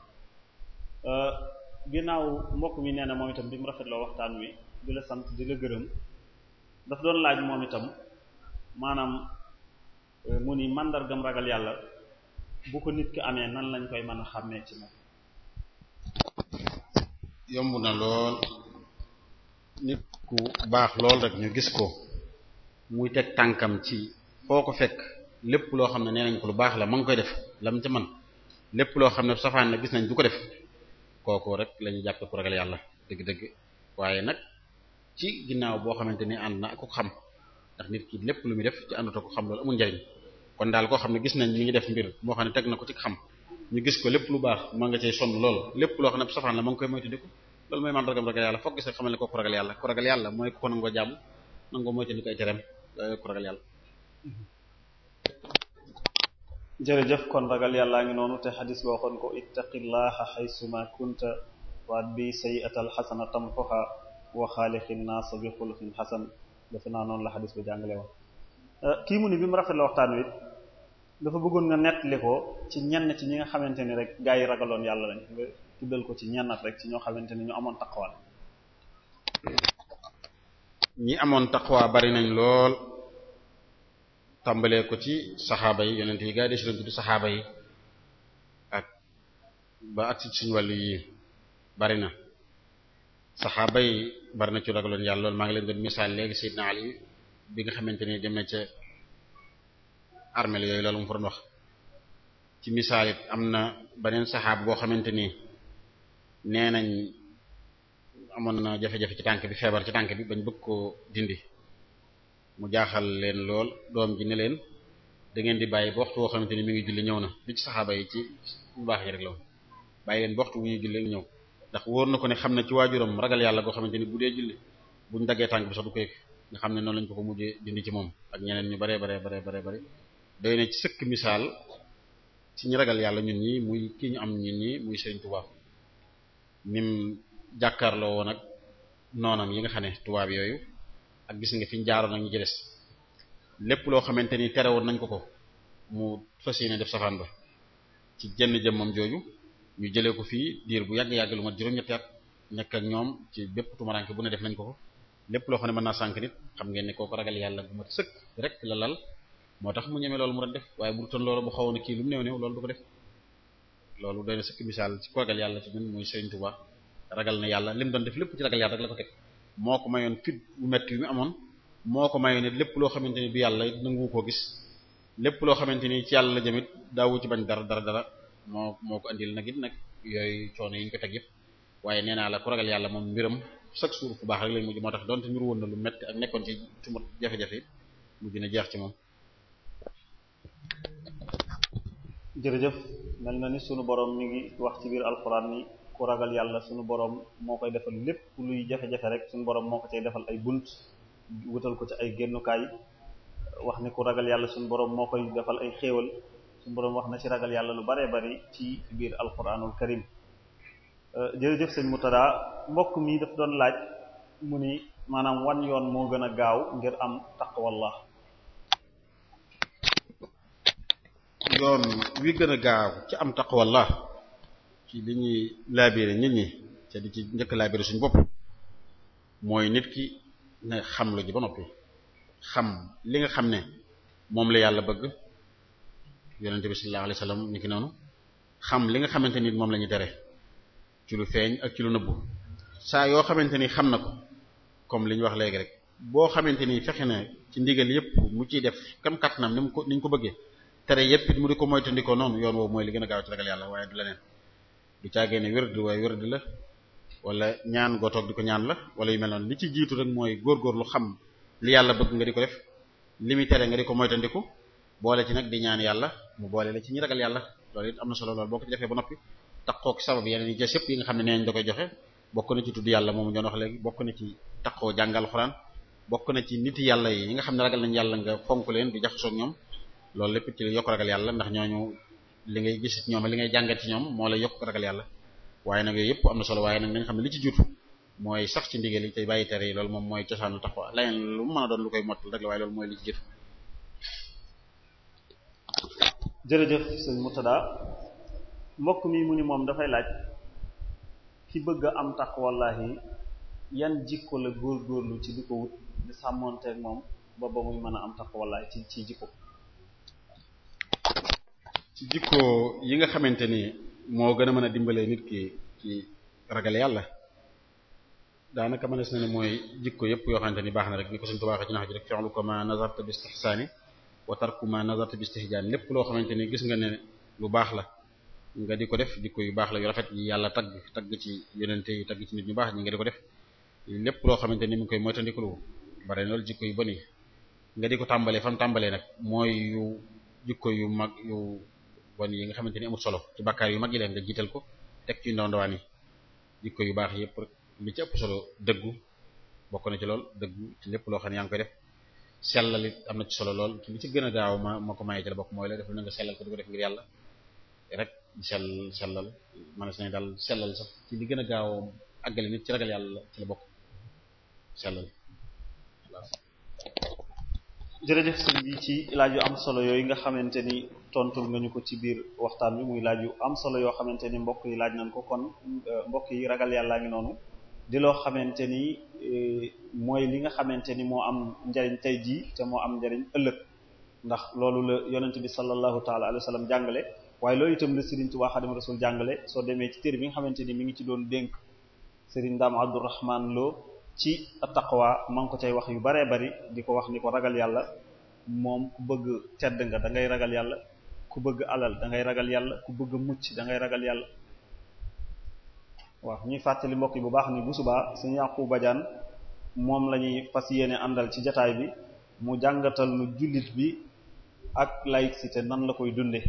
euh, ginnaaw mbokk mi nee na moom itam bi mu rafetloo waxtaan wi di la sant di la gërëm daf doon laaj moom itam maanaam euh, mu ni màndargam ragal yàlla bu ko nit ki amee nan lañ koy mën a xàmmee ci moom yomb na lool nit ku baax lool rek ñu gis ko muy teg tànkam ci foo ko fekk lépp loo xam ne nee nañ ko lu baax la ma ngi koy def lam ca man lépp loo xam ne safaan la gis nañ du ko def kooku rek la jàpp ko ku ragal yàlla dëgg-dëgg waaye nag ci ginnaaw boo xamante ni ànd na ko xam ndax nit ki lépp lu muy def ci àndata ko xam loolu amul njariñ kon daal koo xam ne gis nañ mi ngi def mbir moo xam ne teg na ko ci xam ñu gis ko lépp lu baax ma nga cay sonn lool lépp loo xam ne safaan la ma ngi koy moytu di ko loolu mooy ragal yàlla foog gis ne ko ku ragal yàlla ku ragal yàlla mooy ku ko nangoo ragal yàlla jërëjëf kon ragal yàllaa ngi noonu te xadis boo waxoon ko ittaqillaha xaysuma kunta waat bi sayiatal xasana tamxuha wa xaaliqin naas bi xuluqin xasan defe naa noonu la xadis ba jàngale kii mu ni bi mu rafet la waxtaan wi dafa bëggoon nga nettali ko ci ñenn ci ñi nga xamante ni rek gaa yi ragaloon yàlla lañ nga tuddal ko ci ñennat rek ci ñoo xamante ni ñu amoon taqwa ñi amoon taqwa bari nañ lool tàmbalee ko ci saxaaba yi yonent yi gaa yi de si saxaaba yi ak ba ak si suñu wàllu yi bari na saxaaba yi bari na ci ragaloon yàlla lool maa ngi leen doon misaal léegi Seydina Ali bi nga xamante ni dem na yooyu loolu mu fa doon ci misaal it am na beneen saxaab boo xamante ni nee nañ amoon na jafe-jafe ci tànk bi feebar ci tànk bi bañ bëgg koo dindi mu jaaxal leen lool doom ji ne leen dangeen di bàyyi ba waxtu woo ni mi ngi julli ñëw na li ci saxaaba yi ci bu baax yi rek la woon ndax wóor na ko ne xam ne ci waajuram ragal yàlla goo xamante ni bu dee buñ daggee tànk bi sax nga xam ne noonu lañ ko ko mujjee dindi ci moom ak ñeneen ñu bare bare bare bare bare doy na sëkk misaal ci ñu ragal yàlla ñun ñi muy kii ñu am ñun ñi muy Serigne Touba nim jàkkaarloo woon ak noonam yi nga xam ne tubaab yooyu ak gis nga fi ñu jaaroon ak ñu ci lépp loo xamante ni terewoon nañ ko ko mu fas yéene def safaan ci jenn jëmmam jooju ñu jëlee ko fii diir bu yàgg yàgg lu ma juróom-ñetti at nekk ñoom ci bépp tumaranke bu ne def nañ ko ko lépp loo xam ne mën naa sànq nit xam ngeen ne kooku ragal yàlla bu mat sëkk rek la lal moo tax mu ñeme loolu mu doon def waaye bu dutoon loolu bu xawoon kii lu mu néew néew loolu du ko def loolu doy na sëkk misaal ci ko ragal yàlla ci ñun muy Sëriñ Tuubaa ragal na yàlla li doon def lépp ci ragal yàlla la ko teg moo ko mayoon fit yu metti yu mu amoon moo ko mayoon lépp loo xamante ni du yàlla nangu koo gis lépp loo xamante ni ci yàlla la jëmit daawu ci bañ dara dara dara moo moo ko andil nag it nag yooyu coono yi ñu ko waaye nee naa la ku ragal yàlla moom mbiram chaque jour bu baax rek lay mujj moo tax donte niru woon na lu metti ak nekkoon ci tumat jafe-jafe mujj na jeex ci moom jërëjëf mel na ni sunu borom mi ngi wax ci biir alxuraan ni ku ragal yàlla sunu borom moo koy defal lépp luy jafe-jafe rek sunu borom moo koy defal ay bunt wutal ko ci ay génnukaay wax ni ku ragal yàlla sunu borom moo koy defal ay xéewal sunu wax na ci ragal yàlla lu baree bari ci biir alxuraanul karim euh, jërëjëf sëñ Moutada mbokk mi daf doon laaj mu ni maanaam wan yoon moo gën a gaaw ngir am taqwallah yoon wi gën a gaaw ci am taqwallah ci li ñuy laabire nit ñi ca di njëkk laabire suñu bopp mooy nit ki na xam lu ji ba noppi xam li nga xam ne moom la yàlla bëgg yonente bi sallallahu alayhi wasallam ni ki noonu xam li nga xamante ni moom lañuy ñu tere ci lu feeñ ak ci lu nëbbu saa yoo xamante ni xam na ko comme li ñu wax léegi rek boo xamante ni fexe na ci ndigal yépp mu ciy def kam kattanam ni mu ko ni ñu ko bëggee tere yépp mu di ko moytandikoo noonu yoon woowu mooy li gën a gaaw ci ragal yàlla waaye du leneen du caagee ne wérd waaye wérd la wala ñaan goo toog di ko ñaan la wala yu mel noonu li ci jiitu rek mooy góorgóorlu xam li yàlla bëgg nga di ko def li muy tere nga di ko moytandiku boole ci nag di ñaan yàlla mu boole la ci ñi ragal yàlla loolu it am na solo lool boo ko ci defee ba noppi taqoo ci sabab yeneen yi jës yëpp yi nga xam ne neen da koy joxe bokk na ci tudd yàlla moomu ñoon wax léegi bokk na ci taqoo jàngal xuraan bokk na ci niti yàlla yi yi nga xam ne ragal nañ yàlla nga fonk leen di jaxasoo ak ñoom loolu lépp ci la yokk ragal yàlla ndax ñooñu li ngay gis ñoom li ngay jàngat ci ñoom moo la yokk ragal yàlla waaye nag yooyu yëpp am na solo waaye nag nañ xam li ci juutu mooy sax ci ndigal tey bàyyi yi loolu moom mooy cosaanu taqwa leneen lu mën a doon lu koy mottal rek la waaye loolu mooy li ci jiitu jërëjëf mi mu ni moom dafay laaj ki bëgg am taq wallahi yan jikko la góorgóorlu ci di ko wut di moom ba ba muy mën a am taq wallahi ci ci jikko ci jikko yi nga xamante ni moo gën a mën a dimbalee nit ki ci ragal yàlla daanaka mënees na ne mooy jikko yëpp yoo xamante ni baax na rek ni ko suñu tubaaxee ci nax ji rek fi'lu ko ma nazarta bi istihsaani wa tarku ma nazarta bi istihjaan lépp loo xamante ni gis nga ne lu baax la nga di ko def jikko yu baax la yu rafet yi yàlla tagg tagg ci yonente yi tagg ci nit ñu baax ñi nga di ko def lépp loo xamante ni mu ngi koy moytandikulu bare loolu jikko yu ba yi nga di ko tàmbalee fam tàmbalee nag mooy yu jikko yu mag yu bon yi nga xamante ni amul solo ci bàkkaar yu mag yi leen nga jiital ko teg ci ndondowaan yi jikko yu baax yëpp li ci ëpp solo dëggu bokk na ci lool dëggu ci lépp loo xam ne yaa ngi koy def sellal it am na ci solo lool ci li ci gën a gaaw ma ma ko mayee ci la bokk mooy la def lu na nga sellal ko di ko def ngir yàlla rek sell sellal man nañ daal sellal sax ci li gën a gaaw àggale nit ci ragal yàlla ci la bokk sellal waaw jërëjëf sëñ bi ci laaj am solo ni tontul nga ñu ko ci biir waxtaan bi muy laaj yu am solo yoo xamante ni mbokk yi laaj nañ ko kon euh, mbokk yi ragal yàllaa ngi noonu di loo xamante ni euh, mooy li nga xamante ni moo am njariñ tey jii te moo am njariñ ëllëg ndax loolu la yonent bi sallallahu taala alayhi wa sallam jàngale waaye loolu itam la Serigne Touba Xaadimu Rasuul jàngale soo demee ci téere bi nga xamante ni mi ngi ci doon dénk Serigne Dame Abdourahman loo ci taqwa ma ngi ko cay wax yu baree bari di ko wax ni ko ragal yàlla moom bëgg tedd nga ragal yàlla ku bëgg alal da ragal yàlla ku bëgg mucc da ngay ragal yàlla waaw ñuy fàttali mbokk bu baax ni bu subaa suñu yàqu bajaan moom la ñuy fas yéene àndal ci jataay bi mu jàngatal nu jullit bi ak laïcité nan la koy dunde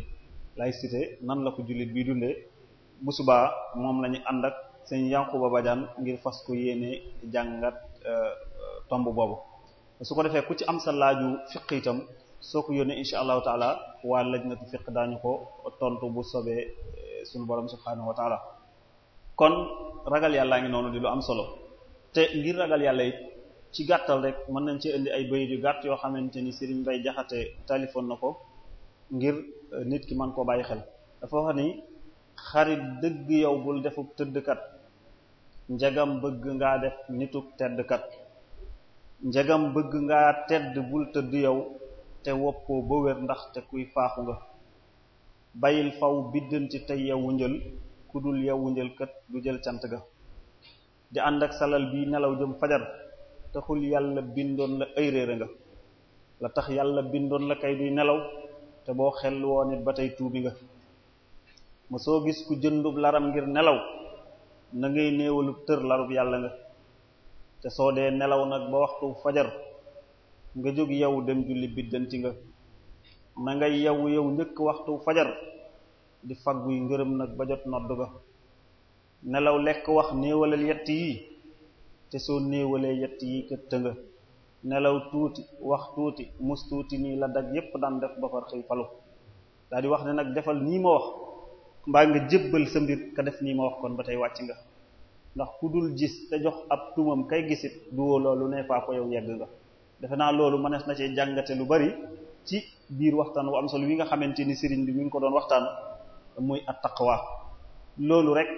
laïcité nan la ko jullit bi dunde bu subaa moom la ñu ànd ak sëñ Yankuba Badiane ngir fas ko yéene jàngat euh, tomb boobu su ko defee ku ci am sa laaju fiq itam soo ko yónnee incha allahu taala waa lajnatu fiq daañu ko tontu bu sobee eh, suñu borom subhaanahu wa kon ragal yàllaa ngi noonu di lu am solo te ngir ragal yàlla it ci gàttal rek mën nañ ci indi ay bayit yu gàtt yoo xamante ni Serigne Mbaye Jaxate talifoon na ko ngir eh, nit ki mën koo bàyyi xel dafa wax ni xarit dëgg yow bul defub tëddkat njagam bëgg ngaa def nitub teddkat njagam bëgg ngaa tedd bul tëdd yow te woppoo ba wér ndax te kuy faaxu nga bàyyil faw biddanti tey yewwu njël ku dul yewwu njël kat du jël cant ga di ànd ak salal bi nelaw jëm fajar taxul yàlla bindoon la ay nga la tax yàlla bindoon la kay duy nelaw te boo xel woon it ba tey tuubi nga ma soo gis ku jëndub laram ngir nelaw na ngay néewalub tër larub yàlla nga te soo dee nelaw nag ba waxtu fajar nga jóg yow dem julli biddanti nga na nga yow yow njëkk waxtu fajar di guy ngërëm nag ba jot nodd ba nelaw lekk wax néewalal yett yi te soo néewalee yett yi këtt nga nelaw tuuti wax tuuti mus tuuti nii la daj yépp daan def ba far xëy di wax ne nag defal nii ma wax mbaa nga jébbal sa mbir ka def nii ma wax kon ba tey wàcc nga ndax ku dul gis te jox ab tumam kay gisit duwoo loolu ne faa ko yow yegg nga defe naa loolu mënees na cee jàngate lu bari ci biir waxtaan bu am solo wi nga xamante ni sëriñ bi mi ngi ko doon waxtaan muy at taqwa loolu rek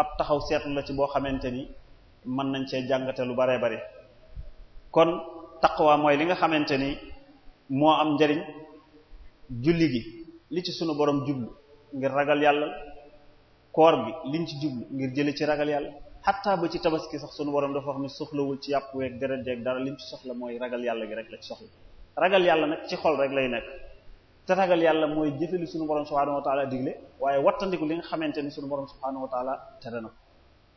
ab taxaw seetlu la ci boo xamante ni mën nañ cee jàngate lu baree bari kon taqwa mooy li nga xamante ni moo am njariñ julli gi li ci sunu borom jublu ngir ragal yàlla koor bi liñ ci jublu ngir jële ci ragal yàlla xatta ba ci tabaski sax sunu borom dafa wax ne soxlawul ci yàpp weeg deret jeeg dara lim ci soxla mooy ragal yàlla gi rek la ci soxla ragal yàlla nag ci xol rek lay nekk te mooy jëfe li sunu borom subhanahu wa taala digle waaye wattandiku li nga xamante ni sunu borom subhanahu wa tere na ko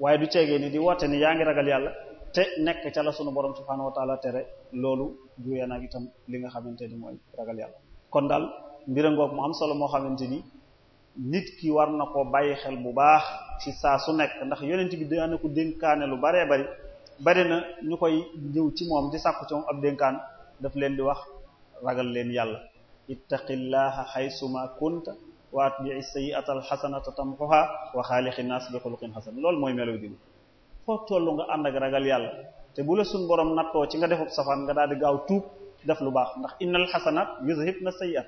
waaye du ceegee ni di woote ni yaa ngi ragal yàlla te nekk ca la sunu borom subhanahu wa taala tere loolu juyee naag itam li nga xamante ni mooy ragal yàlla kon daal mbir ngoog mu am solo moo xamante ni nit ki war na koo bàyyi xel ci saa su nekk ndax yeneen yonent bi dana ko dénkaane lu baree bari bari na ñu koy ñëw ci moom di sàkku ci moom ab dénkaan daf leen di wax ragal leen yàlla ittaqillaha xaysuma kunta wa atbi'i sayyi'ata alxasanata tamxuha wa xaaliqi naas bi xuluqin xasan loolu mooy melaw jibi foo tollu nga ànd ak ragal yàlla te bu la suñ borom nattoo ci nga defub safaan nga daal di gaaw tuub def lu baax ndax innal xasanat yuzhibna sayyi'at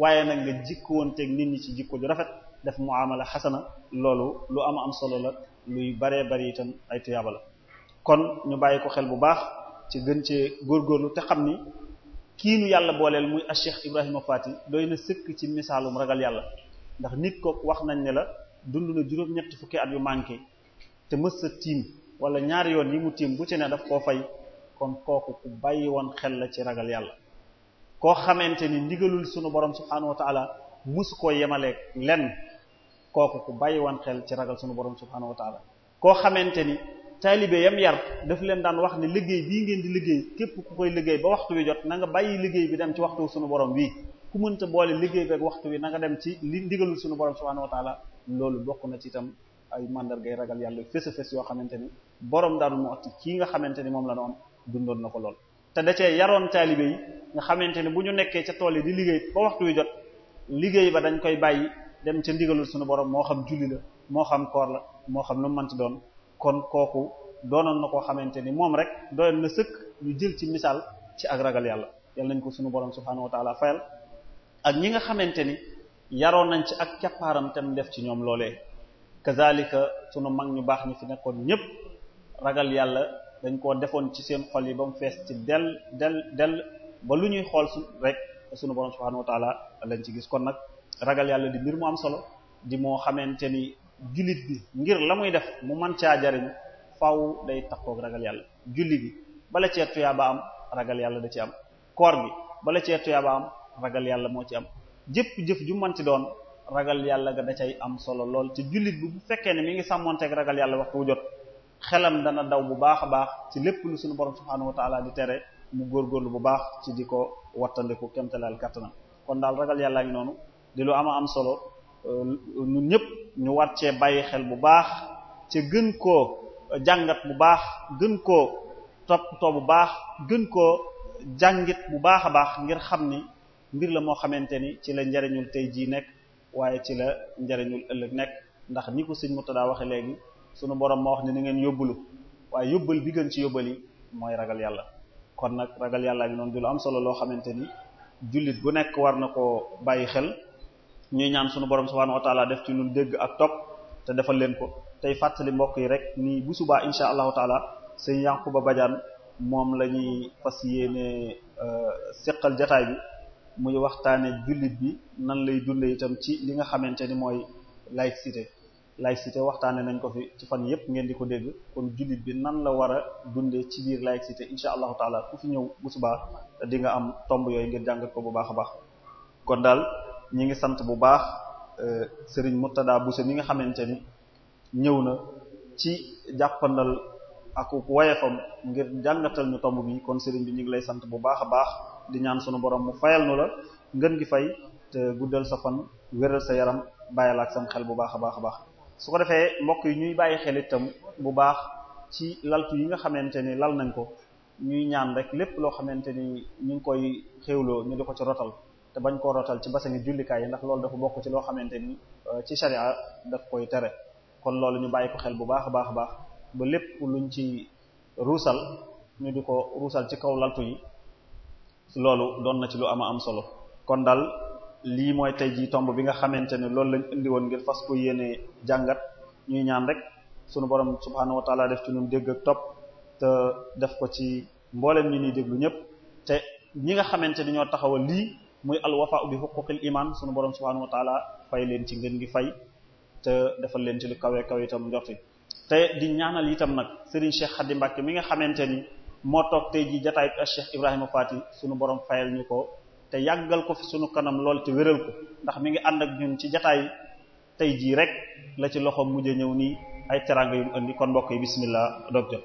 waaye nag nga jikkoonteeg nit ñi ci jikko ju rafet def muamala xasana loolu lu am am solo la luy baree bari itam ay tuyaaba la kon ñu bàyyi ko xel bu baax ci gën góor góorgóorlu te xam ni kii nu yàlla booleel muy a Cheikh Ibrahima Fati doy na sëkk ci misaalum ragal yàlla ndax nit kook wax nañ ne la dund na juróom-ñetti fukki at yu manqué te mës sa tiim wala ñaari yoon yi mu tiim bu ci ne daf koo fay kon kooku ku bàyyi woon xel la ci ragal yàlla koo xamante ni ndigalul sunu borom subhaanahu wa taala musu koo yemaleeg kooku ku bàyyi woon xel ci ragal sunu borom subhaanahu wa taala koo xamante ni taalibe yam yar daf leen daan wax ne liggéey bii ngeen di liggéey képp ku koy liggéey ba waxtu wi jot na nga bàyyi liggéey bi dem ci waxtu sunu borom wi ku mënta boole liggéey bi ak waxtu wi na dem ci li ndigalul sunu borom subhaanahu wa taala loolu bokk na ci itam ay mandargay ragal yàlla fés a fés yoo xamante ni borom daal mu atti kii nga xamante ni moom la doon dundoon na ko lool. te da xamante ne bu ñu nekkee ca tool yi di liggéey ba waxtu wi jot liggéey ba dañ koy bàyyi dem ca ndigalul sunu borom moo xam julli la moo xam koor la moo xam lu mu mënti doon kon kooku doonoon na koo xamante ni moom rek doyoon na sëkk ñu jël ci misaal ci ak ragal yàlla yàlla nañ ko sunu borom subhaanahu wa taala fayal ak ñi nga xamante ni yaroon nañ ci ak cappaaram def ci ñoom loolee kazalika sunu mag ñu baax ñi fi nekkoon ñépp ragal yàlla dañ koo defoon ci seen xol yi ba mu fees ci del del del ba lu ñuy xool su rek sunu borom subhaanahu lañ ci gis kon nag ragal yàlla di mbir mu am solo di moo xamante ni jullit bi ngir la muy def mu mën caa jariñ faw day takkoog ragal yàlla julli bi bala cee tuyaaba am ragal yàlla da ci am koor gi bala cee tuyaaba am yàlla moo ci am jëpp jëf ju mën ci doon ragal yàlla ga da cay am solo lool te jullit bi bu fekkee ne mi ngi sàmmonteeg ragal yàlla waxtu wu jot xelam dana daw bu baax a baax ci lépp lu suñu borom subhaanahu wa taala di tere mu góorgóorlu bu baax ci di ko wattandiku kemtalaal kàttanam kon daal ragal yàllaa ngi noonu di lu ama am solo euh, ñun ñëpp ñu wàccee bàyyi xel bu baax ci gën koo jàngat bu baax gën koo toppatoo bu baax gën koo jàngit bu baax a baax ngir xam ni mbir la moo xamante ni ci la njariñul tey jii nekk waaye ci la njariñul ëllëg nekk ndax ni ko siñ sëñ Murtadaa waxe léegi sunu borom moo wax ne ni ngeen yóbbalu waaye yóbbal bi gën ci yóbbal yi mooy ragal yàlla kon nag ragal yàlla gi noonu du lu am solo loo xamante ni jullit bu nekk war na koo bàyyi xel ñuy ñaan suñu borom subhanahu wa taala def ci ñun dégg ak topp te defal leen ko tey fàttali mbokk yi rek nii bu subaa insha allahu taala sëñ Yankuba Badiane moom la ñuy fas yéene euh, seqal jataay bi muy waxtaane jullit bi nan lay dunde itam ci li nga xamante ni mooy laïcité laïcité waxtaane nañ ko fi ci fan yépp ngeen di ko dégg kon jullit bi nan la war a dunde ci biir laïcité insha allahu taala ku fi ñëw bu subaa dinga am tomb yooyu ngeen jàngat ko bu baax a baax kon daal ñi ngi sant bu baax mu euh, Serigne bu Bousso mi nga xamante ni ñëw na ci jàppandal ak woyefam ngir jàngatal ñu tomb bi kon Serigne bi ñu ngi lay sant bu baax a baax di ñaan sunu borom mu fayal nu la ngën gi fay te guddal sa fan wéral sa yaram bàyyi la ak sam xel bu baax a baax a baax su ko defee mbokk yi ñuy bàyyi xel itam bu baax ci laltu yi nga xamante ni lal nañ ko ñuy ñaan rek lépp loo xamante ni ñu ngi koy xéwloo ñu di ko ci rotal te bañ koo rotal ci basangi jullikaay yi ndax loolu dafa bokk ci loo xamante ni euh, ci sharia daf koy tere kon loolu ñu bàyyi ko xel bu baax a baax baax ba lépp luñ ci ruusal ñu di ko ruusal ci kaw laltu yi loolu doon na ci lu ama am solo kon dal lii mooy tey jii tomb bi nga xamante ne loolu lañ indi woon ngir fas ko yéene jàngat ñuy ñaan rek sunu borom subhaanahu wa def ci ñun dégg ak topp te def ko ci mboolem ñi ñuy déglu ñëpp te ñi nga xamante ni ñoo taxawal lii muy alwafa bi xuquqil imaan sunu borom subhanahu wa taala fay leen ci ngeen ngi fay te defal leen ci lu kawe kawe itam njorti te di ñaanal itam nag Serigne Cheikh Khady Mbacké mi nga xamante ni moo toog tey ji jataay bi Cheikh Ibrahima Fati sunu borom fayal ñu ko te yàggal ko fi sunu kanam lool te wéral ko ndax mi ngi ànd ak ñun ci jataay tey jii rek la ci loxo mujj ñëw nii ay teraanga yu kon mbokk yi bismillah docteur